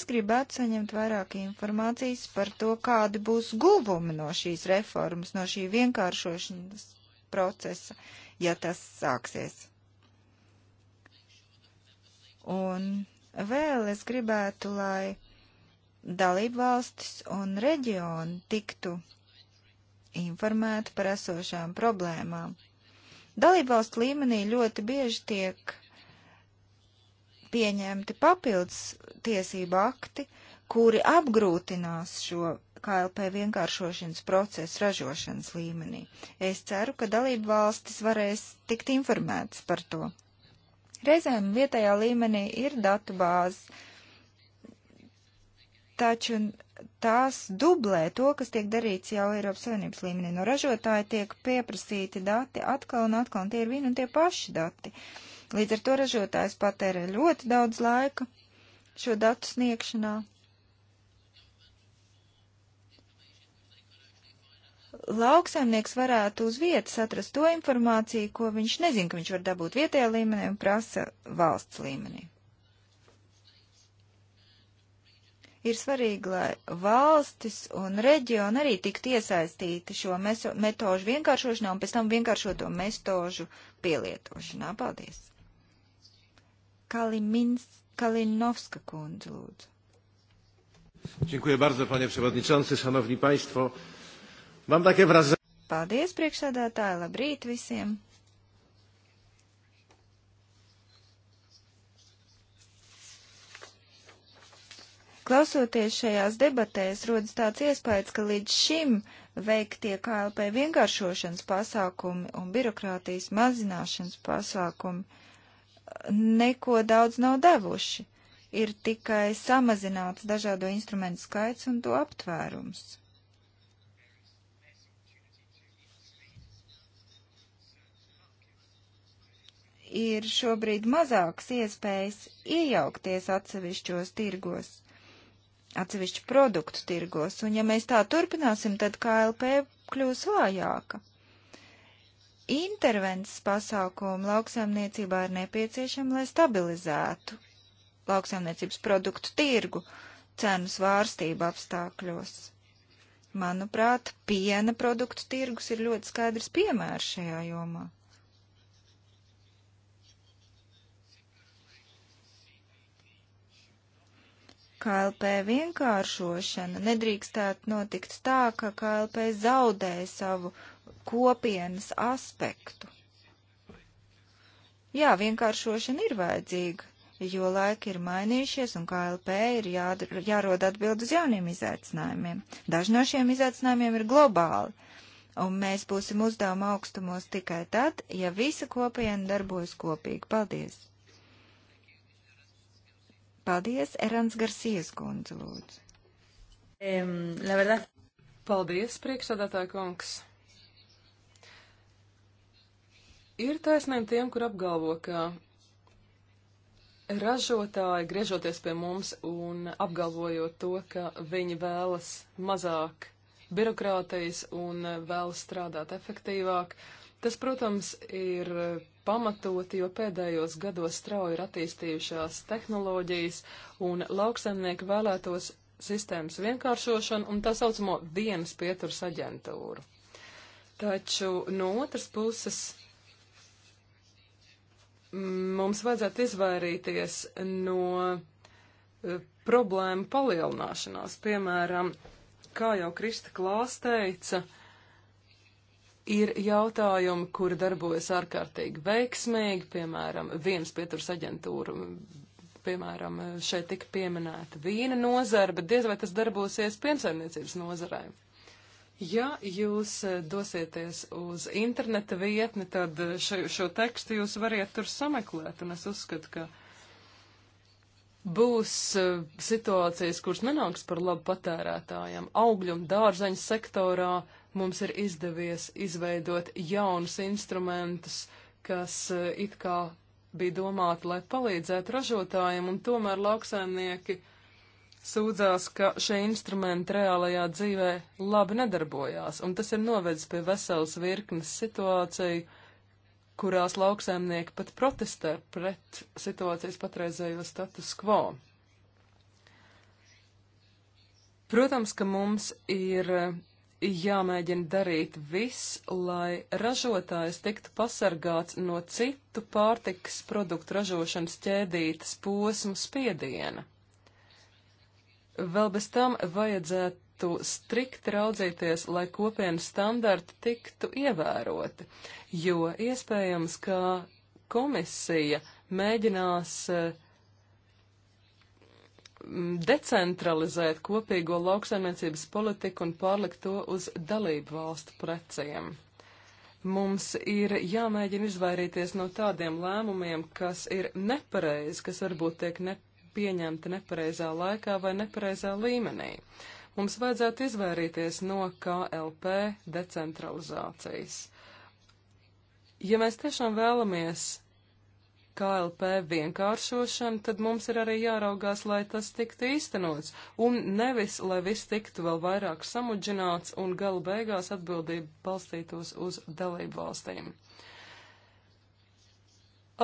Es gribētu saņemt vairāk informācijas par to, kādi būs guvumi no šīs reformas, no šī vienkāršošanas procesa, ja tas sāksies. Un vēl es gribētu, lai dalību valstis un reģioni tiktu informēti par esošām problēmām. Dalību valstu līmenī ļoti bieži tiek pieņemti papildus tiesību akti, kuri apgrūtinās šo KLP vienkāršošanas procesu ražošanas līmenī. Es ceru, ka dalību valstis varēs tikt informētas par to. Reizēm vietējā līmenī ir datu bāzes, taču tās dublē to, kas tiek darīts jau Eiropas Savienības līmenī. No ražotāja tiek pieprasīti dati atkal un atkal, un tie ir vieni un tie paši dati. Līdz ar to ražotājs patērē ļoti daudz laika šo datu sniegšanā. lauksaimnieks varētu uz vietas atrast to informāciju, ko viņš nezina, ka viņš var dabūt vietējā līmenī un prasa valsts līmenī. Ir svarīgi, lai valstis un reģioni arī tiktu iesaistīti šo meso, metožu vienkāršošanā un pēc tam vienkāršoto metožu pielietošanā. Paldies! Kalimins, Kalinovska kundze, lūdzu. Dziękuję bardzo, panie przewodniczący, szanowni państwo. Vam také vrazē. Paldies, priekšsēdētāji, labrīt visiem! Klausoties šajās debatēs, rodas tāds iespējas, ka līdz šim veiktie KLP vienkāršošanas pasākumi un birokrātijas mazināšanas pasākumi eh, neko daudz nav devuši. Ir tikai samazināts dažādo instrumentu skaits un to aptvērums. ir šobrīd mazākas iespējas iejaukties atsevišķos tirgos, atsevišķu produktu tirgos, un ja mēs tā turpināsim, tad KLP kļūs vājāka. Intervences pasākumu lauksaimniecībā ir nepieciešama, lai stabilizētu lauksaimniecības produktu tirgu cenu svārstību apstākļos. Manuprāt, piena produktu tirgus ir ļoti skaidrs piemērs šajā jomā. KLP vienkāršošana nedrīkstētu notikt tā, ka KLP zaudē savu kopienas aspektu. Jā, vienkāršošana ir vajadzīga, jo laiki ir mainījušies un KLP ir jādar, jārod atbild uz jauniem izaicinājumiem. Daži no šiem izaicinājumiem ir globāli, un mēs būsim uzdevuma augstumos tikai tad, ja visa kopiena darbojas kopīgi. Paldies! Paldies, Erans Garsies kundze, lūdzu. Um, verdad... Paldies, priekšsādātāja kungs. Ir taisnība tiem, kur apgalvo, ka ražotāji, griežoties pie mums un apgalvojot to, ka viņi vēlas mazāk birokrātijas un vēlas strādāt efektīvāk, uh, Tas, protams, ir pamatoti, jo pēdējos gados strauji ir attīstījušās tehnoloģijas, un lauksaimnieki vēlētos sistēmas vienkāršošanu un tā saucamo vienas pieturas aģentūru. Taču no otras puses mums vajadzētu izvairīties no eh, problēmu palielināšanās. Piemēram, kā jau Krista Klās teica, uh, Ir jautājumi, kuri darbojas ārkārtīgi veiksmīgi, piemēram, viens pieturs aģentūra, piemēram, šeit tika pieminēta vīna nozara, bet diez vai tas darbosies piensaimniecības nozarē. Ja jūs eh, dosieties uz interneta vietni, tad eh, šo, šo tekstu jūs variet tur sameklēt, un es uzskatu, ka būs uh, situācijas, kuras nenāks par labu patērētājiem. Augļu un dārzeņu sektorā mums ir izdevies izveidot jaunus instrumentus, kas eh, it kā bija domāti, lai palīdzētu ražotājiem, un tomēr lauksaimnieki sūdzās, ka šie instrumenti reālajā dzīvē labi nedarbojās, un tas ir novedis pie veselas virknes situāciju, kurās lauksaimnieki pat protestē pret situācijas patreizējo status quo. Protams, ka mums ir jāmēģina darīt viss, lai ražotājs tiktu pasargāts no citu pārtikas produktu ražošanas ķēdītas posmu spiediena. Vēl bez tam vajadzētu strikti raudzīties, lai kopienas standarti tiktu ievēroti, jo iespējams, ka komisija mēģinās uh, Mm, decentralizēt kopīgo lauksaimniecības politiku un pārlikt to uz dalību valstu preciem. Mums ir jāmēģina izvairīties no tādiem lēmumiem, kas ir nepareizi, kas varbūt tiek ne pieņemti nepareizā laikā vai nepareizā līmenī. Mums vajadzētu izvairīties no KLP decentralizācijas. Ja mēs tiešām vēlamies KLP vienkāršošana, tad mums ir arī jāraugās, lai tas tiktu īstenots, un nevis, lai viss tiktu vēl vairāk samudžināts un gala beigās atbildība balstītos uz dalību valstīm.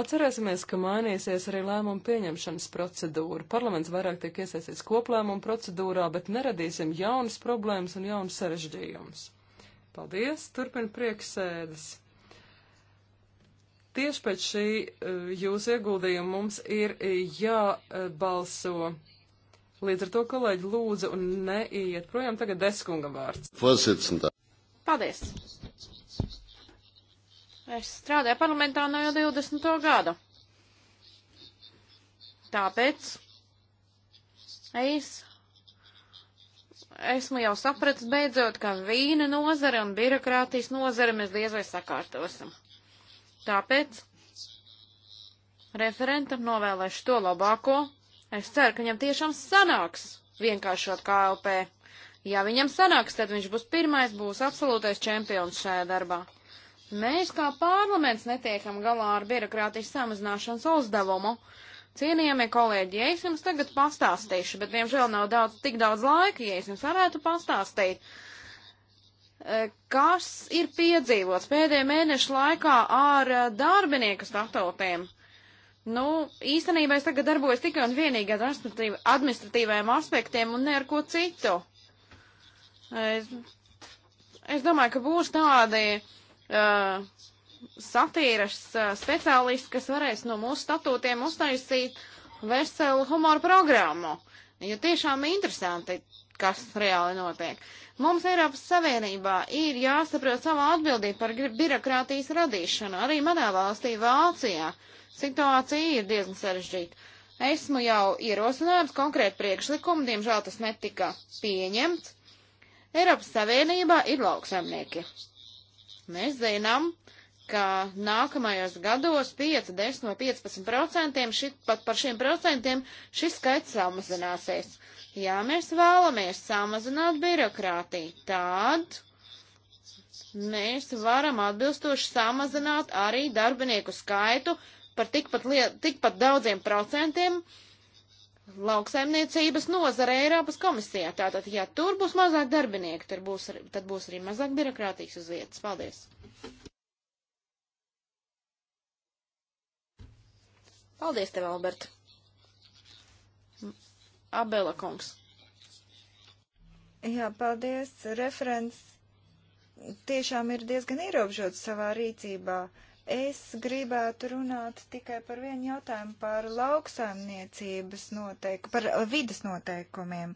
Atcerēsimies, ka mainīsies arī lēmumu pieņemšanas procedūra. Parlaments vairāk tiek iesaistīts koplēmumu procedūrā, bet neradīsim jaunas problēmas un jaunas sarežģījumus. Paldies, turpina prieksēdes. Tieši pēc šī eh, jūsu ieguldījuma mums ir eh, jābalso. Līdz ar to, kolēģi, lūdzu, neiet projām. Tagad deskunga vārds. Fosicintā. Paldies. Es strādāju parlamentā no jau 20. gada. Tāpēc es esmu jau sapratis beidzot, ka vīna nozare un birokrātijas nozare mēs diez vai sakārtosim. Tāpēc referentam novēlēšu to labāko. Es ceru, ka viņam tiešām sanāks vienkāršot KLP. Ja viņam sanāks, tad viņš būs pirmais, būs absolūtais čempions šajā darbā. Mēs kā parlaments netiekam galā ar birokrātijas samazināšanas uzdevumu. Cienījamie kolēģi, ja es jums tagad pastāstīšu, bet diemžēl nav daudz, tik daudz laika, ja es jums varētu pastāstīt, kas ir piedzīvots pēdējo mēnešu laikā ar eh, darbinieku statūtiem. Nu, īstenībā es tagad darbojos tikai un vienīgi ar administratīvajiem aspektiem un ne ar ko citu. Es, es domāju, ka būs tādi uh, satīras uh, speciālisti, kas varēs no mūsu statūtiem uztaisīt veselu humoru programmu. Jo tiešām interesanti kas reāli notiek. Mums Eiropas Savienībā ir jāsaprot savā atbildība par birokrātijas radīšanu. Arī manā valstī, Vācijā, situācija ir diezgan sarežģīta. Esmu jau ierosinājums konkrēti priekšlikumu, diemžēl tas netika pieņemts. Eiropas Savienībā ir lauksaimnieki. Mēs zinām, ka nākamajos gados 5, 10 vai 15 procentiem, pat par šiem procentiem šis skaits samazināsies. Ja mēs vēlamies samazināt birokrātiju, tad mēs varam atbilstoši samazināt arī darbinieku skaitu par tikpat, tikpat daudziem procentiem lauksaimniecības nozare Eiropas komisijā. Tātad, ja tur būs mazāk darbinieku, tad būs, tad būs arī mazāk birokrātijas uz vietas. Paldies! Paldies tev, Albert! Abela kungs. Jā, paldies. Referents tiešām ir diezgan ierobežots savā rīcībā. Es gribētu runāt tikai par vienu jautājumu par lauksaimniecības noteiku, par vidas noteikumiem.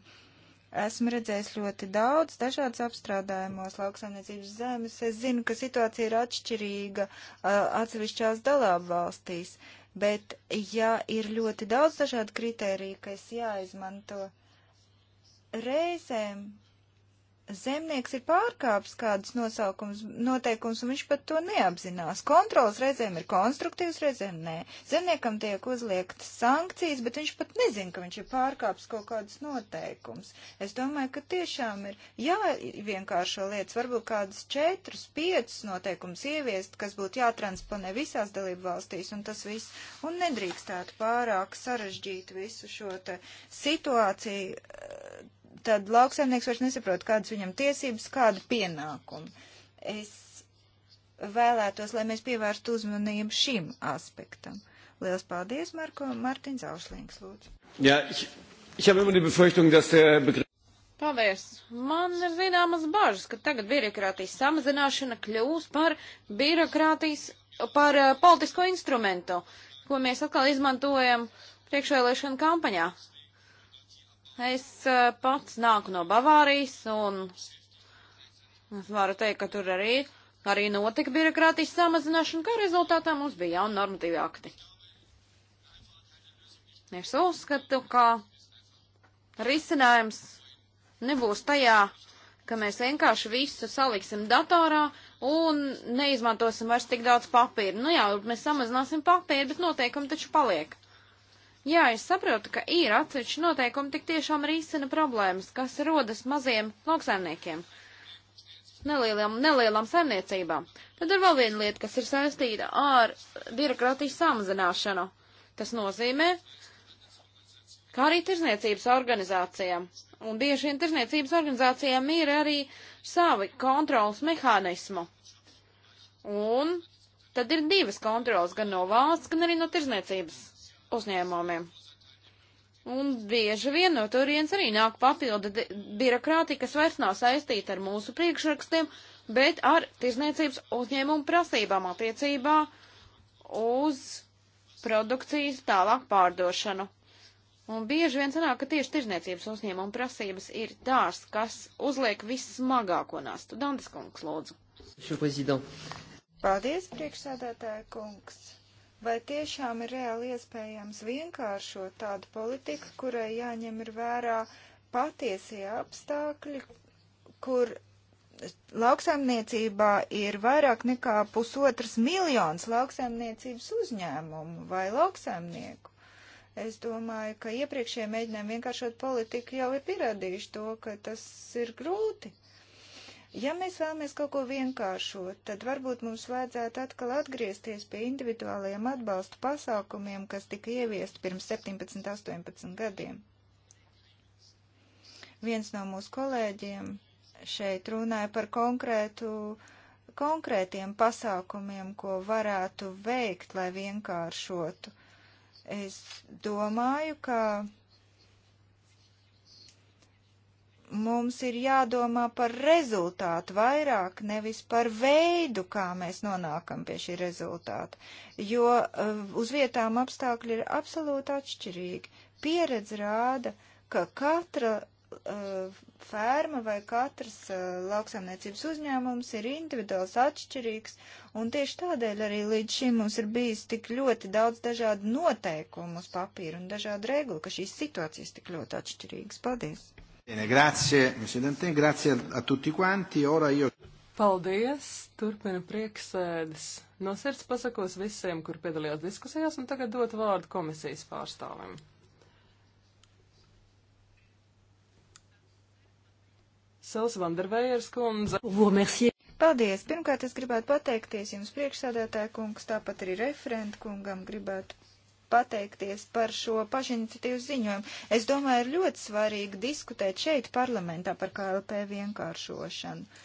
Esmu redzējis ļoti daudz dažādas apstrādājumos lauksaimniecības zemes. Es zinu, ka situācija ir atšķirīga uh, atsevišķās dalābu valstīs. Uh, Bet, ja ir ļoti daudz dažādu kritēriju, kas jāizmanto, reizēm zemnieks ir pārkāpis kādus nosaukums, noteikums, un viņš pat to neapzinās. Kontrols reizēm ir konstruktīvs, reizēm nē. Zemniekam tiek uzliektas sankcijas, bet viņš pat nezin, ka viņš ir pārkāpis kaut kādus noteikums. Es domāju, ka tiešām ir jāvienkāršo lietas, varbūt kādus četrus, piecus noteikumus ieviest, kas būtu jātransponē visās dalību valstīs, un tas viss, un nedrīkstētu pārāk sarežģīt visu šo situāciju tad lauksaimnieks vairs nesaprot, kādas viņam tiesības, kāda pienākuma. Es vēlētos, lai mēs pievērstu uzmanību šim aspektam. Lielas paldies, Marko Mārtiņš Zaušlīngs, lūdzu. Jā, ich habe immer die Befürchtung, dass der Begriff. Paldies. Man ir zināmas bažas, ka tagad birokrātijas samazināšana kļūs par birokrātijas, par uh, politisko instrumentu, ko mēs atkal izmantojam priekšvēlēšana kampaņā. Es eh, pats nāku no Bavārijas un es varu teikt, ka tur arī, arī notika birokrātijas samazināšana, kā rezultātā mums bija jauni normatīvi akti. Es uzskatu, ka risinājums nebūs tajā, ka mēs vienkārši visu saliksim datorā un neizmantosim vairs tik daudz papīra. Nu jā, mēs samazināsim papīru, bet noteikumi taču paliek. Jā, es saprotu, ka ir atsevišķi noteikumi tik tiešām risina problēmas, kas rodas maziem lauksaimniekiem, nelielām, nelielām saimniecībām. Tad ir vēl viena lieta, kas ir saistīta ar birokrātijas samazināšanu. Tas nozīmē, kā arī tirzniecības organizācijām. Un bieži vien tirzniecības organizācijām ir arī savi kontrols mehānismu. Un tad ir divas kontrols, gan no valsts, gan arī no tirzniecības uzņēmumiem. Un bieži vien no turienes arī nāk papildu birokrātija, kas vairs nav saistīta ar mūsu priekšrakstiem, bet ar tirzniecības uzņēmumu prasībām attiecībā uz produkcijas tālāk pārdošanu. Un bieži vien sanāk, ka tieši tirzniecības uzņēmuma prasības ir tās, kas uzliek vissmagāko nastu. Dantas kungs, lūdzu. Paldies, priekšsēdētāja kungs. Vai tiešām ir reāli iespējams vienkāršot tādu politiku, kurai jāņem ir vērā patiesie apstākļi, kur lauksaimniecībā ir vairāk nekā pusotras miljonas lauksaimniecības uzņēmumu vai lauksaimnieku? Es domāju, ka iepriekšējie mēģinājumi vienkāršot politiku jau ir pierādījuši to, ka tas ir grūti. Ja mēs vēlamies kaut ko vienkāršot, tad varbūt mums vajadzētu atkal atgriezties pie individuālajiem atbalstu pasākumiem, kas tika ieviest pirms 17, 18 gadiem. Viens no mūsu kolēģiem šeit runāja par konkrētu uh, konkrētiem pasākumiem, ko varētu veikt, lai vienkāršotu. Es domāju, ka mums ir jādomā par rezultātu vairāk, nevis par veidu, kā mēs nonākam pie šī rezultāta, jo eh, uz vietām apstākļi ir absolūti atšķirīgi. Pieredze rāda, ka katra uh, ferma vai katrs uh, lauksaimniecības uzņēmums ir individuāls atšķirīgs, un tieši tādēļ arī līdz šim mums ir bijis tik ļoti daudz dažādu noteikumu uz papīru un dažādu regulu, ka šīs situācijas tik ļoti atšķirīgas. Paldies! Bene, grazie, Presidente, grazie a tutti quanti. Ora io... Paldies! Turpina prieksēdes. No sirds pasakos visiem, kur piedalījās diskusijās, un tagad dot vārdu komisijas pārstāvim. Sels Vandervējers kundze. Paldies! Pirmkārt, es gribētu pateikties jums priekšsādātāja kungs, tāpat arī referent kungam gribētu pateikties par šo pašiniciatīvu ziņojumu. Es domāju, ir ļoti svarīgi diskutēt šeit parlamentā par KLP vienkāršošanu.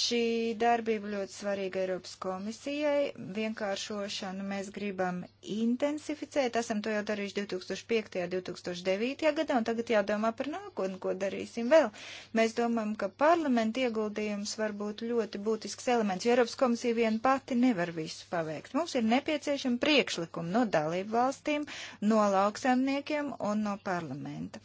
Šī darbība ļoti svarīga Eiropas komisijai. Vienkāršošanu mēs gribam intensificēt. Esam to jau darījuši 2005. un 2009. gadā, un tagad jādomā par nākotni, ko darīsim vēl. Mēs domājam, ka parlamenta ieguldījums var būt ļoti būtisks elements, jo Eiropas komisija vien pati nevar visu paveikt. Mums ir nepieciešama priekšlikuma no dalību valstīm, no lauksaimniekiem un no parlamenta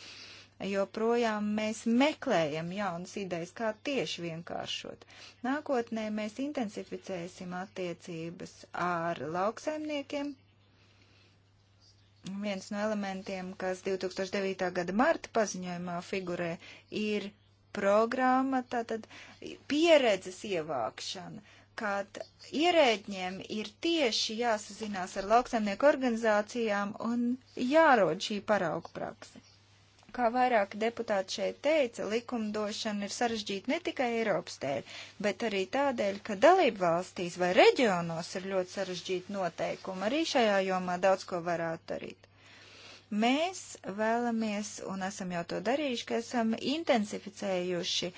joprojām mēs meklējam jaunas idejas, kā tieši vienkāršot. Nākotnē mēs intensificēsim attiecības ar lauksaimniekiem. Viens no elementiem, kas 2009. gada marta paziņojumā figurē, ir programma, tātad pieredzes ievākšana, kad ierēģiem ir tieši jāsazinās ar lauksaimnieku organizācijām un jārod šī paraugu praksa. Kā vairāk deputāti šeit teica, likumdošana ir sarežģīta ne tikai Eiropas dēļ, bet arī tādēļ, ka dalību valstīs vai reģionos ir ļoti sarežģīta noteikuma. Arī šajā jomā daudz ko varētu darīt. Mēs vēlamies, un esam jau to darījuši, ka esam intensificējuši e,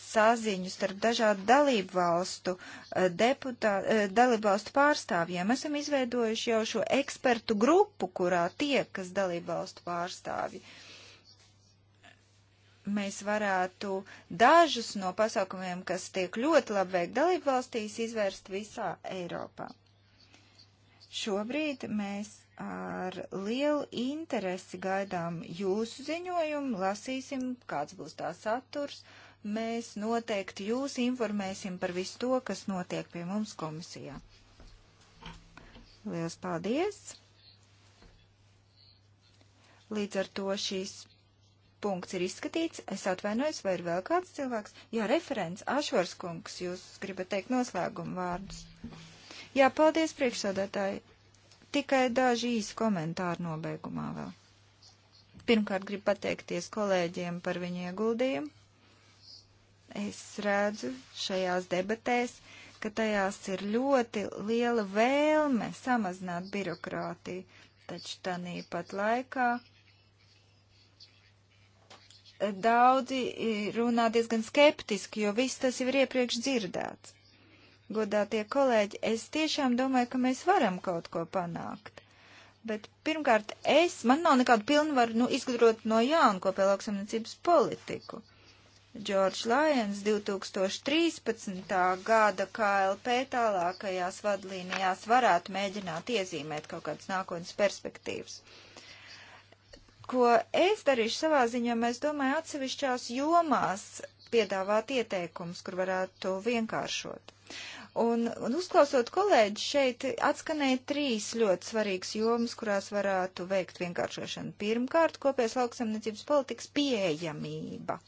saziņu starp dažādu dalību valstu, e, deputā, e, dalību valstu pārstāvjiem. Esam izveidojuši jau šo ekspertu grupu, kurā tie, kas dalību valstu pārstāvji. Uh, mēs varētu dažus no pasākumiem, kas tiek ļoti labi veikt dalību valstīs, izvērst visā Eiropā. Šobrīd mēs ar lielu interesi gaidām jūsu ziņojumu, lasīsim, kāds būs tā saturs. Mēs noteikti jūs informēsim par visu to, kas notiek pie mums komisijā. Lielas paldies! Līdz ar to šīs punkts ir izskatīts. Es atvainojos, vai ir vēl kāds cilvēks? Jā, referents Ašvars kungs, jūs gribat teikt noslēgumu vārdus. Jā, paldies priekšsādātāji. Tikai daži īsi komentāri nobeigumā vēl. Pirmkārt, gribu pateikties kolēģiem par viņu ieguldījumu. Es redzu šajās debatēs, ka tajās ir ļoti liela vēlme samazināt birokrātiju, taču tanī pat laikā daudzi e, runā diezgan skeptiski, jo viss tas jau ir iepriekš dzirdēts. Godātie kolēģi, es tiešām domāju, ka mēs varam kaut ko panākt. Bet pirmkārt, es, man nav nekādu pilnvaru nu, izgudrot no jauna kopējā lauksamniecības politiku. George Lyons 2013. gada KLP tālākajās vadlīnijās varētu mēģināt iezīmēt kaut kādas nākotnes perspektīvas. Uh, ko es darīšu savā ziņā, mēs domāju atsevišķās jomās piedāvāt ieteikums, kur varētu vienkāršot. Un, un uzklausot kolēģi, šeit atskanēja trīs ļoti svarīgas jomas, kurās varētu veikt vienkāršošanu. Pirmkārt, kopējas lauksamniecības politikas pieejamība.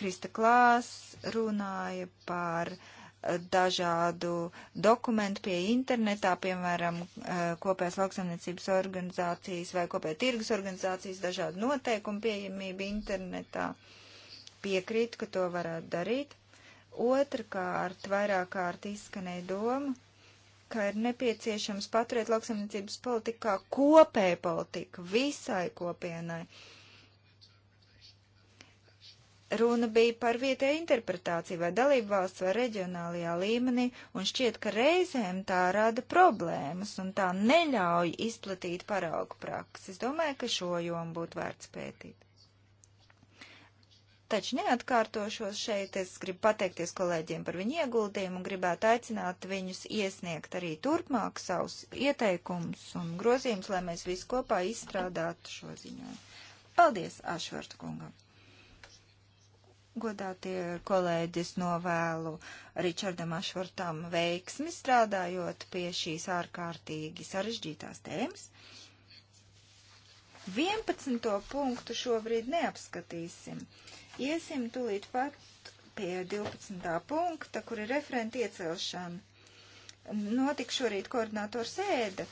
Krista Klās runāja par uh, dažādu dokumentu pie internetā, piemēram, eh, kopējās lauksaimniecības organizācijas vai kopējā tirgus organizācijas dažādu noteikumu pieejamību internetā. Piekrītu, ka to varētu darīt. Otrakārt, vairāk kārt izskanēja doma, ka ir nepieciešams paturēt lauksaimniecības politikā kopēju politiku visai kopienai. Uh, Runa bija par vietēju interpretāciju vai dalību valsts vai reģionālajā līmenī, un šķiet, ka reizēm tā rada problēmas un tā neļauj izplatīt paraugu praksi. Es domāju, ka šo jomu būtu vērts pētīt. Taču neatkārtošos šeit, es gribu pateikties kolēģiem par viņu ieguldījumu un gribētu aicināt viņus iesniegt arī turpmāk savus ieteikumus un grozījumus, lai mēs visi kopā izstrādātu šo ziņojumu. Paldies, Ašvarta kungam! Godātie kolēģis novēlu Ričardam Ašvartam veiksmi strādājot pie šīs ārkārtīgi sarežģītās tēmas. 11. punktu šobrīd neapskatīsim. Iesim tulīt pat pie 12. punkta, kur ir referenta iecelšana. Notik šorīt koordinātors sēde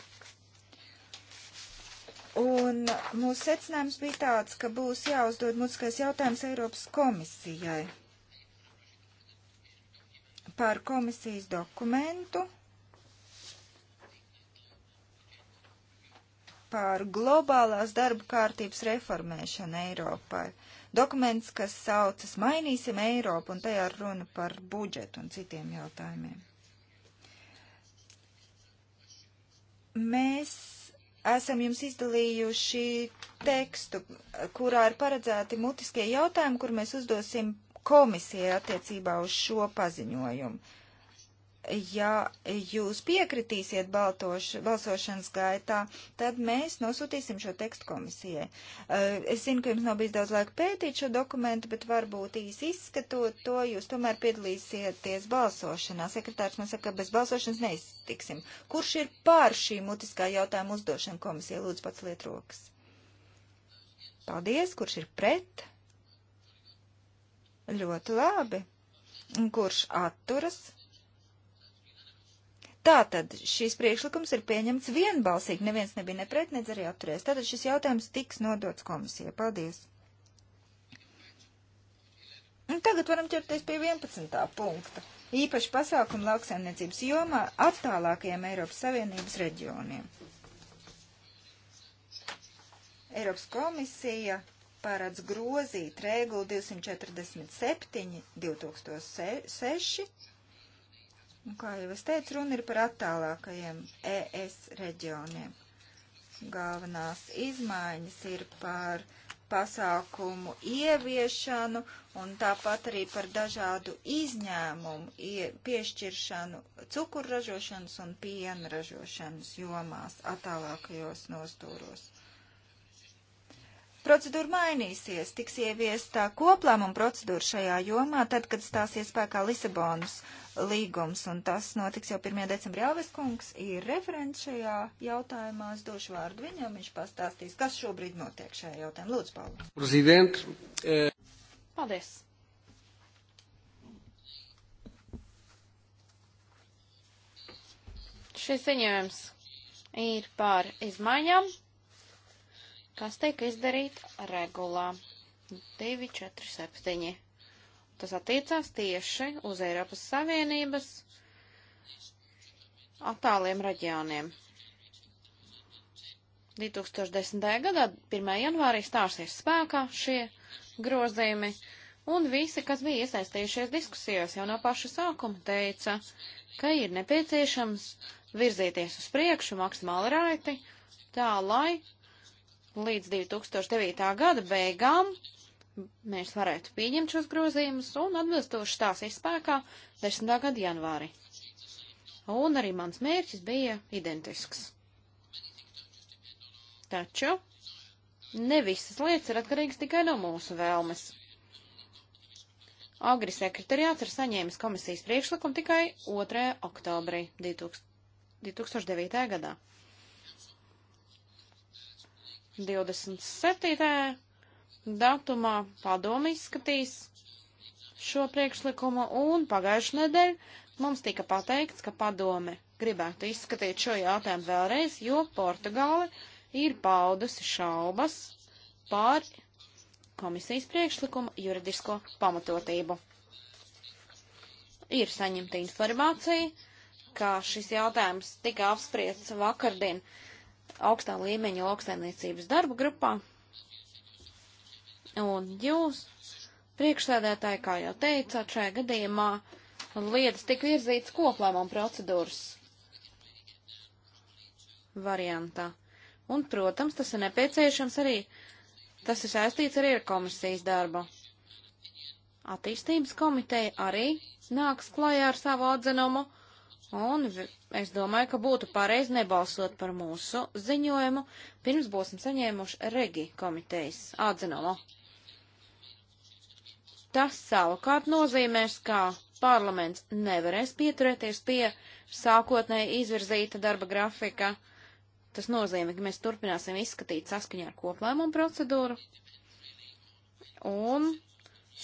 Un mūsu secinājums bija tāds, ka būs jāuzdod mutiskais jautājums Eiropas komisijai par komisijas dokumentu, par globālās darba kārtības reformēšanu Eiropai. Dokuments, kas saucas Mainīsim Eiropu, un tajā runa par budžetu un citiem jautājumiem. Mēs esam jums izdalījuši tekstu, kurā ir paredzēti mutiskie jautājumi, kur mēs uzdosim komisijai attiecībā uz šo paziņojumu ja jūs piekritīsiet baltoš, balsošanas gaitā, tad mēs nosūtīsim šo tekstu komisijai. Eh, es zinu, ka jums nav bijis daudz laika pētīt šo dokumentu, bet varbūt īsi izskatot to, jūs tomēr piedalīsieties balsošanā. Sekretārs man saka, ka bez balsošanas neiztiksim. Kurš ir pār šī mutiskā jautājuma uzdošana komisija? Lūdzu, pats liet rokas. Paldies, kurš ir pret? Ļoti labi. Un kurš atturas? Tātad šīs priekšlikums ir pieņemts vienbalsīgi, neviens nebija ne pret, nedz arī atturēs. Tātad šis jautājums tiks nodots komisijai. Paldies! Un tagad varam ķerties pie 11. punkta. Īpaši pasākumu lauksaimniecības jomā attālākajiem Eiropas Savienības reģioniem. Eiropas komisija paredz grozīt regulu 247 2006 Un, kā jau es teicu, runa ir par attālākajiem ES reģioniem. Galvenās izmaiņas ir par pasākumu ieviešanu un tāpat arī par dažādu izņēmumu piešķiršanu cukurražošanas un piena ražošanas jomās attālākajos nostūros. Procedūra mainīsies, tiks ieviestā koplēmuma procedūra šajā jomā, tad, kad stāsies spēkā Lisabonas līgums, un tas notiks jau 1. decembrī. Alveskungs ir referents šajā jautājumā, es došu vārdu viņam, viņš pastāstīs, kas šobrīd notiek šajā jautājumā. Lūdzu, Paula. Prezident. E... Paldies. Šis ziņojums ir par izmaiņām Tas tiek izdarīt regulā 247. Tas attiecās tieši uz Eiropas Savienības attāliem reģioniem. 2010. gadā 1. janvārī stāsies spēkā šie grozījumi, un visi, kas bija iesaistījušies diskusijās jau no paša sākuma, teica, ka ir nepieciešams virzīties uz priekšu maksimāli raiti, tā lai līdz 2009. gada beigām mēs varētu pieņemt šos grozījumus un atbilstoši tās izspēkā 10. gada janvāri. Un arī mans mērķis bija identisks. Taču ne visas lietas ir atkarīgas tikai no mūsu vēlmes. Agri sekretariāts ir saņēmis komisijas priekšlikumu tikai 2. oktobrī 2009. gadā. 27. datumā padomi izskatīs šo priekšlikumu, un pagājušajā nedēļā mums tika pateikts, ka padome gribētu izskatīt šo jautājumu vēlreiz, jo Portugāle ir paudusi šaubas pār komisijas priekšlikuma juridisko pamatotību. Ir saņemta informācija, ka šis jautājums tika apspriests vakardien uh, augstā līmeņa lauksaimniecības darba grupā. Un jūs, priekšsēdētāji, kā jau teicāt, šajā gadījumā lietas tika virzītas koplēmuma procedūras variantā. Un, protams, tas ir nepieciešams arī, tas ir saistīts arī ar komisijas darbu. Attīstības komiteja arī nāks klajā ar savu atzinumu Un es domāju, ka būtu pareizi nebalsot par mūsu ziņojumu, pirms būsim saņēmuši regi komitejas atzinumu. Tas savukārt nozīmēs, ka parlaments nevarēs pieturēties pie sākotnēji izvirzīta darba grafika. Tas nozīmē, ka mēs turpināsim izskatīt saskaņā ar koplēmumu procedūru. Un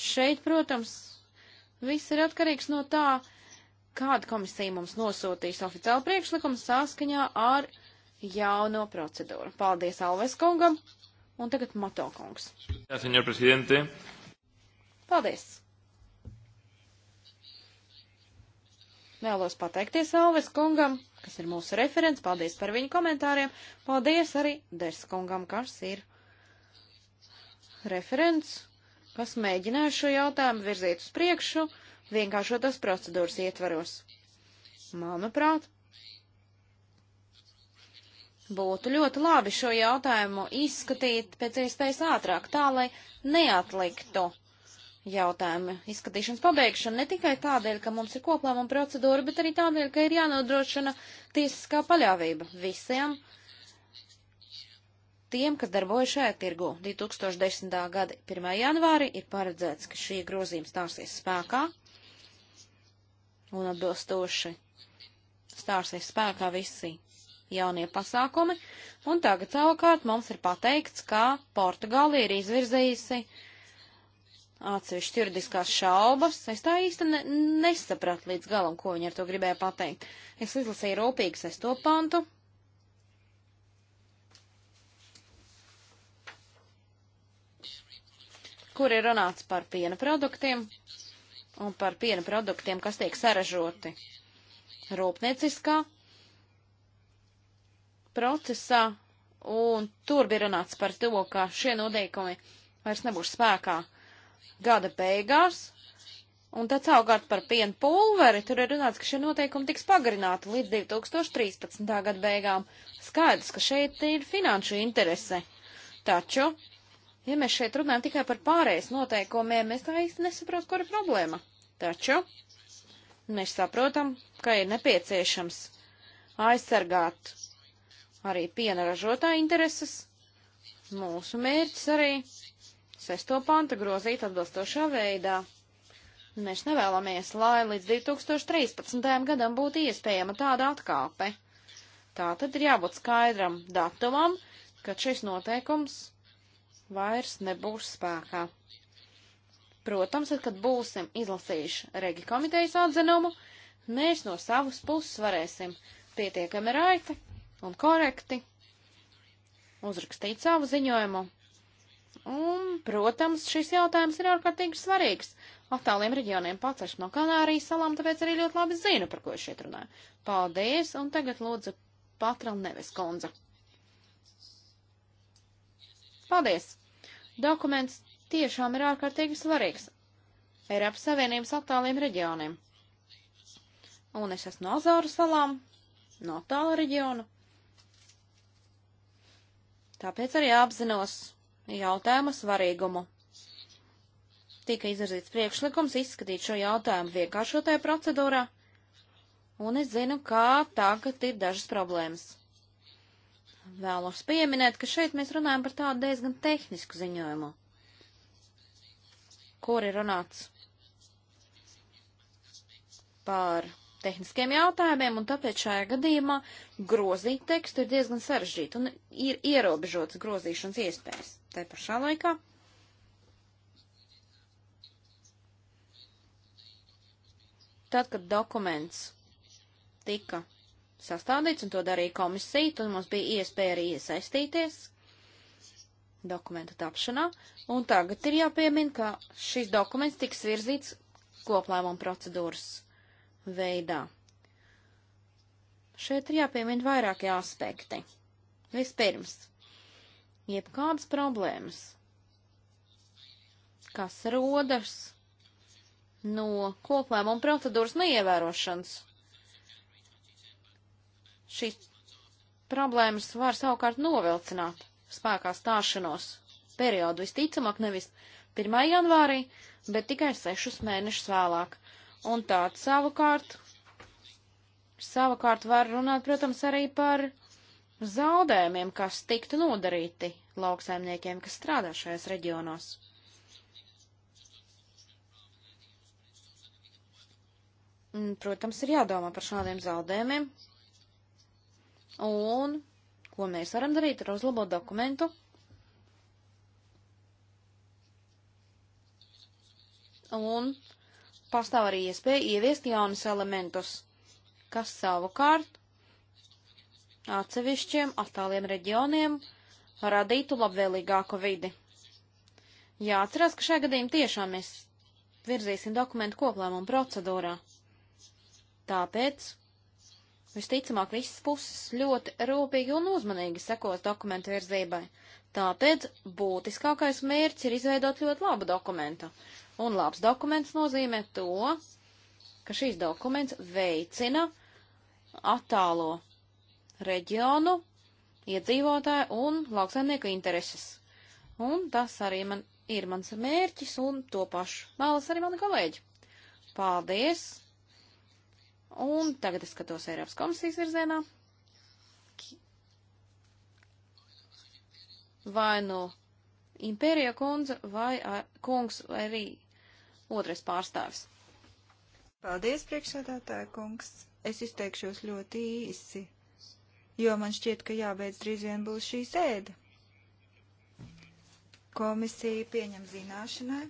šeit, protams, viss ir atkarīgs no tā, kāda komisija mums nosūtīs oficiālu priekšlikumu saskaņā ar jauno procedūru. Paldies Alves kungam un tagad Mato kungs. Jā, senjor prezidente. Paldies. Vēlos pateikties Alves kungam, kas ir mūsu referents. Paldies par viņu komentāriem. Paldies arī Ders kungam, kas ir referents, kas mēģināja šo jautājumu virzīt uz priekšu vienkāršotas procedūras ietvaros. Manuprāt, būtu ļoti labi šo jautājumu izskatīt pēc iespējas ātrāk, tā lai neatliktu jautājumu izskatīšanas pabeigšanu ne tikai tādēļ, ka mums ir koplēmuma procedūra, bet arī tādēļ, ka ir jānodrošina tiesiskā paļāvība visiem tiem, kas darbojas šajā tirgu. 2010. gada 1. janvāri ir paredzēts, ka šī grozījuma stāsies spēkā un atbilstoši stāsies spēkā visi jaunie pasākumi, un tagad savukārt mums ir pateikts, ka Portugāla ir izvirzījusi atsevišķi juridiskās šaubas. Es tā īsti ne, nesapratu līdz galam, ko viņi ar to gribēja pateikt. Es izlasīju rūpīgi sesto pantu. kur ir runāts par piena produktiem, un par piena produktiem, kas tiek saražoti rūpnieciskā procesā, un tur bija runāts par to, ka šie noteikumi vairs nebūs spēkā gada beigās, un tad savukārt par piena pulveri tur ir runāts, ka šie noteikumi tiks pagarināti līdz 2013. gada beigām. Skaidrs, ka šeit ir finanšu interese, taču Ja mēs šeit runājam tikai par pārējais noteikumiem, mēs tā īsti nesaprotam, kur ir problēma. Taču mēs saprotam, ka ir nepieciešams aizsargāt arī piena ražotāja intereses. Mūsu mērķis arī sesto pantu grozīt atbilstošā veidā. Mēs nevēlamies, lai līdz 2013. gadam būtu iespējama tāda atkāpe. Tā tad ir jābūt skaidram datumam, kad šis noteikums vairs nebūs spēkā. Protams, tad, kad būsim izlasījuši Regi komitejas atzinumu, mēs no savas puses varēsim pietiekami raiti un korekti uzrakstīt savu ziņojumu. Un, protams, šis jautājums ir ārkārtīgi svarīgs. Attāliem reģioniem pats esmu no Kanārijas salām, tāpēc arī ļoti labi zinu, par ko es šeit runāju. Paldies, un tagad lūdzu Patra Neves kundze. Paldies! Dokuments tiešām ir ārkārtīgi svarīgs Eiropas Savienības attāliem reģioniem. Un es esmu no Azoru salām, no tāla reģiona. Tāpēc arī apzinos jautājumu svarīgumu. Tika izvirzīts priekšlikums izskatīt šo jautājumu vienkāršotajā procedūrā, un es zinu, kā tagad ir dažas problēmas vēlos pieminēt, ka šeit mēs runājam par tādu diezgan tehnisku ziņojumu, kur ir runāts par tehniskiem jautājumiem, un tāpēc šajā gadījumā grozīt tekstu ir diezgan sarežģīti un ir ierobežotas grozīšanas iespējas. Tā pašā laikā tad, kad dokuments tika sastādīts, un to darīja komisija, tad mums bija iespēja arī iesaistīties dokumentu tapšanā, un tagad ir jāpiemina, ka šis dokuments tiks virzīts koplēmuma procedūras veidā. Šeit ir jāpiemina vairākie aspekti. Vispirms, jebkādas problēmas, kas rodas no koplēmuma procedūras neievērošanas Šīs problēmas var savukārt novilcināt spēkā stāšanos periodu visticamāk nevis 1. janvārī, bet tikai 6 mēnešus vēlāk. Un tāds savukārt, savukārt var runāt, protams, arī par zaudējumiem, kas tiktu nodarīti lauksaimniekiem, kas strādā šajos reģionos. Protams, ir jādomā par šādiem zaudējumiem, Un ko mēs varam darīt, ir uzlabot dokumentu. Un pastāv arī iespēja ieviest jaunus elementus, kas savukārt atsevišķiem attāliem reģioniem radītu labvēlīgāku vidi. Jāatcerās, ka šajā gadījumā tiešām mēs virzīsim dokumentu koplēmumu procedūrā. Tāpēc Visticamāk, visas puses ļoti rūpīgi un uzmanīgi sekos dokumentu virzībai. Tāpēc būtiskākais mērķis ir izveidot ļoti labu dokumentu. Un labs dokuments nozīmē to, ka šīs dokuments veicina attālo reģionu, iedzīvotāju un lauksaimnieku intereses. Un tas arī man, ir mans mērķis un to pašu vēlas arī mani kolēģi. Paldies! Un tagad es skatos Eiropas komisijas virzienā. Vai nu Impērija kundze vai kungs vai arī otrais pārstāvis. Paldies, priekšsādātāja kungs. Es izteikšos ļoti īsi, jo man šķiet, ka jābeidz drīz vien būs šī sēde. Komisija pieņem zināšanai